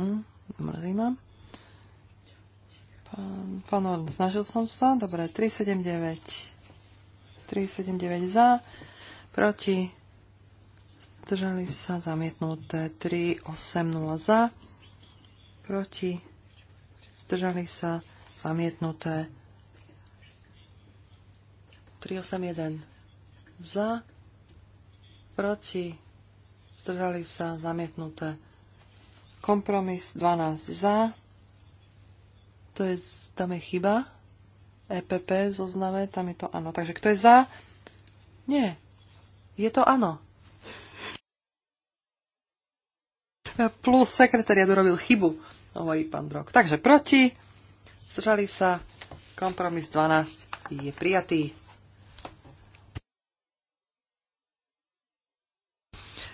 Hm, mrzí ma. Pán, pán Orn, snažil som sa. Dobre, 379. 379 za proti, zdržali sa zamietnuté 3, 8, 0 za, proti, zdržali sa zamietnuté 381 za, proti, zdržali sa zamietnuté kompromis 12 za, to je, tam je chyba, EPP zozname, tam je to áno. Takže kto je za? Nie. Je to áno. Plus sekretariat urobil chybu, hovorí pán Brok. Takže proti, zdržali sa, kompromis 12 je prijatý.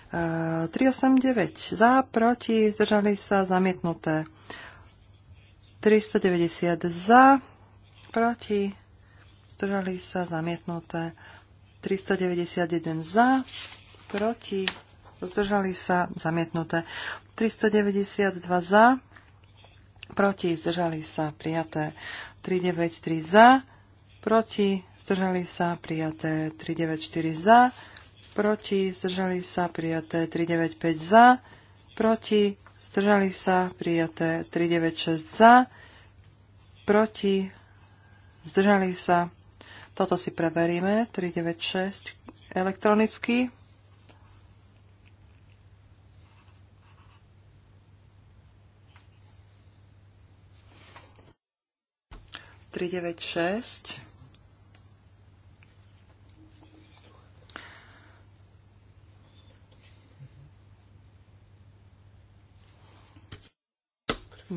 Uh, e, 389 za, proti, zdržali sa, zamietnuté. 390 za, proti, zdržali sa, zamietnuté. 391 za, proti, zdržali sa, zamietnuté. 392 za, proti, zdržali sa, prijaté. 393 za, proti, zdržali sa, prijaté. 394 za, proti, zdržali sa, prijaté. 395 za, proti, zdržali sa, prijaté. 396 za, proti, zdržali sa, toto si preveríme. 396 elektronicky. Tri, deväť, šesť.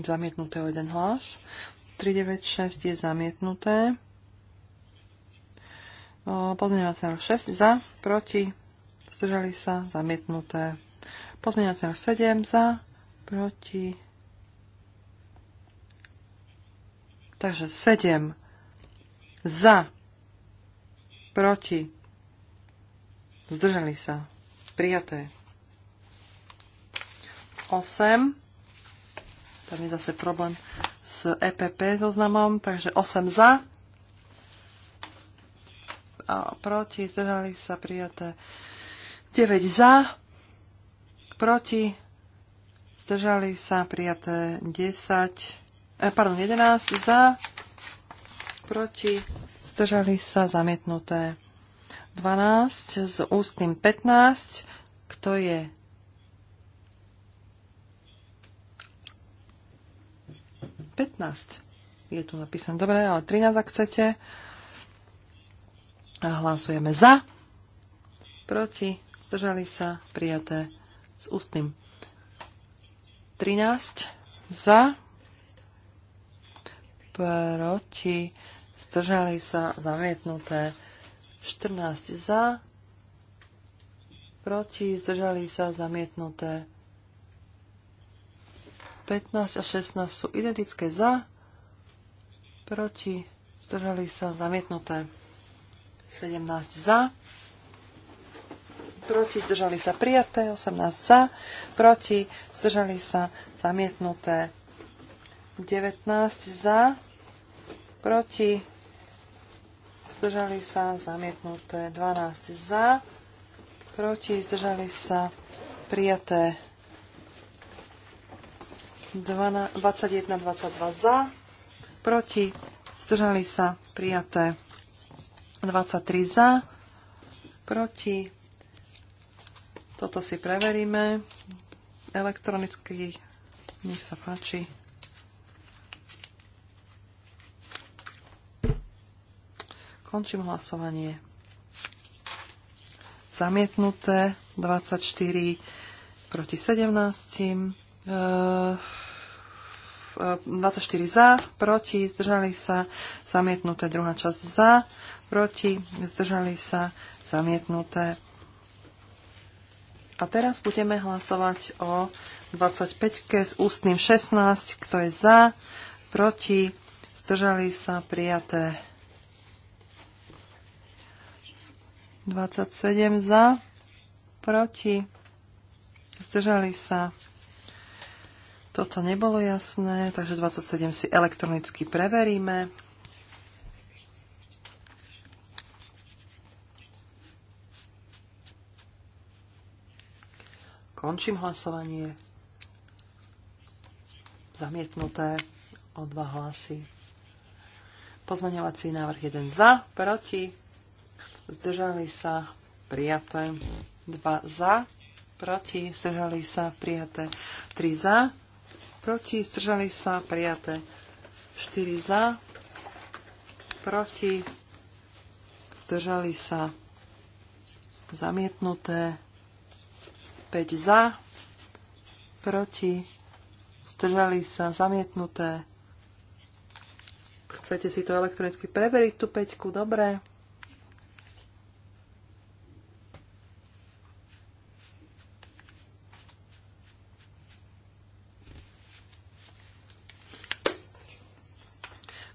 Zamietnuté o jeden hlas. 396 je zamietnuté. Pozmeňovací návrh 6 za, proti, zdržali sa, zamietnuté. Pozmeňovací návrh 7 za, proti. Takže 7 za, proti, zdržali sa, prijaté. 8, tam je zase problém s EPP zoznamom, takže 8 za, a proti, zdržali sa prijaté 9 za, proti, zdržali sa prijaté 10, eh, pardon, 11 za, proti, zdržali sa zamietnuté 12 s ústnym 15, kto je je tu napísané. Dobre, ale 13, ak chcete. Hlasujeme za, proti, zdržali sa, prijaté s ústnym. 13 za, proti, zdržali sa, zamietnuté. 14 za, proti, zdržali sa, zamietnuté. 15 a 16 sú identické za, proti, zdržali sa, zamietnuté. 17 za, proti, zdržali sa prijaté, 18 za, proti, zdržali sa zamietnuté, 19 za, proti, zdržali sa zamietnuté, 12 za, proti, zdržali sa prijaté, 21, 22 za, proti, zdržali sa prijaté. 23 za, proti. Toto si preveríme. Elektronicky, nech sa páči. Končím hlasovanie. Zamietnuté 24 proti 17. 24 ehm, e, za, proti, zdržali sa, zamietnuté druhá časť za, proti, zdržali sa, zamietnuté. A teraz budeme hlasovať o 25 s ústnym 16, kto je za, proti, zdržali sa, prijaté. 27 za, proti, zdržali sa. Toto nebolo jasné, takže 27 si elektronicky preveríme. Končím hlasovanie. Zamietnuté o dva hlasy. Pozmeňovací návrh 1 za, proti. Zdržali sa prijaté. 2 za, proti. Zdržali sa prijaté. 3 za, proti. Zdržali sa prijaté. 4 za, proti zdržali sa zamietnuté 5 za, proti, zdržali sa, zamietnuté. Chcete si to elektronicky preveriť, tú 5, dobre.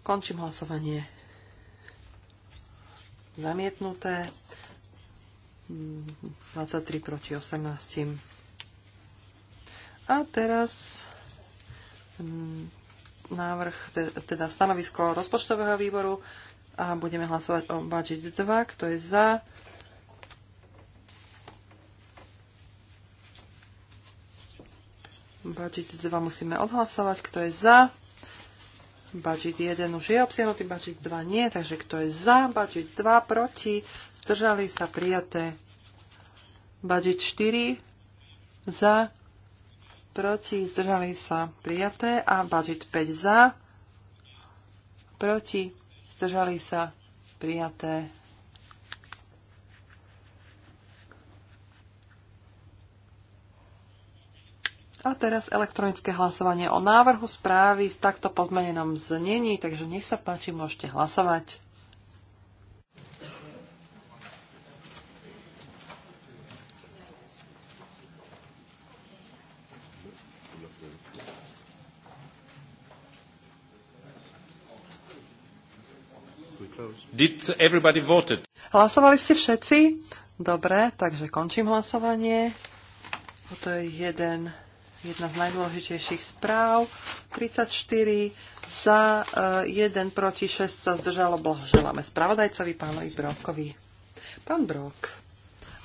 Končím hlasovanie. Zamietnuté. 23 proti 18. A teraz mm, návrh, teda stanovisko rozpočtového výboru a budeme hlasovať o budget 2, kto je za. Budget 2 musíme odhlasovať, kto je za. Budget 1 už je obsiahnutý, budget 2 nie, takže kto je za, budget 2 proti, zdržali sa prijaté. Budget 4 za, proti, zdržali sa prijaté a budget 5 za, proti, zdržali sa prijaté. A teraz elektronické hlasovanie o návrhu správy v takto pozmenenom znení, takže nech sa páči, môžete hlasovať.
Did everybody voted?
Hlasovali ste všetci? Dobre, takže končím hlasovanie. Toto je jeden, jedna z najdôležitejších správ. 34 za, 1 eh, proti 6 sa zdržalo. Blahoželáme spravodajcovi pánovi Brokovi. Pán Brok,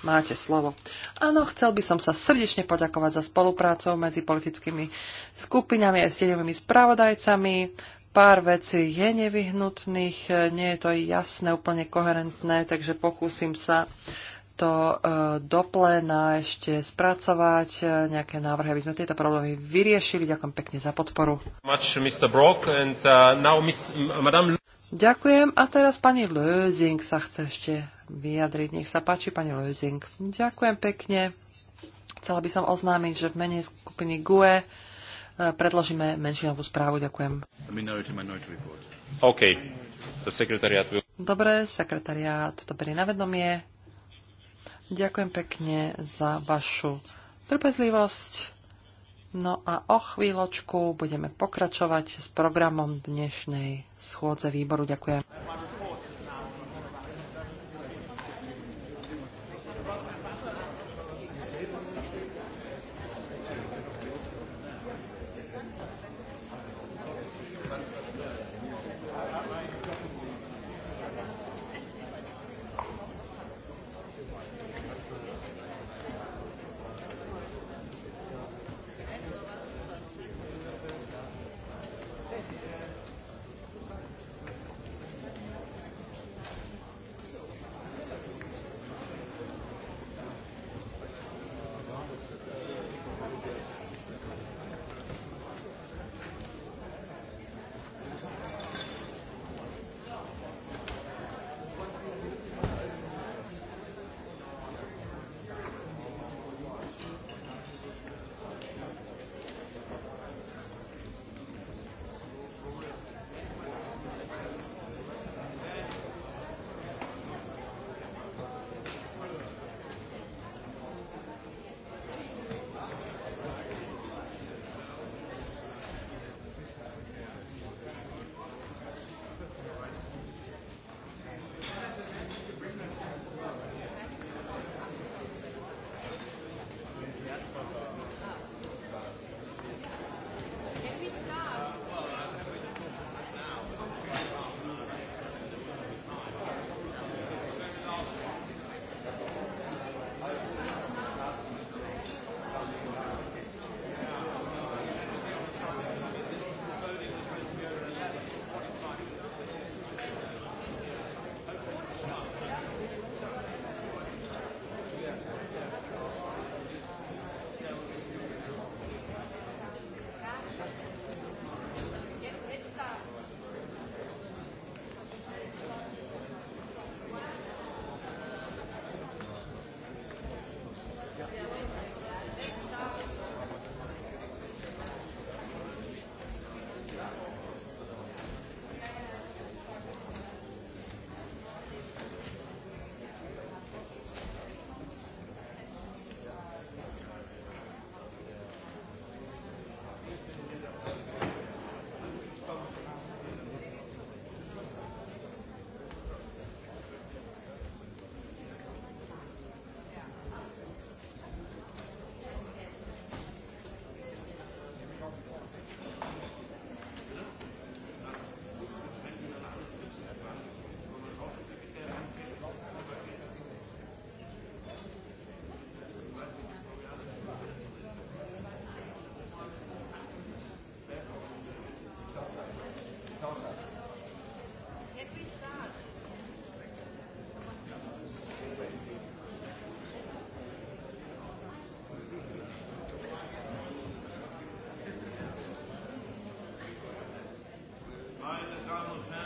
máte slovo. Áno, chcel by som sa srdečne poďakovať za spoluprácu medzi politickými skupinami a stieňovými spravodajcami pár vecí je nevyhnutných, e, nie je to jasné, úplne koherentné, takže pokúsim sa to e, do pléna ešte spracovať, e, nejaké návrhy, aby sme tieto problémy vyriešili. Ďakujem pekne za podporu. Uh, Ďakujem a teraz pani Lözing sa chce ešte vyjadriť. Nech sa páči, pani Lözing. Ďakujem pekne. Chcela by som oznámiť, že v mene skupiny GUE predložíme menšinovú správu. Ďakujem. Sekretariát... Dobre, sekretariát to berie na vedomie. Ďakujem pekne za vašu trpezlivosť. No a o chvíľočku budeme pokračovať s programom dnešnej schôdze výboru. Ďakujem.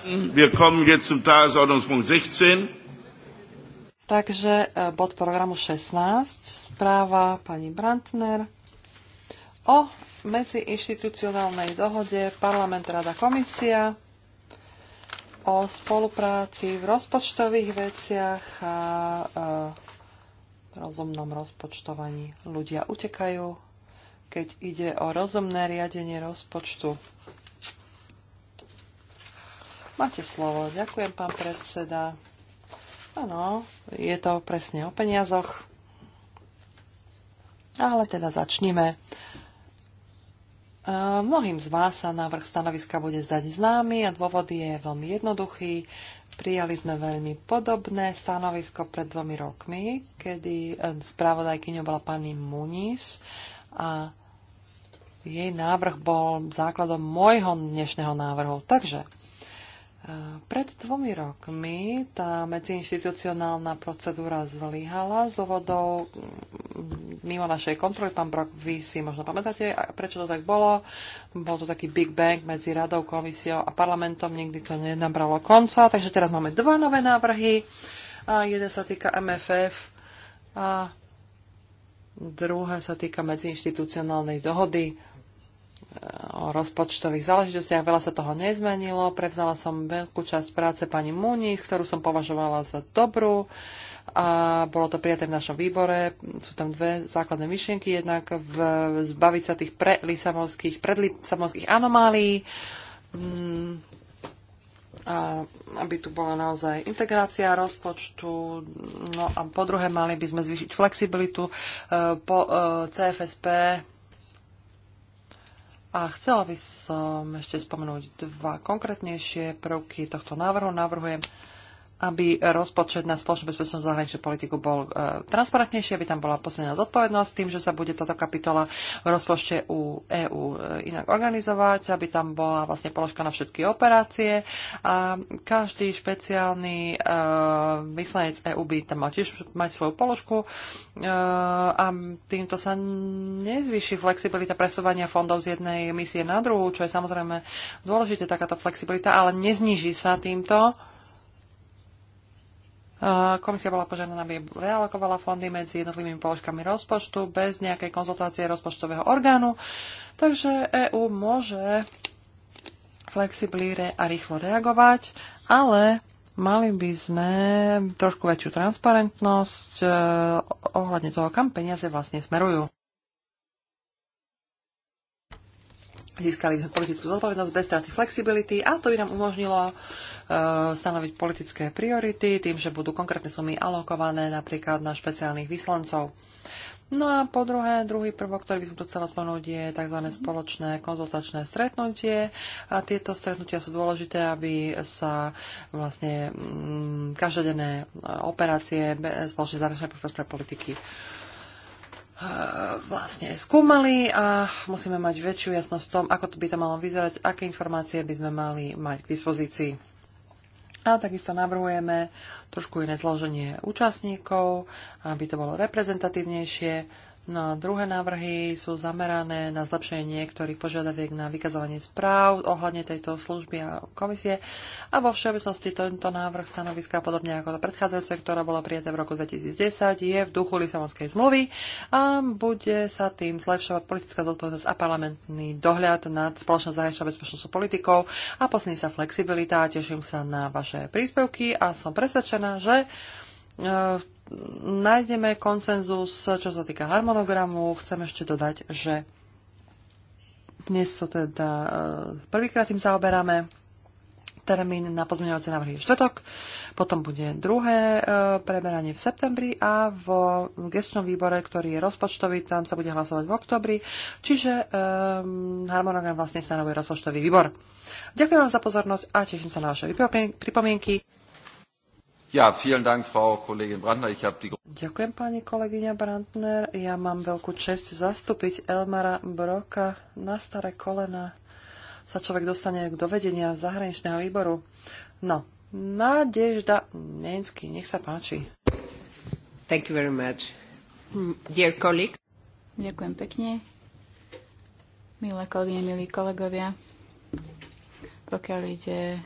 Wir kommen jetzt zum Tagesordnungspunkt 16.
Takže e, bod programu 16, správa pani Brantner o medziinstitucionálnej dohode Parlament Rada Komisia o spolupráci v rozpočtových veciach a e, rozumnom rozpočtovaní. Ľudia utekajú, keď ide o rozumné riadenie rozpočtu. Máte slovo. Ďakujem, pán predseda. Áno, je to presne o peniazoch. Ale teda začnime. E, mnohým z vás sa návrh stanoviska bude zdať známy a dôvod je veľmi jednoduchý. Prijali sme veľmi podobné stanovisko pred dvomi rokmi, kedy e, spravodajkyňou bola pani Muniz a jej návrh bol základom môjho dnešného návrhu. Takže pred dvomi rokmi tá medziinstitucionálna procedúra zlyhala z dôvodov mm, mimo našej kontroly. Pán Brok, vy si možno pamätáte, prečo to tak bolo. Bol to taký Big Bang medzi radou, komisiou a parlamentom. Nikdy to nenabralo konca, takže teraz máme dva nové návrhy. A jeden sa týka MFF a druhé sa týka medziinstitucionálnej dohody o rozpočtových záležitostiach. Veľa sa toho nezmenilo. Prevzala som veľkú časť práce pani Muniz, ktorú som považovala za dobrú a bolo to prijaté v našom výbore. Sú tam dve základné myšlienky. Jednak v, zbaviť sa tých predlisamovských predlisabonských anomálií, mm. a aby tu bola naozaj integrácia rozpočtu. No a po druhé, mali by sme zvýšiť flexibilitu eh, po eh, CFSP a chcela by som ešte spomenúť dva konkrétnejšie prvky tohto návrhu. Navrhujem aby rozpočet na spoločnú bezpečnosť zahraničnú politiku bol e, transparentnejší, aby tam bola posledná zodpovednosť tým, že sa bude táto kapitola v rozpočte u EÚ e, inak organizovať, aby tam bola vlastne položka na všetky operácie a každý špeciálny e, vyslanec EÚ by tam mal tiež mať svoju položku e, a týmto sa nezvýši flexibilita presovania fondov z jednej misie na druhú, čo je samozrejme dôležité takáto flexibilita, ale nezniží sa týmto Komisia bola požiadaná, aby realokovala fondy medzi jednotlivými položkami rozpočtu bez nejakej konzultácie rozpočtového orgánu. Takže EÚ môže flexibilne a rýchlo reagovať, ale mali by sme trošku väčšiu transparentnosť eh, ohľadne toho, kam peniaze vlastne smerujú. Získali sme politickú zodpovednosť bez straty flexibility a to by nám umožnilo e, stanoviť politické priority tým, že budú konkrétne sumy alokované napríklad na špeciálnych vyslancov. No a po druhé, druhý prvok, ktorý by som tu chcela spomenúť, je tzv. Mhm. spoločné konzultačné stretnutie. A tieto stretnutia sú dôležité, aby sa vlastne mm, každodenné operácie spoločne zahraničnej pre politiky Eh, vlastne skúmali a musíme mať väčšiu jasnosť v tom, ako to by to malo vyzerať, aké informácie by sme mali mať k dispozícii. A takisto navrhujeme trošku iné zloženie účastníkov, aby to bolo reprezentatívnejšie, No a druhé návrhy sú zamerané na zlepšenie niektorých požiadaviek na vykazovanie správ ohľadne tejto služby a komisie a vo všeobecnosti tento návrh stanoviska, podobne ako to predchádzajúce, ktorá bola prijaté v roku 2010, je v duchu Lisabonskej zmluvy a bude sa tým zlepšovať politická zodpovednosť a parlamentný dohľad nad spoločnou zahraničnou bezpečnostnou politikou a posilní sa flexibilita. Teším sa na vaše príspevky a som presvedčená, že e, nájdeme konsenzus, čo sa týka harmonogramu. Chcem ešte dodať, že dnes sa so teda e, prvýkrát tým zaoberáme. Termín na pozmeňovacie návrhy je štvrtok, potom bude druhé e, preberanie v septembri a v gestčnom výbore, ktorý je rozpočtový, tam sa bude hlasovať v oktobri, čiže um, harmonogram vlastne stanovuje rozpočtový výbor. Ďakujem vám za pozornosť a teším sa na vaše pripomienky. Ďakujem, pani kolegyňa Brandner. Ja mám veľkú čest zastúpiť Elmara Broka na staré kolena. Sa človek dostane k dovedenia zahraničného výboru. No, Nadežda Nensky, nech sa páči. Thank you very much. Dear colleagues.
Ďakujem pekne. Milé kolegyne, milí kolegovia, pokiaľ ide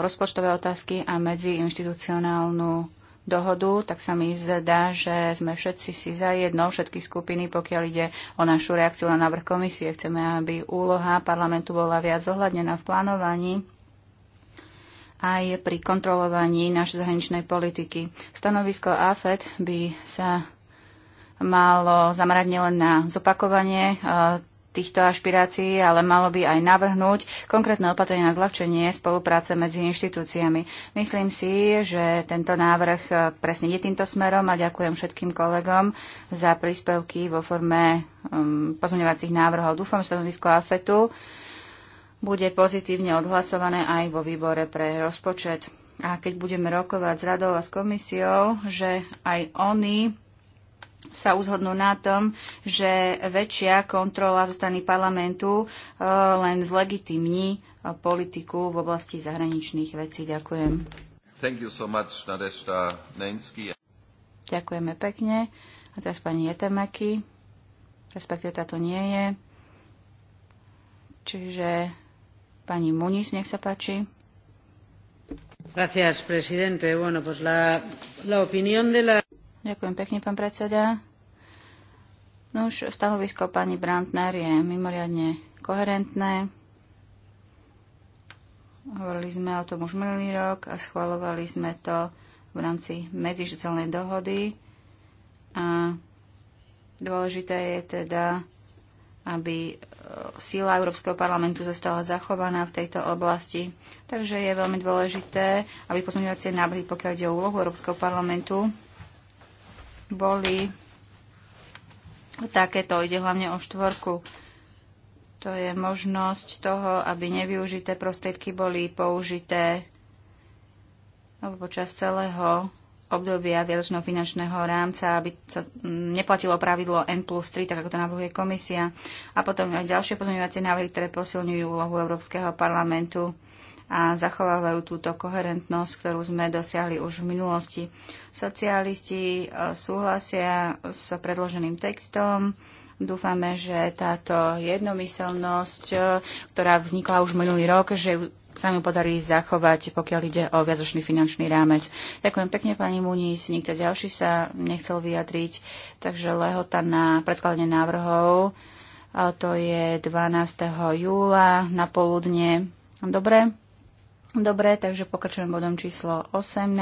rozpočtové otázky a medziinštitucionálnu dohodu, tak sa mi zdá, že sme všetci si za jedno, všetky skupiny, pokiaľ ide o našu reakciu na návrh komisie. Chceme, aby úloha parlamentu bola viac zohľadnená v plánovaní aj pri kontrolovaní našej zahraničnej politiky. Stanovisko AFED by sa malo zamerať nielen na zopakovanie týchto ašpirácií, ale malo by aj navrhnúť konkrétne opatrenia na zľahčenie spolupráce medzi inštitúciami. Myslím si, že tento návrh e, presne ide týmto smerom a ďakujem všetkým kolegom za príspevky vo forme um, pozmeňovacích návrhov. Dúfam, že stanovisko AFETu bude pozitívne odhlasované aj vo výbore pre rozpočet. A keď budeme rokovať s radou a s komisiou, že aj oni sa uzhodnú na tom, že väčšia kontrola zo strany parlamentu e, len zlegitimní e, politiku v oblasti zahraničných vecí. Ďakujem. So much, Ďakujeme pekne. A teraz pani Jetemaki. respektíve táto nie je. Čiže pani Muniz, nech sa páči. Gracias, presidente. Bueno, pues la, la opinión de la... Ďakujem pekne, pán predseda. No už stanovisko pani Brandner je mimoriadne koherentné. Hovorili sme o tom už minulý rok a schvalovali sme to v rámci medzižiteľnej dohody. A dôležité je teda, aby e, síla Európskeho parlamentu zostala zachovaná v tejto oblasti. Takže je veľmi dôležité, aby pozmeňovacie návrhy, pokiaľ ide o úlohu Európskeho parlamentu, boli takéto. Ide hlavne o štvorku. To je možnosť toho, aby nevyužité prostriedky boli použité počas celého obdobia viacročného finančného rámca, aby sa mm, neplatilo pravidlo N plus 3, tak ako to navrhuje komisia. A potom aj ďalšie pozmeňovacie návrhy, ktoré posilňujú úlohu Európskeho parlamentu a zachovávajú túto koherentnosť, ktorú sme dosiahli už v minulosti. Socialisti e, súhlasia s predloženým textom. Dúfame, že táto jednomyselnosť, e, ktorá vznikla už minulý rok, že sa mi podarí zachovať, pokiaľ ide o viazočný finančný rámec. Ďakujem pekne, pani Munis. Nikto ďalší sa nechcel vyjadriť, takže lehota na predkladne návrhov e, to je 12. júla na poludne. Dobre? Dobre, takže pokračujem bodom číslo 18.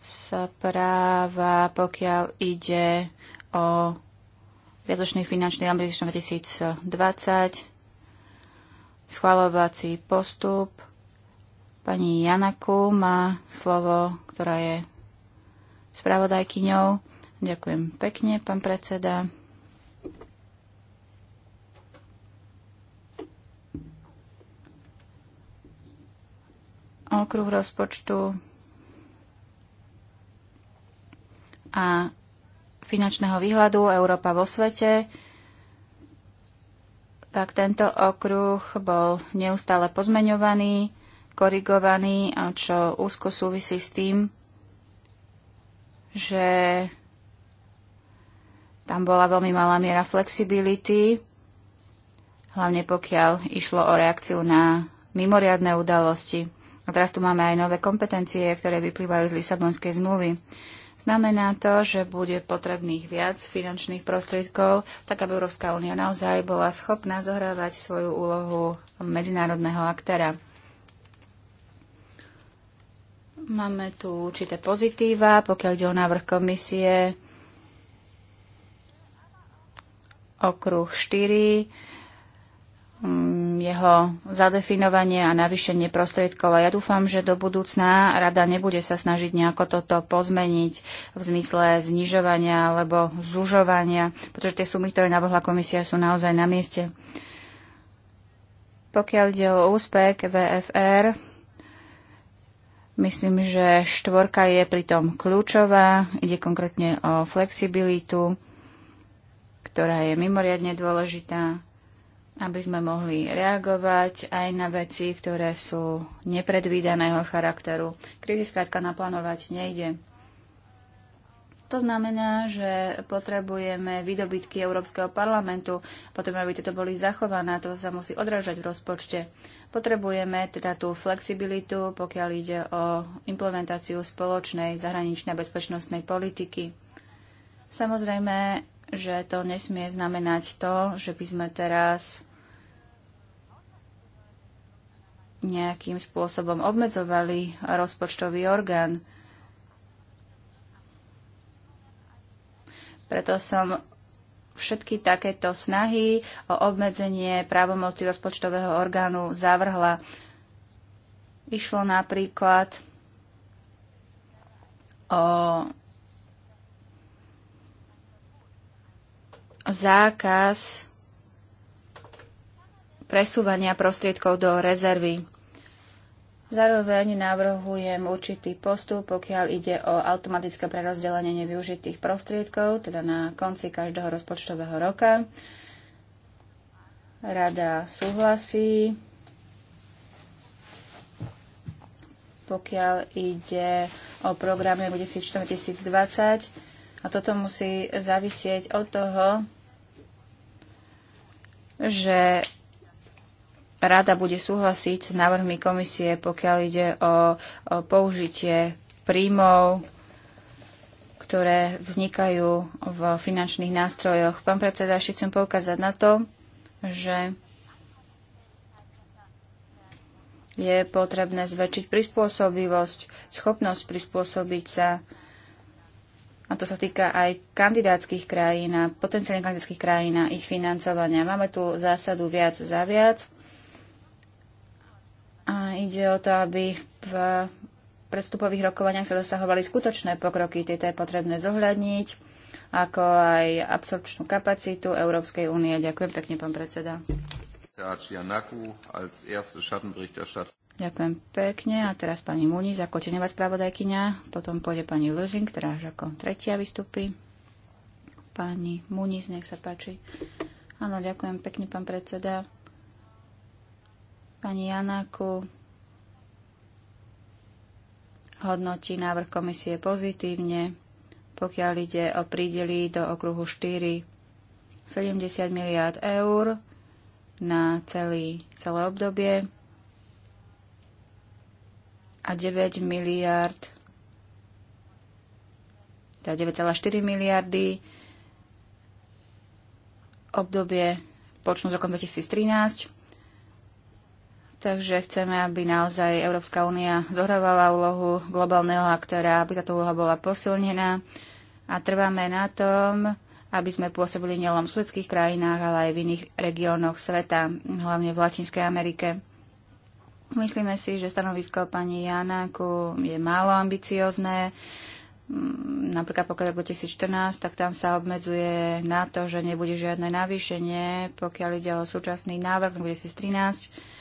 Správa, pokiaľ ide o viacočný finančný rámec 2020, schvalovací postup. Pani Janaku má slovo, ktorá je spravodajkyňou. Ďakujem pekne, pán predseda. okruh rozpočtu a finančného výhľadu Európa vo svete, tak tento okruh bol neustále pozmeňovaný, korigovaný, čo úzko súvisí s tým, že tam bola veľmi malá miera flexibility, hlavne pokiaľ išlo o reakciu na mimoriadne udalosti. A teraz tu máme aj nové kompetencie, ktoré vyplývajú z Lisabonskej zmluvy. Znamená to, že bude potrebných viac finančných prostriedkov, tak aby Európska únia naozaj bola schopná zohrávať svoju úlohu medzinárodného aktéra. Máme tu určité pozitíva, pokiaľ ide o návrh komisie okruh 4 jeho zadefinovanie a navýšenie prostriedkov. A ja dúfam, že do budúcna rada nebude sa snažiť nejako toto pozmeniť v zmysle znižovania alebo zužovania, pretože tie sumy, ktoré navrhla komisia, sú naozaj na mieste. Pokiaľ ide o úspech VFR, myslím, že štvorka je pritom kľúčová. Ide konkrétne o flexibilitu, ktorá je mimoriadne dôležitá aby sme mohli reagovať aj na veci, ktoré sú nepredvídaného charakteru. Krízy skrátka naplánovať nejde. To znamená, že potrebujeme výdobytky Európskeho parlamentu, potrebujeme, aby tieto boli zachované, to sa musí odrážať v rozpočte. Potrebujeme teda tú flexibilitu, pokiaľ ide o implementáciu spoločnej zahraničnej bezpečnostnej politiky. Samozrejme, že to nesmie znamenať to, že by sme teraz nejakým spôsobom obmedzovali rozpočtový orgán. Preto som všetky takéto snahy o obmedzenie právomoci rozpočtového orgánu zavrhla. Išlo napríklad o zákaz presúvania prostriedkov do rezervy. Zároveň navrhujem určitý postup, pokiaľ ide o automatické prerozdelenie nevyužitých prostriedkov, teda na konci každého rozpočtového roka. Rada súhlasí. Pokiaľ ide o program 2020 a toto musí závisieť od toho, že rada bude súhlasiť s návrhmi komisie, pokiaľ ide o, o použitie príjmov, ktoré vznikajú v finančných nástrojoch. Pán predseda, ešte chcem poukázať na to, že je potrebné zväčšiť prispôsobivosť, schopnosť prispôsobiť sa. A to sa týka aj kandidátskych krajín a potenciálnych kandidátskych krajín a ich financovania. Máme tu zásadu viac za viac a ide o to, aby v predstupových rokovaniach sa dosahovali skutočné pokroky. Tieto je potrebné zohľadniť ako aj absorpčnú kapacitu Európskej únie. Ďakujem pekne, pán predseda. Ďakujem pekne. A teraz pani Muniz ako tenová spravodajkyňa. Potom pôjde pani Lusing, ktorá až ako tretia vystupí. Pani Muniz, nech sa páči. Áno, ďakujem pekne, pán predseda. Pani Janáku hodnotí návrh komisie pozitívne, pokiaľ ide o prídeli do okruhu 4 70 miliard eur na celý, celé obdobie a 9 miliard teda 9,4 miliardy obdobie počnú z rokom 2013 Takže chceme, aby naozaj Európska únia zohrávala úlohu globálneho aktéra, aby táto úloha bola posilnená a trváme na tom, aby sme pôsobili nielen v sudských krajinách, ale aj v iných regiónoch sveta, hlavne v Latinskej Amerike. Myslíme si, že stanovisko pani Janáku je málo ambiciozne. Mm, napríklad pokiaľ 2014, tak tam sa obmedzuje na to, že nebude žiadne navýšenie, pokiaľ ide o súčasný návrh 2013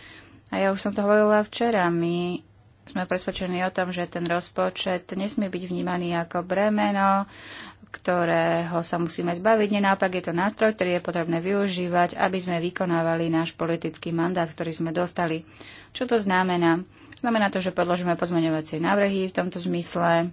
a ja už som to hovorila včera. My sme presvedčení o tom, že ten rozpočet nesmie byť vnímaný ako bremeno, ktorého sa musíme zbaviť. Nenápak je to nástroj, ktorý je potrebné využívať, aby sme vykonávali náš politický mandát, ktorý sme dostali. Čo to znamená? Znamená to, že podložíme pozmeňovacie návrhy v tomto zmysle,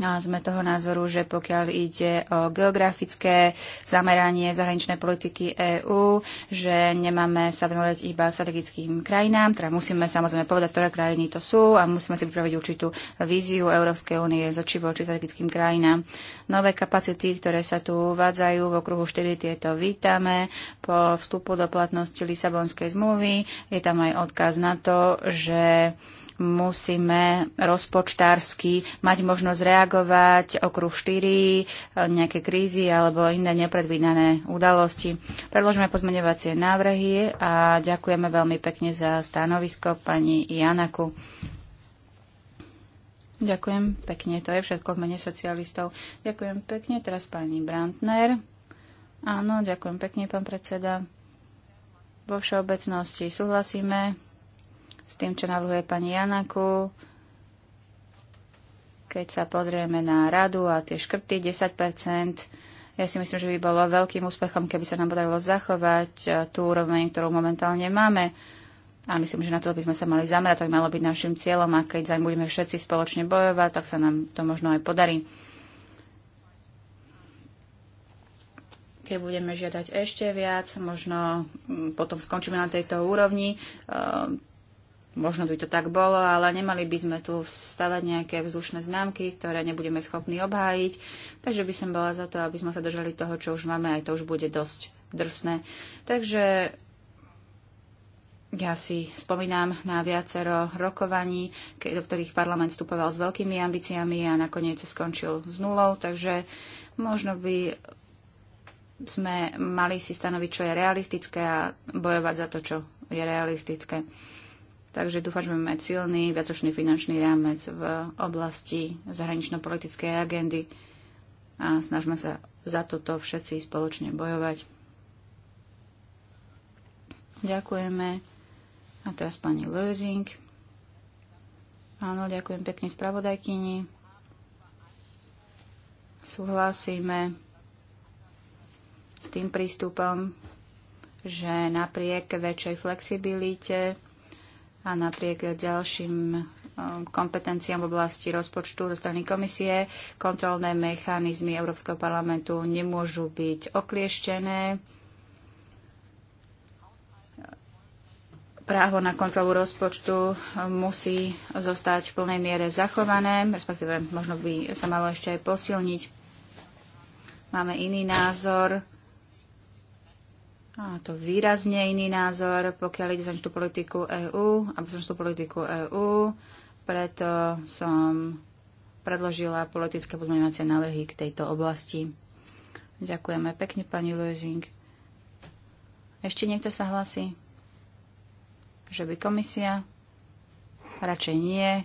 a sme toho názoru, že pokiaľ ide o geografické zameranie zahraničnej politiky EÚ, že nemáme sa venovať iba strategickým krajinám, teda musíme samozrejme povedať, ktoré krajiny to sú a musíme si pripraviť určitú víziu Európskej únie z očí voči strategickým krajinám. Nové kapacity, ktoré sa tu uvádzajú v okruhu 4, tieto vítame. Po vstupu do platnosti Lisabonskej zmluvy je tam aj odkaz na to, že musíme rozpočtársky mať možnosť reagovať okruh 4, nejaké krízy alebo iné nepredvídané udalosti. Predložíme pozmeňovacie návrhy a ďakujeme veľmi pekne za stanovisko pani Janaku. Ďakujem pekne, to je všetko v mene socialistov. Ďakujem pekne, teraz pani Brandner. Áno, ďakujem pekne, pán predseda. Vo všeobecnosti súhlasíme s tým, čo navrhuje pani Janaku. Keď sa pozrieme na radu a tie škrty 10 ja si myslím, že by bolo veľkým úspechom, keby sa nám podarilo zachovať eh, tú úroveň, ktorú momentálne máme. A myslím, že na to by sme sa mali zamerať, to by malo byť našim cieľom a keď zaň budeme všetci spoločne bojovať, tak sa nám to možno aj podarí. keď budeme žiadať ešte viac, možno mm, potom skončíme na tejto úrovni. Eh, Možno by to tak bolo, ale nemali by sme tu stavať nejaké vzdušné známky, ktoré nebudeme schopní obhájiť. Takže by som bola za to, aby sme sa držali toho, čo už máme, aj to už bude dosť drsné. Takže ja si spomínam na viacero rokovaní, do ktorých parlament vstupoval s veľkými ambíciami a nakoniec skončil s nulou, takže možno by sme mali si stanoviť, čo je realistické a bojovať za to, čo je realistické. Takže dúfam, že máme silný viacočný finančný rámec v oblasti zahranično-politickej agendy a snažme sa za toto všetci spoločne bojovať. Ďakujeme. A teraz pani Lözing. Áno, ďakujem pekne spravodajkyni. Súhlasíme s tým prístupom, že napriek väčšej flexibilite a napriek ďalším um, kompetenciám v oblasti rozpočtu zo strany komisie kontrolné mechanizmy Európskeho parlamentu nemôžu byť oklieštené. Právo na kontrolu rozpočtu um, musí zostať v plnej miere zachované, respektíve možno by sa malo ešte aj posilniť. Máme iný názor Áno, to výrazne iný názor, pokiaľ ide tú politiku EÚ, aby som tú politiku EÚ, preto som predložila politické pozmeňovacie návrhy k tejto oblasti. Ďakujeme pekne, pani Luezing. Ešte niekto sa hlasí? Že by komisia? Radšej nie.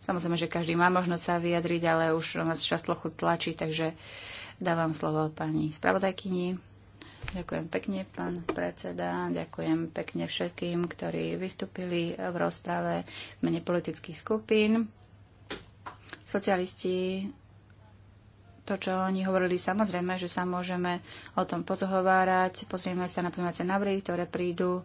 Samozrejme, že každý má možnosť sa vyjadriť, ale už nás čas trochu tlačí, takže dávam slovo pani spravodajkyni. Ďakujem pekne, pán predseda. Ďakujem pekne všetkým, ktorí vystúpili v rozprave v mene politických skupín. Socialisti to, čo oni hovorili, samozrejme, že sa môžeme o tom pozohovárať. Pozrieme sa na plnovacie návrhy, ktoré prídu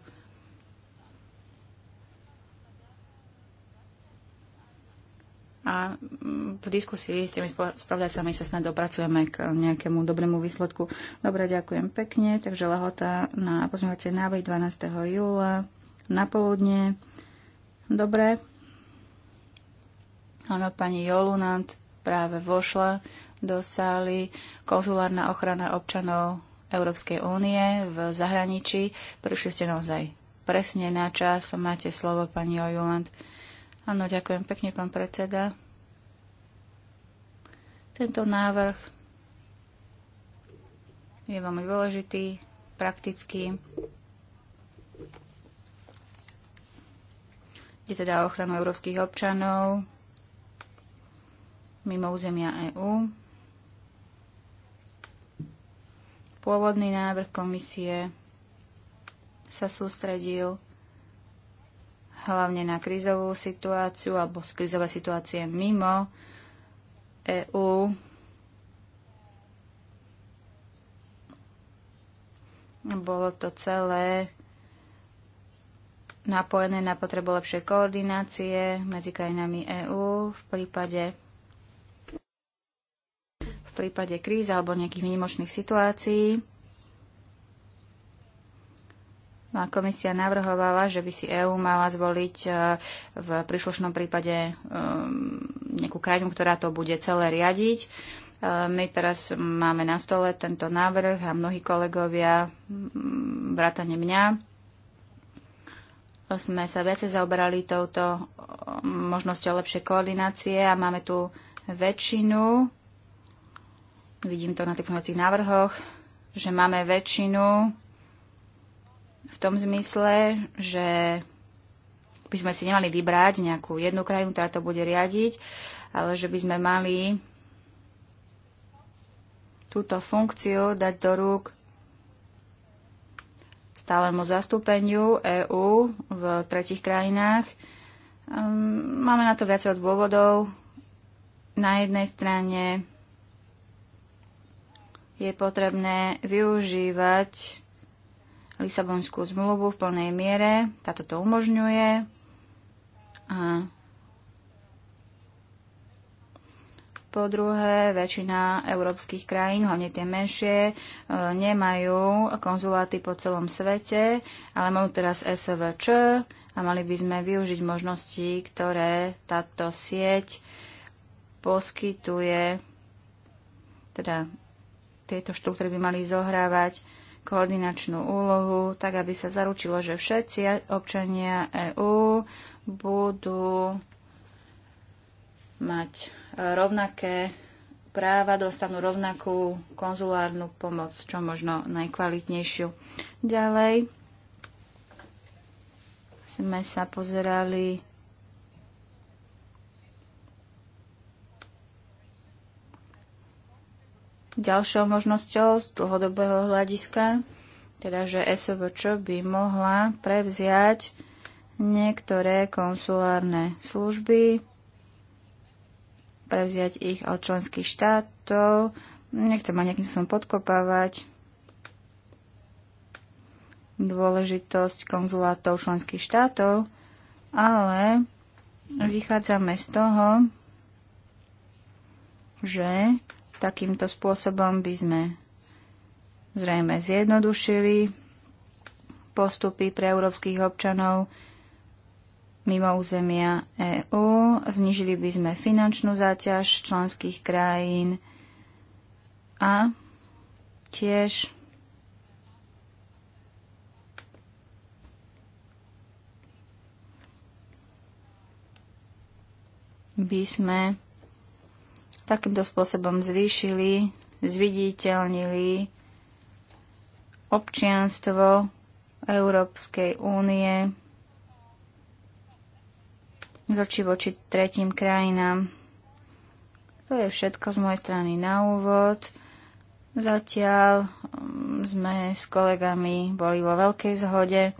a mm, v diskusii s tými spravodajcami sa snad dopracujeme k nejakému dobrému výsledku. Dobre, ďakujem pekne. Takže lehota na pozmeňovacie návrhy 12. júla na poludne. Dobre. Áno, pani Jolunant práve vošla do sály. Konzulárna ochrana občanov Európskej únie v zahraničí. Prišli ste naozaj presne na čas. Máte slovo, pani Jolunant. Áno, ďakujem pekne, pán predseda. Tento návrh je veľmi dôležitý, praktický. Je teda o ochranu európskych občanov mimo územia EÚ. Pôvodný návrh komisie sa sústredil hlavne na krízovú situáciu alebo z krízové situácie mimo EÚ. Bolo to celé napojené na potrebu lepšej koordinácie medzi krajinami EÚ v prípade v prípade kríz alebo nejakých výnimočných situácií. No a komisia navrhovala, že by si EÚ mala zvoliť e, v príslušnom prípade e, nejakú krajinu, ktorá to bude celé riadiť. E, my teraz máme na stole tento návrh a mnohí kolegovia, vrátane mňa, sme sa viacej zaoberali touto možnosťou lepšej koordinácie a máme tu väčšinu, vidím to na tých návrhoch, že máme väčšinu v tom zmysle, že by sme si nemali vybrať nejakú jednu krajinu, ktorá to bude riadiť, ale že by sme mali túto funkciu dať do rúk stálemu zastúpeniu EÚ v tretich krajinách. Ehm, máme na to viacero dôvodov. Na jednej strane je potrebné využívať Lisabonskú zmluvu v plnej miere. Táto to umožňuje. A po druhé, väčšina európskych krajín, hlavne tie menšie, e, nemajú konzuláty po celom svete, ale majú teraz SVČ a mali by sme využiť možnosti, ktoré táto sieť poskytuje, teda tieto štruktúry by mali zohrávať koordinačnú úlohu, tak aby sa zaručilo, že všetci občania EÚ budú mať rovnaké práva, dostanú rovnakú konzulárnu pomoc, čo možno najkvalitnejšiu. Ďalej sme sa pozerali Ďalšou možnosťou z dlhodobého hľadiska, teda že SVČ by mohla prevziať niektoré konsulárne služby, prevziať ich od členských štátov. Nechcem ma nejakým som podkopávať dôležitosť konzulátov členských štátov, ale vychádzame z toho, že Takýmto spôsobom by sme zrejme zjednodušili postupy pre európskych občanov mimo územia EÚ, znižili by sme finančnú záťaž členských krajín a tiež by sme takýmto spôsobom zvýšili, zviditeľnili občianstvo Európskej únie z oči voči tretím krajinám. To je všetko z mojej strany na úvod. Zatiaľ mm, sme s kolegami boli vo veľkej zhode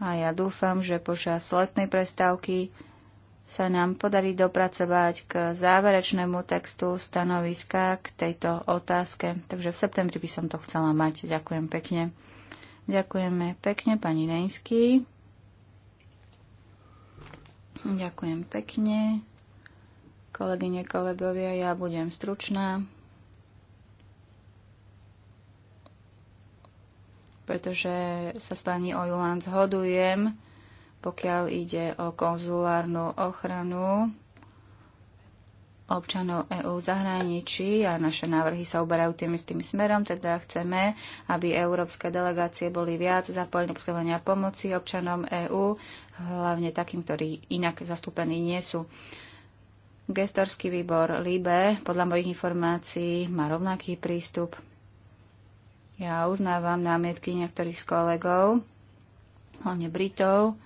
a ja dúfam, že počas letnej prestávky sa nám podarí dopracovať k záverečnému textu stanoviska k tejto otázke. Takže v septembri by som to chcela mať. Ďakujem pekne. Ďakujeme pekne, pani Nejsky. Ďakujem pekne. Kolegyne, kolegovia, ja budem stručná, pretože sa s pani Ojulán zhodujem pokiaľ ide o konzulárnu ochranu občanov EÚ v zahraničí a naše návrhy sa uberajú tým istým smerom, teda chceme, aby európske delegácie boli viac zapojené do poskytovania pomoci občanom EÚ, hlavne takým, ktorí inak zastúpení nie sú. Gestorský výbor LIBE podľa mojich informácií má rovnaký prístup. Ja uznávam námietky niektorých z kolegov, hlavne Britov,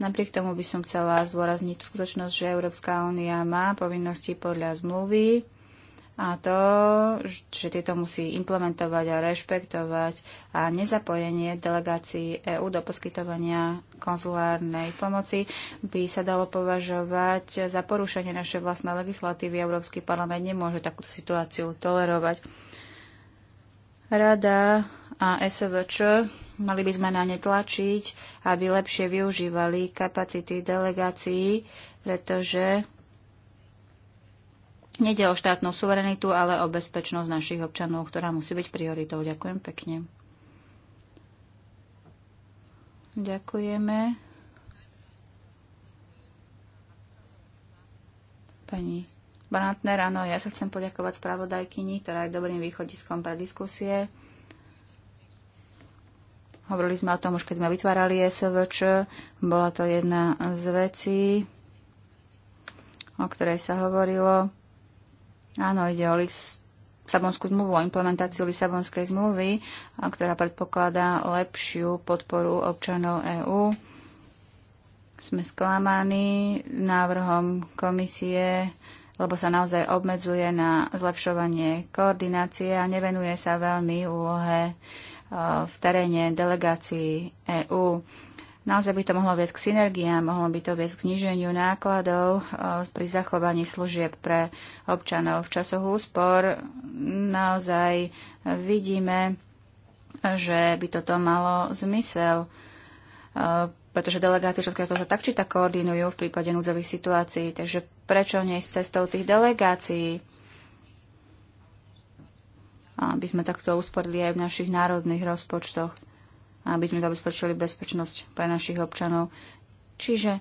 Napriek tomu by som chcela zdôrazniť skutočnosť, že Európska únia má povinnosti podľa zmluvy a to, že tieto musí implementovať a rešpektovať a nezapojenie delegácií EÚ do poskytovania konzulárnej pomoci by sa dalo považovať za porušenie našej vlastnej legislatívy. Európsky parlament nemôže takúto situáciu tolerovať. Rada a SVČ, mali by sme na ne tlačiť, aby lepšie využívali kapacity delegácií, pretože nejde o štátnu suverenitu, ale o bezpečnosť našich občanov, ktorá musí byť prioritou. Ďakujem pekne. Ďakujeme. Pani Brantner, áno, ja sa chcem poďakovať spravodajkyni, ktorá je dobrým východiskom pre diskusie. Hovorili sme o tom už, keď sme vytvárali SVČ. Bola to jedna z vecí, o ktorej sa hovorilo. Áno, ide o Lisabonskú zmluvu, o implementáciu Lisabonskej zmluvy, ktorá predpokladá lepšiu podporu občanov EÚ. Sme sklamaní návrhom komisie, lebo sa naozaj obmedzuje na zlepšovanie koordinácie a nevenuje sa veľmi úlohe v teréne delegácií EÚ. Naozaj by to mohlo viesť k synergiám, mohlo by to viesť k zniženiu nákladov e, pri zachovaní služieb pre občanov. V časoch úspor naozaj vidíme, že by toto malo zmysel, e, pretože delegáty všetko toho tak či tak koordinujú v prípade núdzových situácií. Takže prečo nie s cestou tých delegácií? aby sme takto usporili aj v našich národných rozpočtoch, aby sme zabezpečili bezpečnosť pre našich občanov. Čiže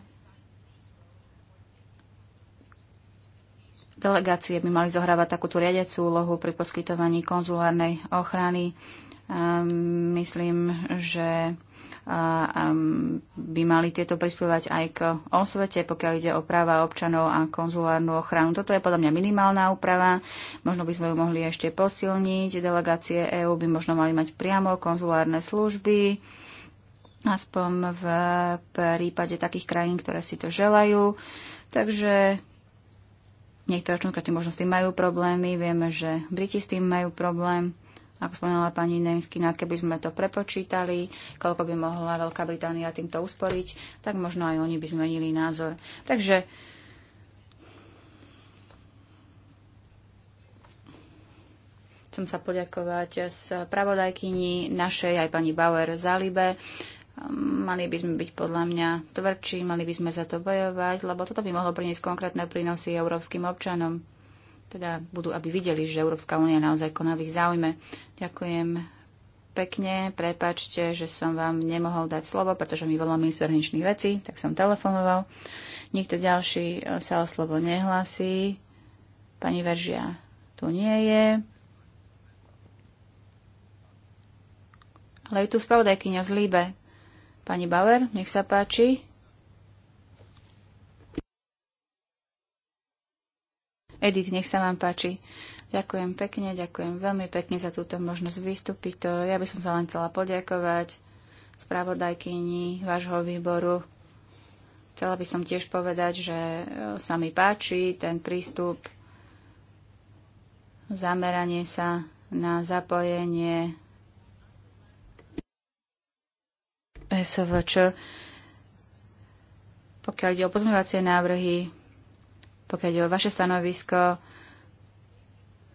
delegácie by mali zohrávať takúto riadiacu úlohu pri poskytovaní konzulárnej ochrany. Um, myslím, že a by mali tieto prispievať aj k osvete, pokiaľ ide o práva občanov a konzulárnu ochranu. Toto je podľa mňa minimálna úprava. Možno by sme ju mohli ešte posilniť. Delegácie EÚ by možno mali mať priamo konzulárne služby aspoň v prípade takých krajín, ktoré si to želajú. Takže niektoré členské možnosti možno s tým majú problémy, vieme, že Briti s tým majú problém. Ako spomínala pani Nenskina, keby sme to prepočítali, koľko by mohla Veľká Británia týmto usporiť, tak možno aj oni by zmenili názor. Takže chcem sa poďakovať pravodajkyni našej, aj pani Bauer Zalibe. Mali by sme byť podľa mňa tvrdší, mali by sme za to bojovať, lebo toto by mohlo priniesť konkrétne prínosy európskym občanom teda budú, aby videli, že Európska únia naozaj koná v ich záujme. Ďakujem pekne, prepačte, že som vám nemohol dať slovo, pretože mi volal minister hničných vecí, tak som telefonoval. Nikto ďalší e, sa o slovo nehlasí. Pani Veržia tu nie je. Ale je tu spravodajkyňa z Líbe. Pani Bauer, nech sa páči. Edith, nech sa vám páči. Ďakujem pekne, ďakujem veľmi pekne za túto možnosť vystúpiť. To ja by som sa len chcela poďakovať spravodajkyni vášho výboru. Chcela by som tiež povedať, že e, sa mi páči ten prístup, zameranie sa na zapojenie SVČ. Pokiaľ ide o pozmývacie návrhy, pokiaľ je o vaše stanovisko.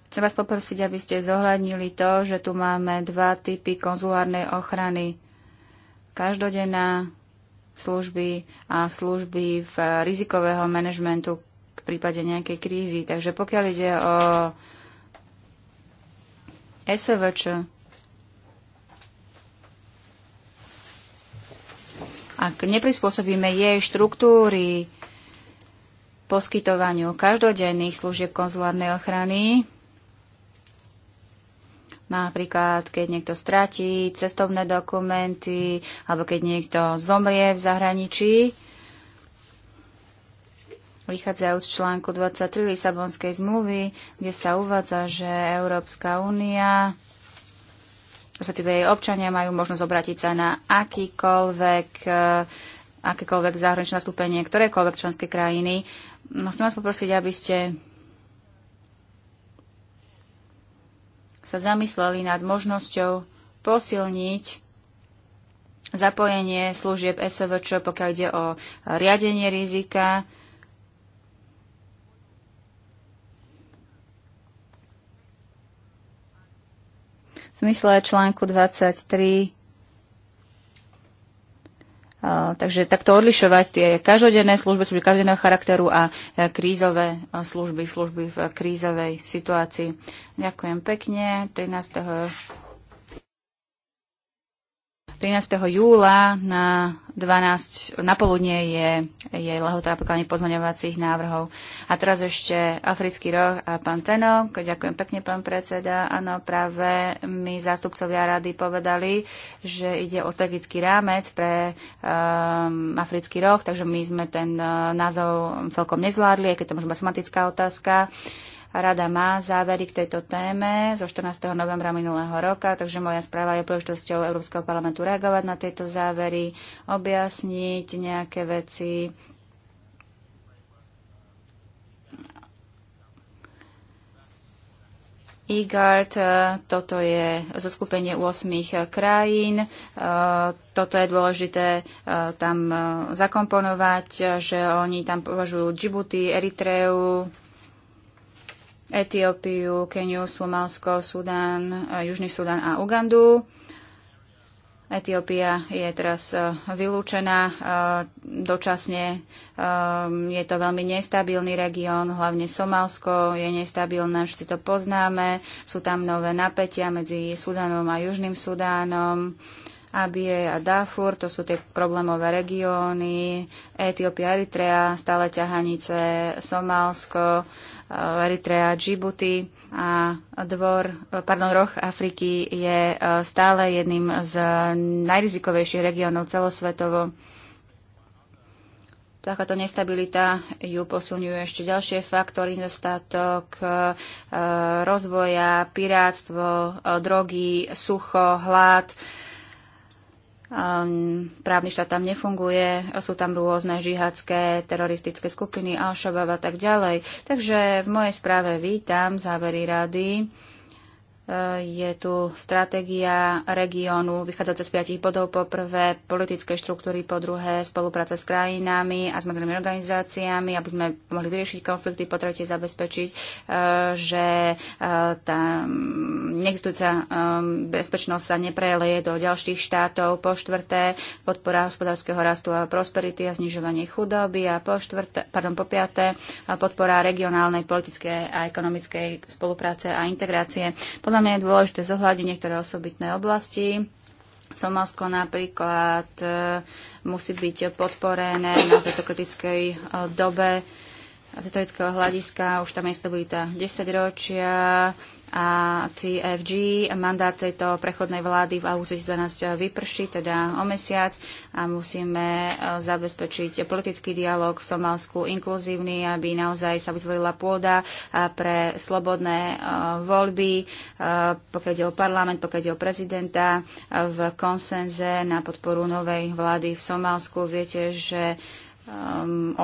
Chcem vás poprosiť, aby ste zohľadnili to, že tu máme dva typy konzulárnej ochrany. Každodenná služby a služby v rizikového manažmentu v prípade nejakej krízy. Takže pokiaľ ide o SVČ, ak neprispôsobíme jej štruktúry poskytovaniu každodenných služieb konzulárnej ochrany, napríklad keď niekto stratí cestovné dokumenty alebo keď niekto zomrie v zahraničí, vychádzajú z článku 23 Lisabonskej zmluvy, kde sa uvádza, že Európska únia, respektíve jej občania majú možnosť obrátiť sa na akýkoľvek eh, akékoľvek zahraničné skupenie ktorékoľvek členskej krajiny No, chcem vás poprosiť, aby ste sa zamysleli nad možnosťou posilniť zapojenie služieb SVČ, pokiaľ ide o riadenie rizika, v zmysle článku 23 Takže takto odlišovať tie každodenné služby, služby každodenného charakteru a krízové služby, služby v krízovej situácii. Ďakujem pekne. 13. 13. júla na 12, na poludne je jej lehota na pozmaňovacích návrhov. A teraz ešte Africký roh a pán Tenok. Ďakujem pekne, pán predseda. Áno, práve mi zástupcovia rady povedali, že ide o strategický rámec pre um, Africký roh, takže my sme ten uh, názov celkom nezvládli, aj keď to možno matematická otázka. Uh, Rada má závery k tejto téme zo 14. novembra minulého roka, takže moja správa je príležitosťou Európskeho parlamentu reagovať na tieto závery, objasniť nejaké veci. IGARD, e, toto je zoskupenie 8 krajín. E, toto je dôležité e, tam zakomponovať, že oni tam považujú Džibuti, Eritreu, Etiópiu, Keniu, Somálsko, Sudán, eh, Južný Sudán a Ugandu. Etiópia je teraz eh, vylúčená eh, dočasne. Je to veľmi nestabilný región, hlavne Somálsko je nestabilné, všetci to poznáme. Sú tam nové napätia medzi Sudanom a Južným Sudánom. Abie a Darfur, to sú tie problémové regióny, Etiópia, Eritrea, stále ťahanice, Somálsko, Eh, Eritrea, Djibouti a dvor, eh, pardon, roh Afriky je eh, stále jedným z najrizikovejších regiónov celosvetovo. Takáto nestabilita ju posilňujú ešte ďalšie faktory, nedostatok rozvoja, pirátstvo, drogy, sucho, hlad, právny štát tam nefunguje, sú tam rôzne žihadské, teroristické skupiny, Al-Shabaab a tak ďalej. Takže v mojej správe vítam závery rady, je tu stratégia regiónu, vychádza z piatich bodov. Po prvé, politické štruktúry, po druhé, spolupráca s krajinami a s medzinárodnými organizáciami, aby sme mohli vyriešiť konflikty, po tretie, zabezpečiť, e, že e, tá neexistujúca e, bezpečnosť sa nepreleje do ďalších štátov, po štvrté, podpora hospodárskeho rastu a prosperity a znižovanie chudoby a po, štvrté, pardon, po piaté, podpora regionálnej politickej a ekonomickej spolupráce a integrácie. Podľa podľa mňa je dôležité zohľadiť niektoré osobitné oblasti. Somalsko napríklad e, musí byť podporené na tejto kritickej e, dobe z historického hľadiska, už tam je stabilita 10 ročia, a TFG, mandát tejto prechodnej vlády v augustu 2012 eh, vyprší, teda o mesiac a musíme eh, zabezpečiť politický dialog v Somálsku inkluzívny, aby naozaj sa vytvorila pôda eh, pre slobodné voľby, pokiaľ ide o parlament, pokiaľ ide o prezidenta, v konsenze na podporu novej vlády v Somálsku. Viete, že 18.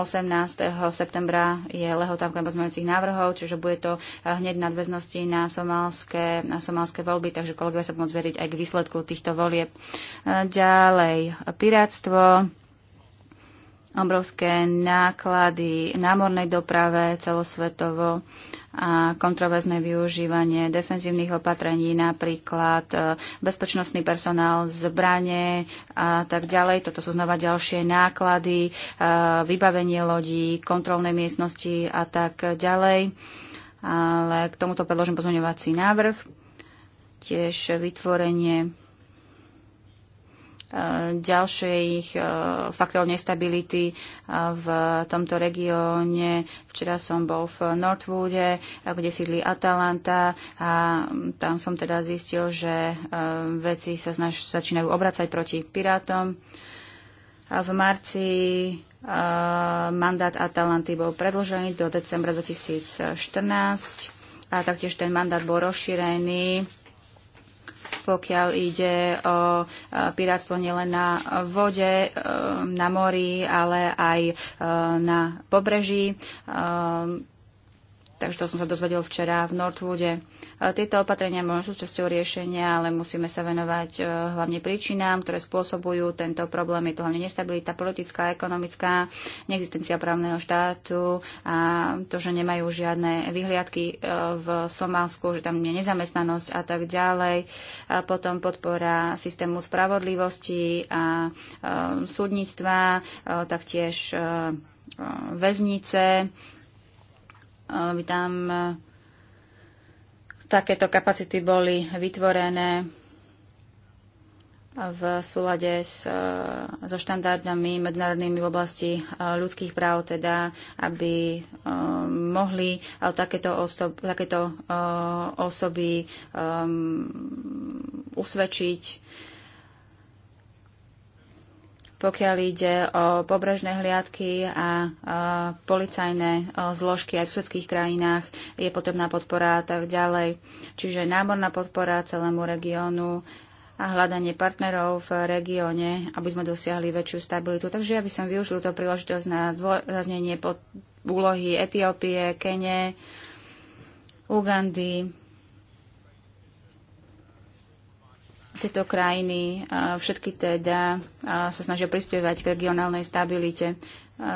Ehm, septembra je lehota pozmeňujúcich návrhov, čiže bude to eh, hneď nadväznosti na somalské, na somalské voľby, takže kolegovia sa budú zveriť aj k výsledku týchto volieb. Eh, ďalej, piráctvo obrovské náklady námornej doprave celosvetovo a kontroverzné využívanie defenzívnych opatrení, napríklad e, bezpečnostný personál, zbranie a tak ďalej. Toto sú znova ďalšie náklady, e, vybavenie lodí, kontrolné miestnosti a tak ďalej. Ale k tomuto predložím pozmeňovací návrh. Tiež vytvorenie ďalších e, faktorov nestability e, v tomto regióne. Včera som bol v Northwoode, e, kde sídli Atalanta a tam som teda zistil, že veci sa znaš, začínajú obracať proti pirátom. A v marci mandát Atalanty bol predložený do decembra 2014 a taktiež ten mandát bol rozšírený pokiaľ ide o e, pirátstvo nielen na vode, e, na mori, ale aj e, na pobreží. Takže to som sa dozvedel včera v Northwoode. E, tieto opatrenia môžu súčasťou riešenia, ale musíme sa venovať e, hlavne príčinám, ktoré spôsobujú tento problém. Je to hlavne nestabilita politická, ekonomická, neexistencia právneho štátu a to, že nemajú žiadne vyhliadky e, v Somálsku, že tam je nezamestnanosť a tak ďalej. A potom podpora systému spravodlivosti a súdnictva, taktiež väznice, aby tam e, takéto kapacity boli vytvorené v súlade s, e, so štandardami medzinárodnými v oblasti e, ľudských práv, teda aby mohli takéto, osob, takéto osoby usvedčiť pokiaľ ide o pobrežné hliadky a, a policajné e, zložky aj v susedských krajinách, je potrebná podpora a tak ďalej. Čiže námorná podpora celému regiónu a hľadanie partnerov v regióne, aby sme dosiahli väčšiu stabilitu. Takže ja by som využil túto príležitosť na zdôraznenie pod úlohy Etiópie, Kene, Ugandy, Tieto krajiny všetky teda sa snažia prispievať k regionálnej stabilite.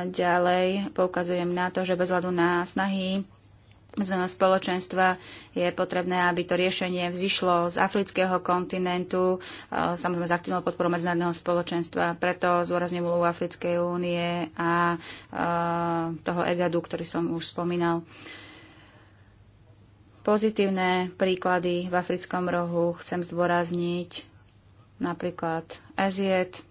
Ďalej poukazujem na to, že bez hľadu na snahy medzinárodného spoločenstva je potrebné, aby to riešenie vzýšlo z afrického kontinentu, samozrejme s aktívnou podporou medzinárodného spoločenstva. Preto zôrazňujem úlohu Africkej únie a toho EGADu, ktorý som už spomínal pozitívne príklady v africkom rohu chcem zdôrazniť napríklad Eziet,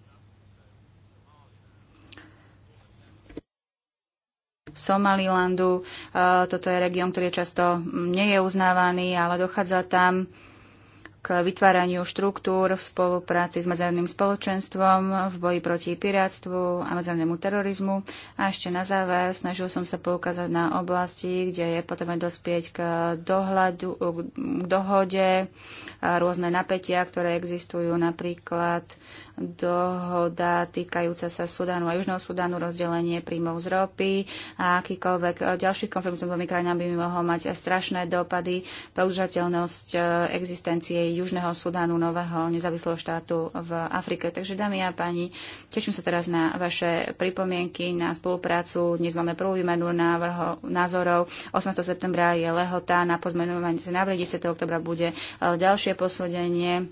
Somalilandu. E, toto je región, ktorý je často nie je uznávaný, ale dochádza tam k vytváraniu štruktúr v spolupráci s medzinárodným spoločenstvom v boji proti pirátstvu a medzinárodnému terorizmu. A ešte na záver snažil som sa poukázať na oblasti, kde je potrebné dospieť k, dohľadu, k dohode, rôzne napätia, ktoré existujú napríklad dohoda týkajúca sa Sudánu a Južného Sudánu, rozdelenie príjmov z ropy a akýkoľvek ďalší konflikt s dvomi krajinami by mohol mať strašné dopady pre udržateľnosť e, existencie Južného Sudánu, nového nezávislého štátu v Afrike. Takže, dámy a páni, teším sa teraz na vaše pripomienky, na spoluprácu. Dnes máme prvú výmenu návrho, názorov. 18. septembra je lehota na pozmenovanie na 10. oktobra bude e, ďalšie posúdenie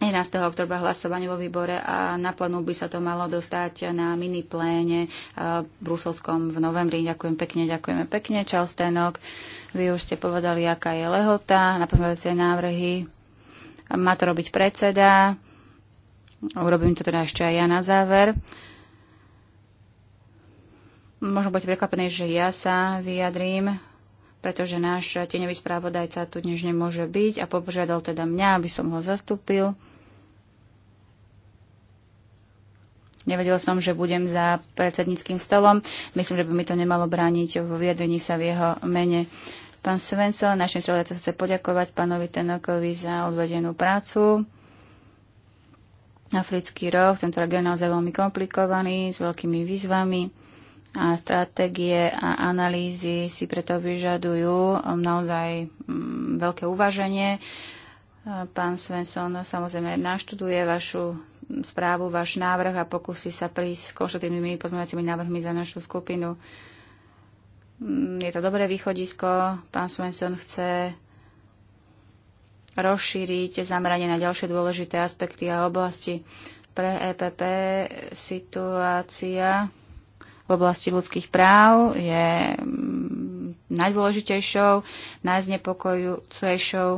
11. oktobra hlasovanie vo výbore a na plenu by sa to malo dostať na mini pléne eh, v Bruselskom v novembri. Ďakujem pekne, ďakujeme pekne. Čau Stenok, vy už ste povedali, aká je lehota, napovedacie návrhy. Má to robiť predseda. Urobím to teda ešte aj ja na záver. Možno budete prekvapení, že ja sa vyjadrím pretože náš tenevý správodajca tu dnes nemôže byť a požiadal teda mňa, aby som ho zastúpil. Nevedel som, že budem za predsedníckým stolom. Myslím, že by mi to nemalo brániť vo vyjadrení sa v jeho mene. Pán Svenco, našim sa chce poďakovať pánovi Tenokovi za odvedenú prácu. Africký roh, tento region naozaj veľmi komplikovaný, s veľkými výzvami a stratégie a analýzy si preto vyžadujú um, naozaj mm, veľké uvaženie. Pán Svensson samozrejme naštuduje vašu správu, váš návrh a pokusí sa prísť s konštruktívnymi pozmeňovacími návrhmi za našu skupinu. Mm, je to dobré východisko. Pán Svensson chce rozšíriť zameranie na ďalšie dôležité aspekty a oblasti. Pre EPP situácia v oblasti ľudských práv je mm, najdôležitejšou, najznepokojujúcejšou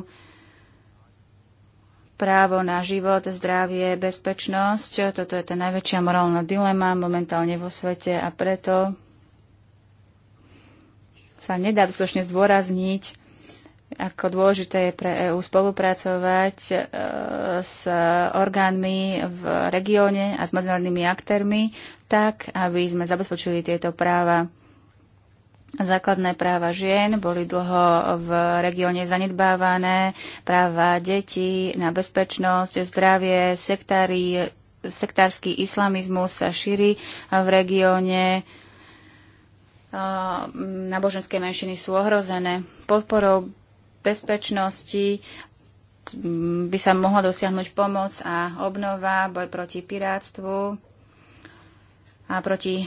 právo na život, zdravie, bezpečnosť. Toto je tá najväčšia morálna dilema momentálne vo svete a preto sa nedá dostatočne zdôrazniť, ako dôležité je pre EÚ spolupracovať e, s orgánmi v regióne a s medzinárodnými aktérmi, tak aby sme zabezpečili tieto práva Základné práva žien boli dlho v regióne zanedbávané, práva detí na bezpečnosť, zdravie, sektári, sektársky islamizmus sa šíri v regióne, náboženské menšiny sú ohrozené. Podporou bezpečnosti by sa mohla dosiahnuť pomoc a obnova, boj proti pirátstvu, a proti e,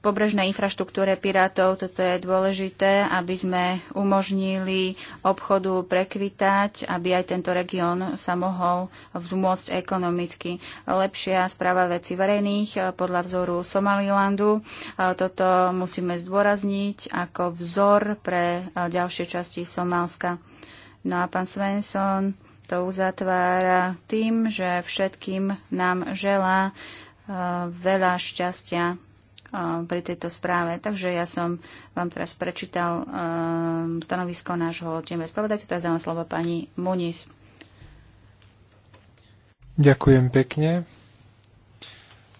pobrežnej infraštruktúre pirátov. Toto je dôležité, aby sme umožnili obchodu prekvitať, aby aj tento región sa mohol vzmôcť ekonomicky. Lepšia správa veci verejných e, podľa vzoru Somalilandu. E, toto musíme zdôrazniť ako vzor pre e, ďalšie časti Somálska. No a pán Svensson to uzatvára tým, že všetkým nám želá veľa šťastia pri tejto správe. Takže ja som vám teraz prečítal stanovisko nášho tieme spravodajcu. Teraz dávam slovo pani Muniz.
Ďakujem pekne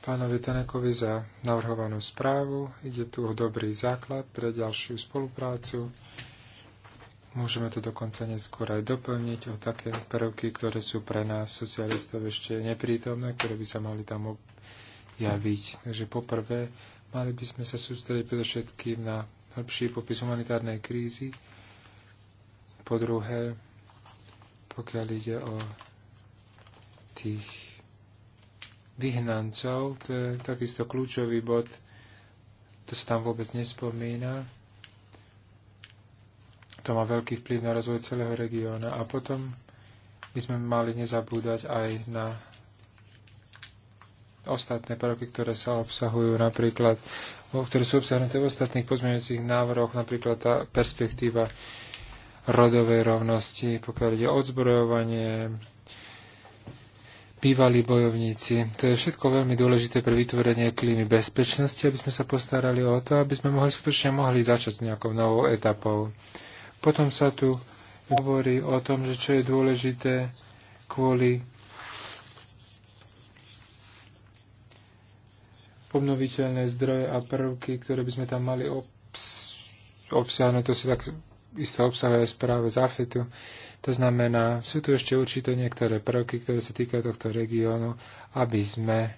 pánovi tanekovi za navrhovanú správu. Ide tu o dobrý základ pre ďalšiu spoluprácu. Môžeme to dokonca neskôr aj doplniť o také prvky, ktoré sú pre nás socialistov ešte neprítomné, ktoré by sa mohli tam javiť. Takže poprvé, mali by sme sa sústrediť predovšetkým na hĺbší popis humanitárnej krízy. Po druhé, pokiaľ ide o tých vyhnancov, to je takisto kľúčový bod, to sa tam vôbec nespomína. To má veľký vplyv na rozvoj celého regióna. A potom by sme mali nezabúdať aj na ostatné prvky, ktoré sa obsahujú napríklad, ktoré sú obsahnuté v ostatných pozmeňujúcich návrhoch, napríklad tá perspektíva rodovej rovnosti, pokiaľ ide o odzbrojovanie, bývalí bojovníci. To je všetko veľmi dôležité pre vytvorenie klímy bezpečnosti, aby sme sa postarali o to, aby sme mohli skutočne mohli začať s nejakou novou etapou. Potom sa tu hovorí o tom, že čo je dôležité kvôli obnoviteľné zdroje a prvky, ktoré by sme tam mali obs- obsiahnuť, to sa tak isté obsahuje správe z AFETu. To znamená, sú tu ešte určité niektoré prvky, ktoré sa týkajú tohto regiónu, aby sme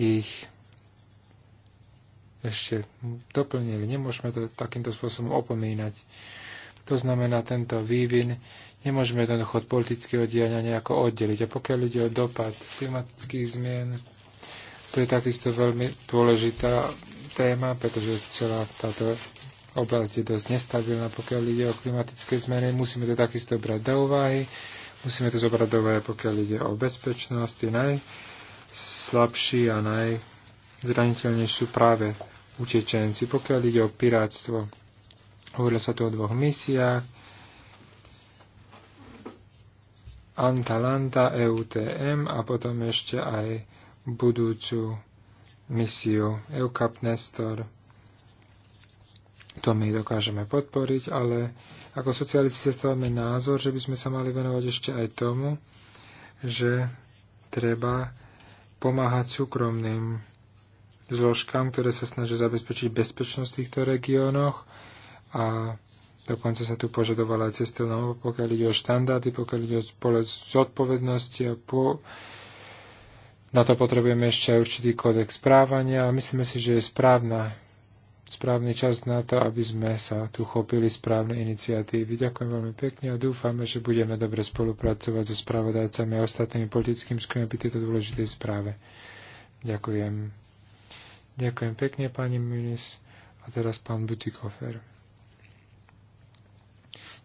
ich ešte doplnili. Nemôžeme to takýmto spôsobom opomínať. To znamená, tento vývin nemôžeme jednoducho od politického diania nejako oddeliť. A pokiaľ ide o dopad klimatických zmien, to je takisto veľmi dôležitá téma, pretože celá táto oblasť je dosť nestabilná, pokiaľ ide o klimatické zmeny. Musíme to takisto brať do úvahy. Musíme to zobrať do úvahy, pokiaľ ide o bezpečnosť. Tí najslabší a najzraniteľnejší sú práve utečenci. Pokiaľ ide o pirátstvo, hovorilo sa tu o dvoch misiách. Antalanta, EUTM a potom ešte aj budúcu misiu EUCAP Nestor. To my dokážeme podporiť, ale ako socialisti zastávame názor, že by sme sa mali venovať ešte aj tomu, že treba pomáhať súkromným zložkám, ktoré sa snažia zabezpečiť bezpečnosť v týchto regiónoch a dokonca sa tu požadovala aj cestovná, pokiaľ ide o štandardy, pokiaľ ide o spolec zodpovednosti a po, na to potrebujeme ešte aj určitý kódex správania a myslíme si, že je správna, správny čas na to, aby sme sa tu chopili správne iniciatívy. Ďakujem veľmi pekne a dúfame, že budeme dobre spolupracovať so spravodajcami a ostatnými politickými skupinami pri tejto dôležitej správe. Ďakujem. Ďakujem pekne, pani Minis. A teraz pán Butikofer.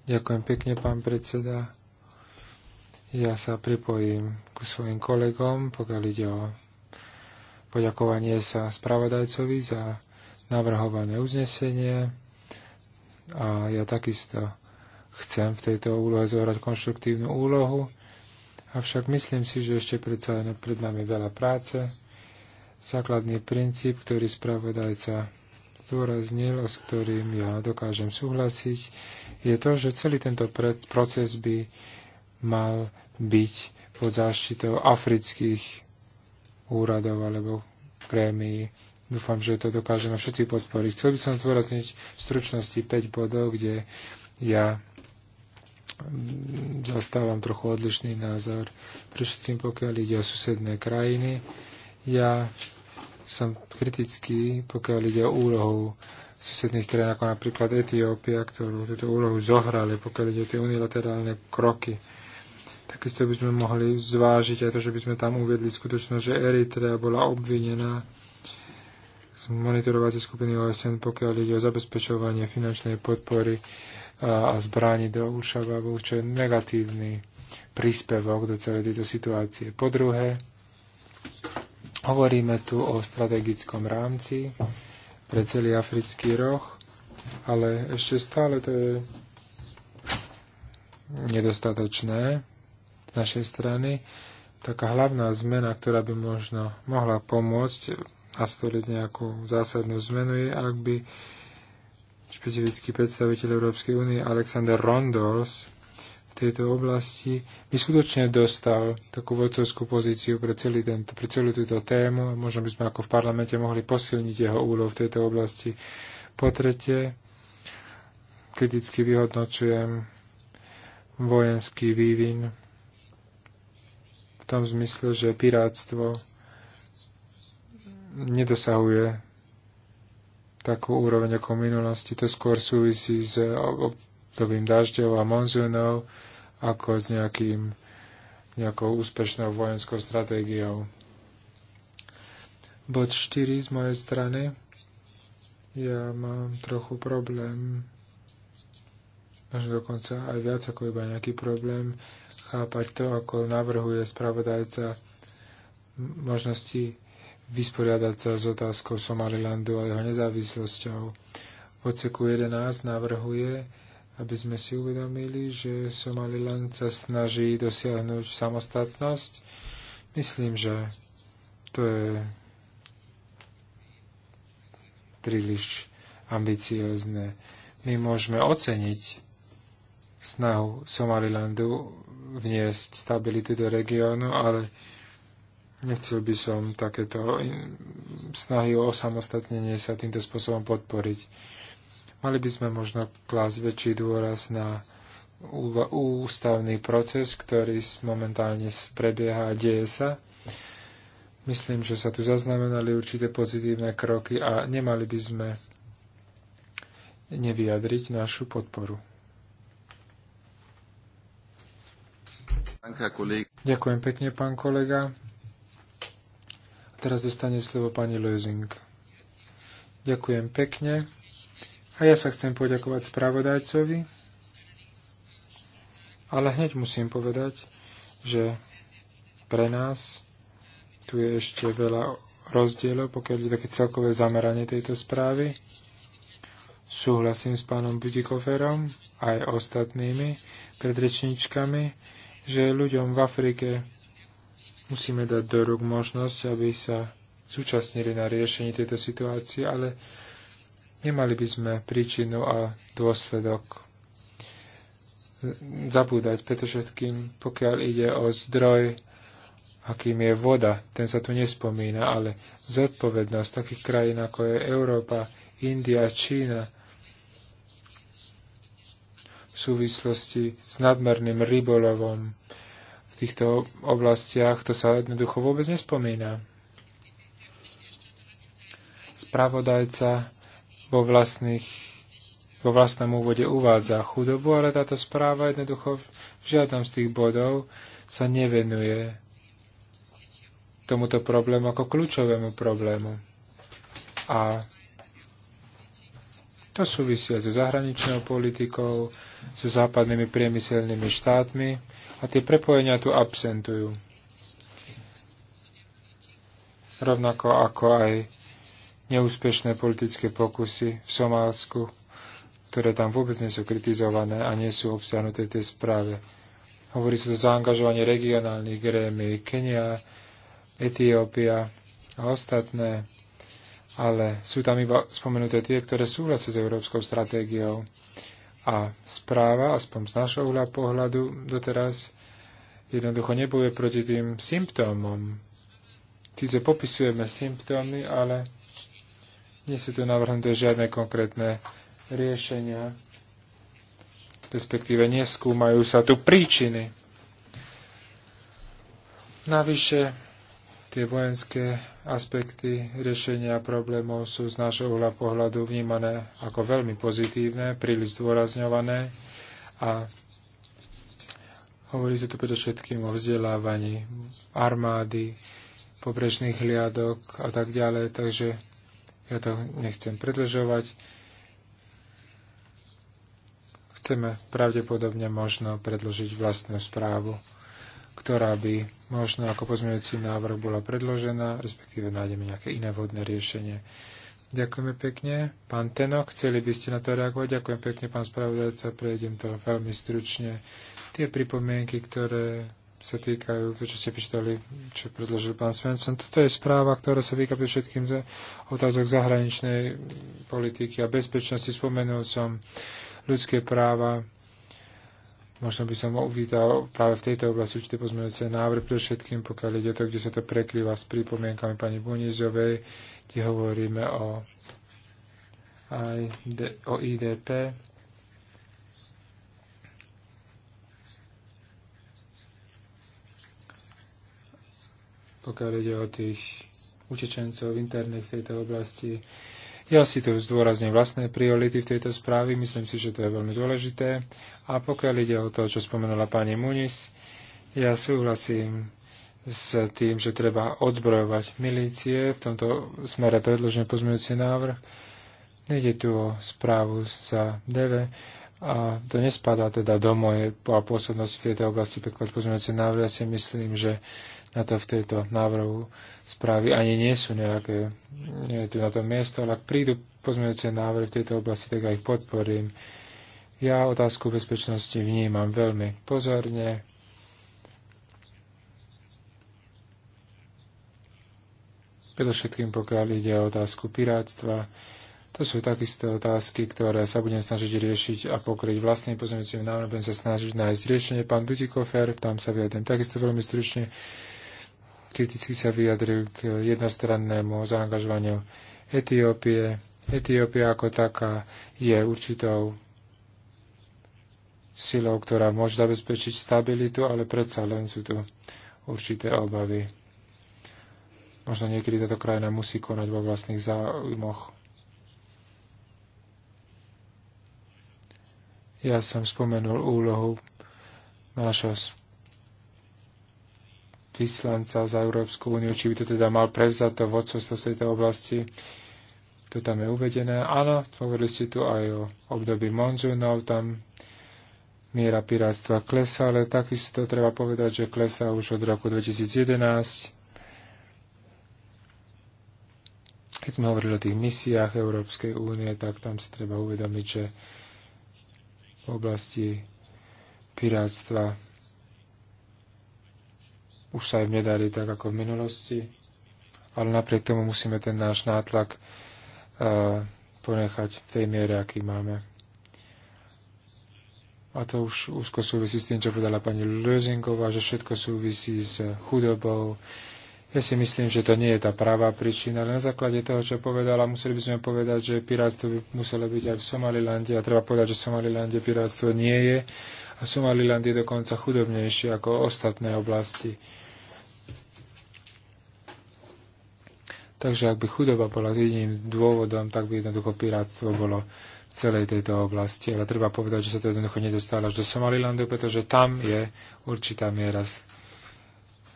Ďakujem pekne, pán predseda. Ja sa pripojím ku svojim kolegom, pokiaľ ide o poďakovanie sa spravodajcovi za navrhované uznesenie a ja takisto chcem v tejto úlohe zohrať konštruktívnu úlohu, avšak myslím si, že ešte predsa len pred nami veľa práce. Základný princíp, ktorý spravodajca zdôraznil, s ktorým ja dokážem súhlasiť, je to, že celý tento proces by mal byť pod záštitou afrických úradov alebo krémií. Dúfam, že to dokážeme všetci podporiť. Chcel by som zdôrazniť v stručnosti 5 bodov, kde ja zastávam trochu odlišný názor. Prečo pokiaľ ide o susedné krajiny, ja som kritický, pokiaľ ide o úlohu susedných krajín, ako napríklad Etiópia, ktorú túto úlohu zohrali, pokiaľ ide o tie unilaterálne kroky Takisto by sme mohli zvážiť aj to, že by sme tam uviedli skutočnosť, že Eritrea bola obvinená z monitorovacej skupiny OSN, pokiaľ ide o zabezpečovanie finančnej podpory a, a zbraní do Ušababu, čo je negatívny príspevok do celej tejto situácie. Po druhé, hovoríme tu o strategickom rámci pre celý africký roh, ale ešte stále to je nedostatočné našej strany. Taká hlavná zmena, ktorá by možno mohla pomôcť nastoliť nejakú zásadnú zmenu, je, ak by špecifický predstaviteľ Európskej únie Alexander Rondos v tejto oblasti by skutočne dostal takú vodcovskú pozíciu pre, celý tento, pre celú túto tému. Možno by sme ako v parlamente mohli posilniť jeho úlohu v tejto oblasti. Po tretie, kriticky vyhodnočujem vojenský vývin tom zmysle, že pirátstvo nedosahuje takú úroveň ako v minulosti. To skôr súvisí s obdobím dažďov a monzúnov ako s nejakým, nejakou úspešnou vojenskou stratégiou. Bod 4 z mojej strany. Ja mám trochu problém, možno dokonca aj viac ako iba nejaký problém chápať to, ako navrhuje spravodajca možnosti vysporiadať sa s otázkou Somalilandu a jeho nezávislosťou. V odseku 11 navrhuje, aby sme si uvedomili, že Somaliland sa snaží dosiahnuť samostatnosť. Myslím, že to je príliš ambiciozne. My môžeme oceniť snahu Somalilandu vniesť stabilitu do regiónu, ale nechcel by som takéto snahy o osamostatnenie sa týmto spôsobom podporiť. Mali by sme možno klásť väčší dôraz na ústavný proces, ktorý momentálne prebieha a deje sa. Myslím, že sa tu zaznamenali určité pozitívne kroky a nemali by sme nevyjadriť našu podporu. Ďakujem pekne, pán kolega. A teraz dostane slovo pani Lozing. Ďakujem pekne. A ja sa chcem poďakovať spravodajcovi, ale hneď musím povedať, že pre nás tu je ešte veľa rozdielov, pokiaľ je také celkové zameranie tejto správy. Súhlasím s pánom Budikoferom aj ostatnými predrečníčkami že ľuďom v Afrike musíme dať do rúk možnosť, aby sa zúčastnili na riešení tejto situácie, ale nemali by sme príčinu a dôsledok zabúdať, pretože pokiaľ ide o zdroj, akým je voda, ten sa tu nespomína, ale zodpovednosť takých krajín ako je Európa, India, Čína, v súvislosti s nadmerným rybolovom v týchto oblastiach, to sa jednoducho vôbec nespomína. Spravodajca vo, vlastných, vo vlastnom úvode uvádza chudobu, ale táto správa jednoducho v žiadnom z tých bodov sa nevenuje tomuto problému ako kľúčovému problému. A to súvisia so zahraničnou politikou, so západnými priemyselnými štátmi a tie prepojenia tu absentujú. Rovnako ako aj neúspešné politické pokusy v Somálsku, ktoré tam vôbec nie sú kritizované a nie sú obsiahnuté v tej správe. Hovorí sa o zaangažovanie regionálnych grémií, Kenia, Etiópia a ostatné ale sú tam iba spomenuté tie, ktoré súhlasia s európskou stratégiou. A správa, aspoň z našho uhla pohľadu doteraz, jednoducho nebude proti tým symptómom. Sice popisujeme symptómy, ale nie sú tu navrhnuté žiadne konkrétne riešenia, respektíve neskúmajú sa tu príčiny. Navyše tie vojenské aspekty riešenia problémov sú z nášho uhla pohľadu vnímané ako veľmi pozitívne, príliš zdôrazňované a hovorí sa tu predovšetkým o vzdelávaní armády, pobrežných hliadok a tak ďalej, takže ja to nechcem predlžovať. Chceme pravdepodobne možno predložiť vlastnú správu ktorá by možno ako pozmeňujúci návrh bola predložená, respektíve nájdeme nejaké iné vhodné riešenie. Ďakujeme pekne. Pán Tenok, chceli by ste na to reagovať? Ďakujem pekne, pán spravodajca. Prejdem to veľmi stručne. Tie pripomienky, ktoré sa týkajú, to, čo ste pýtali, čo predložil pán Svensson, toto je správa, ktorá sa týka pre všetkým otázok zahraničnej politiky a bezpečnosti. Spomenul som ľudské práva, Možno by som uvítal práve v tejto oblasti určité pozmeňujúce návrh, pre všetkým, pokiaľ ide to, kde sa to prekrýva s pripomienkami pani Bunizovej, kde hovoríme o, ID, o IDP. Pokiaľ ide o tých utečencov interných v tejto oblasti, ja si tu zdôrazním vlastné priority v tejto správy. myslím si, že to je veľmi dôležité a pokiaľ ide o to, čo spomenula pani Munis, ja súhlasím s tým, že treba odzbrojovať milície. V tomto smere predložený pozmeňujúci návrh. Nejde tu o správu za DV a to nespadá teda do mojej pôsobnosti v tejto oblasti predklad pozmeňujúci návrh. Ja si myslím, že na to v tejto návrhu správy ani nie sú nejaké, nie je tu na to miesto, ale ak prídu pozmeňujúce návrhy v tejto oblasti, tak ja ich podporím. Ja otázku bezpečnosti vnímam veľmi pozorne. Predovšetkým pokiaľ ide o otázku pirátstva, to sú takisto otázky, ktoré sa budem snažiť riešiť a pokryť vlastným pozemnicím návrhom. Budem sa snažiť nájsť riešenie. Pán Butikofer, tam sa vyjadrím takisto veľmi stručne, kriticky sa vyjadril k jednostrannému zaangažovaniu Etiópie. Etiópia ako taká je určitou silou, ktorá môže zabezpečiť stabilitu, ale predsa len sú tu určité obavy. Možno niekedy táto krajina musí konať vo vlastných záujmoch. Ja som spomenul úlohu nášho vyslanca za Európsku úniu, či by to teda mal prevzať to vodcovstvo z tejto oblasti. To tam je uvedené. Áno, hovorili ste tu aj o období monzúnov, tam miera pirátstva klesa, ale takisto treba povedať, že klesa už od roku 2011. Keď sme hovorili o tých misiách Európskej únie, tak tam si treba uvedomiť, že v oblasti pirátstva už sa im nedarí tak ako v minulosti, ale napriek tomu musíme ten náš nátlak uh, ponechať v tej miere, aký máme a to už úzko súvisí s tým, čo povedala pani Lözingová, že všetko súvisí s chudobou. Ja si myslím, že to nie je tá pravá príčina, ale na základe toho, čo povedala, museli by sme povedať, že pirátstvo by muselo byť aj v Somalilande a treba povedať, že v Somalilande pirátstvo nie je a Somaliland je dokonca chudobnejšie ako ostatné oblasti. Takže ak by chudoba bola jediným dôvodom, tak by jednoducho pirátstvo bolo celej tejto oblasti. Ale treba povedať, že sa to jednoducho nedostalo až do Somalilandu, pretože tam je určitá miera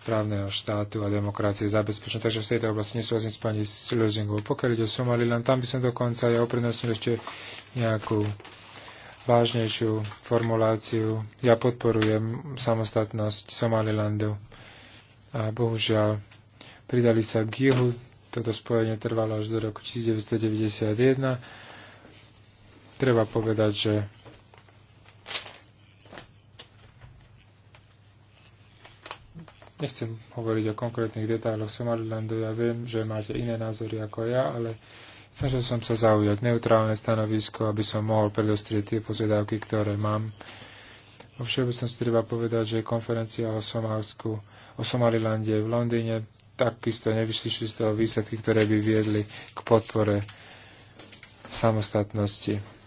právneho štátu a demokracie zabezpečená. Takže v tejto oblasti nesúhlasím s pani Lösingovou. Pokiaľ ide o Somaliland, tam by som dokonca ja oprednostnil ešte nejakú vážnejšiu formuláciu. Ja podporujem samostatnosť Somalilandu. A bohužiaľ, pridali sa k juhu. Toto spojenie trvalo až do roku 1991 treba povedať, že nechcem hovoriť o konkrétnych detailoch Somalilandu, ja viem, že máte iné názory ako ja, ale snažil som sa zaujať neutrálne stanovisko, aby som mohol predostrieť tie požiadavky, ktoré mám. Vo všeobecnosti treba povedať, že konferencia o Somálsku, o Somalilande v Londýne takisto nevyšli z toho výsledky, ktoré by viedli k podpore samostatnosti.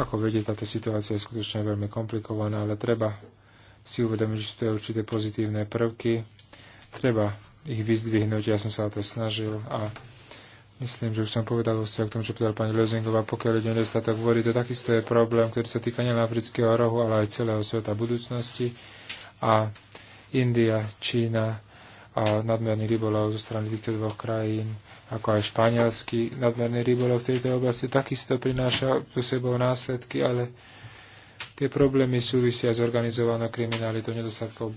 Ako vedieť, táto situácia je skutočne veľmi komplikovaná, ale treba si uvedomiť, že sú tu určité pozitívne prvky. Treba ich vyzdvihnúť, ja som sa o to snažil a myslím, že už som povedal o k tomu, čo povedal pani Lezingová, pokiaľ ide nedostatok vody, to takisto je problém, ktorý sa týka nielen afrického rohu, ale aj celého sveta budúcnosti. A India, Čína a nadmerný rybolov zo strany týchto dvoch krajín ako aj španielský nadmerný rybolov v tejto oblasti, takisto prináša so sebou následky, ale tie problémy súvisia s organizovanou kriminalitou, nedostatkom,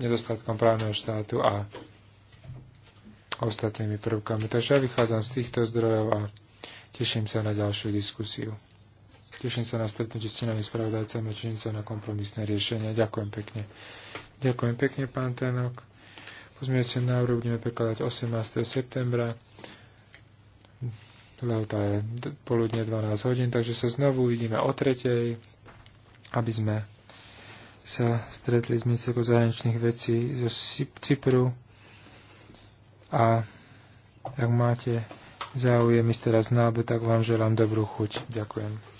nedostatkom právneho štátu a ostatnými prvkami. Takže ja vychádzam z týchto zdrojov a teším sa na ďalšiu diskusiu. Teším sa na stretnutie s tenami spravodajcami, teším sa na kompromisné riešenia. Ďakujem pekne. Ďakujem pekne, pán Tenok. Pozmiete návrh budeme prekladať 18. septembra Lehota je poludne 12 hodín, takže sa znovu uvidíme o tretej, aby sme sa stretli s ministerkou zahraničných vecí zo Cypru a ak máte záujem ísť teraz na tak vám želám dobrú chuť. Ďakujem.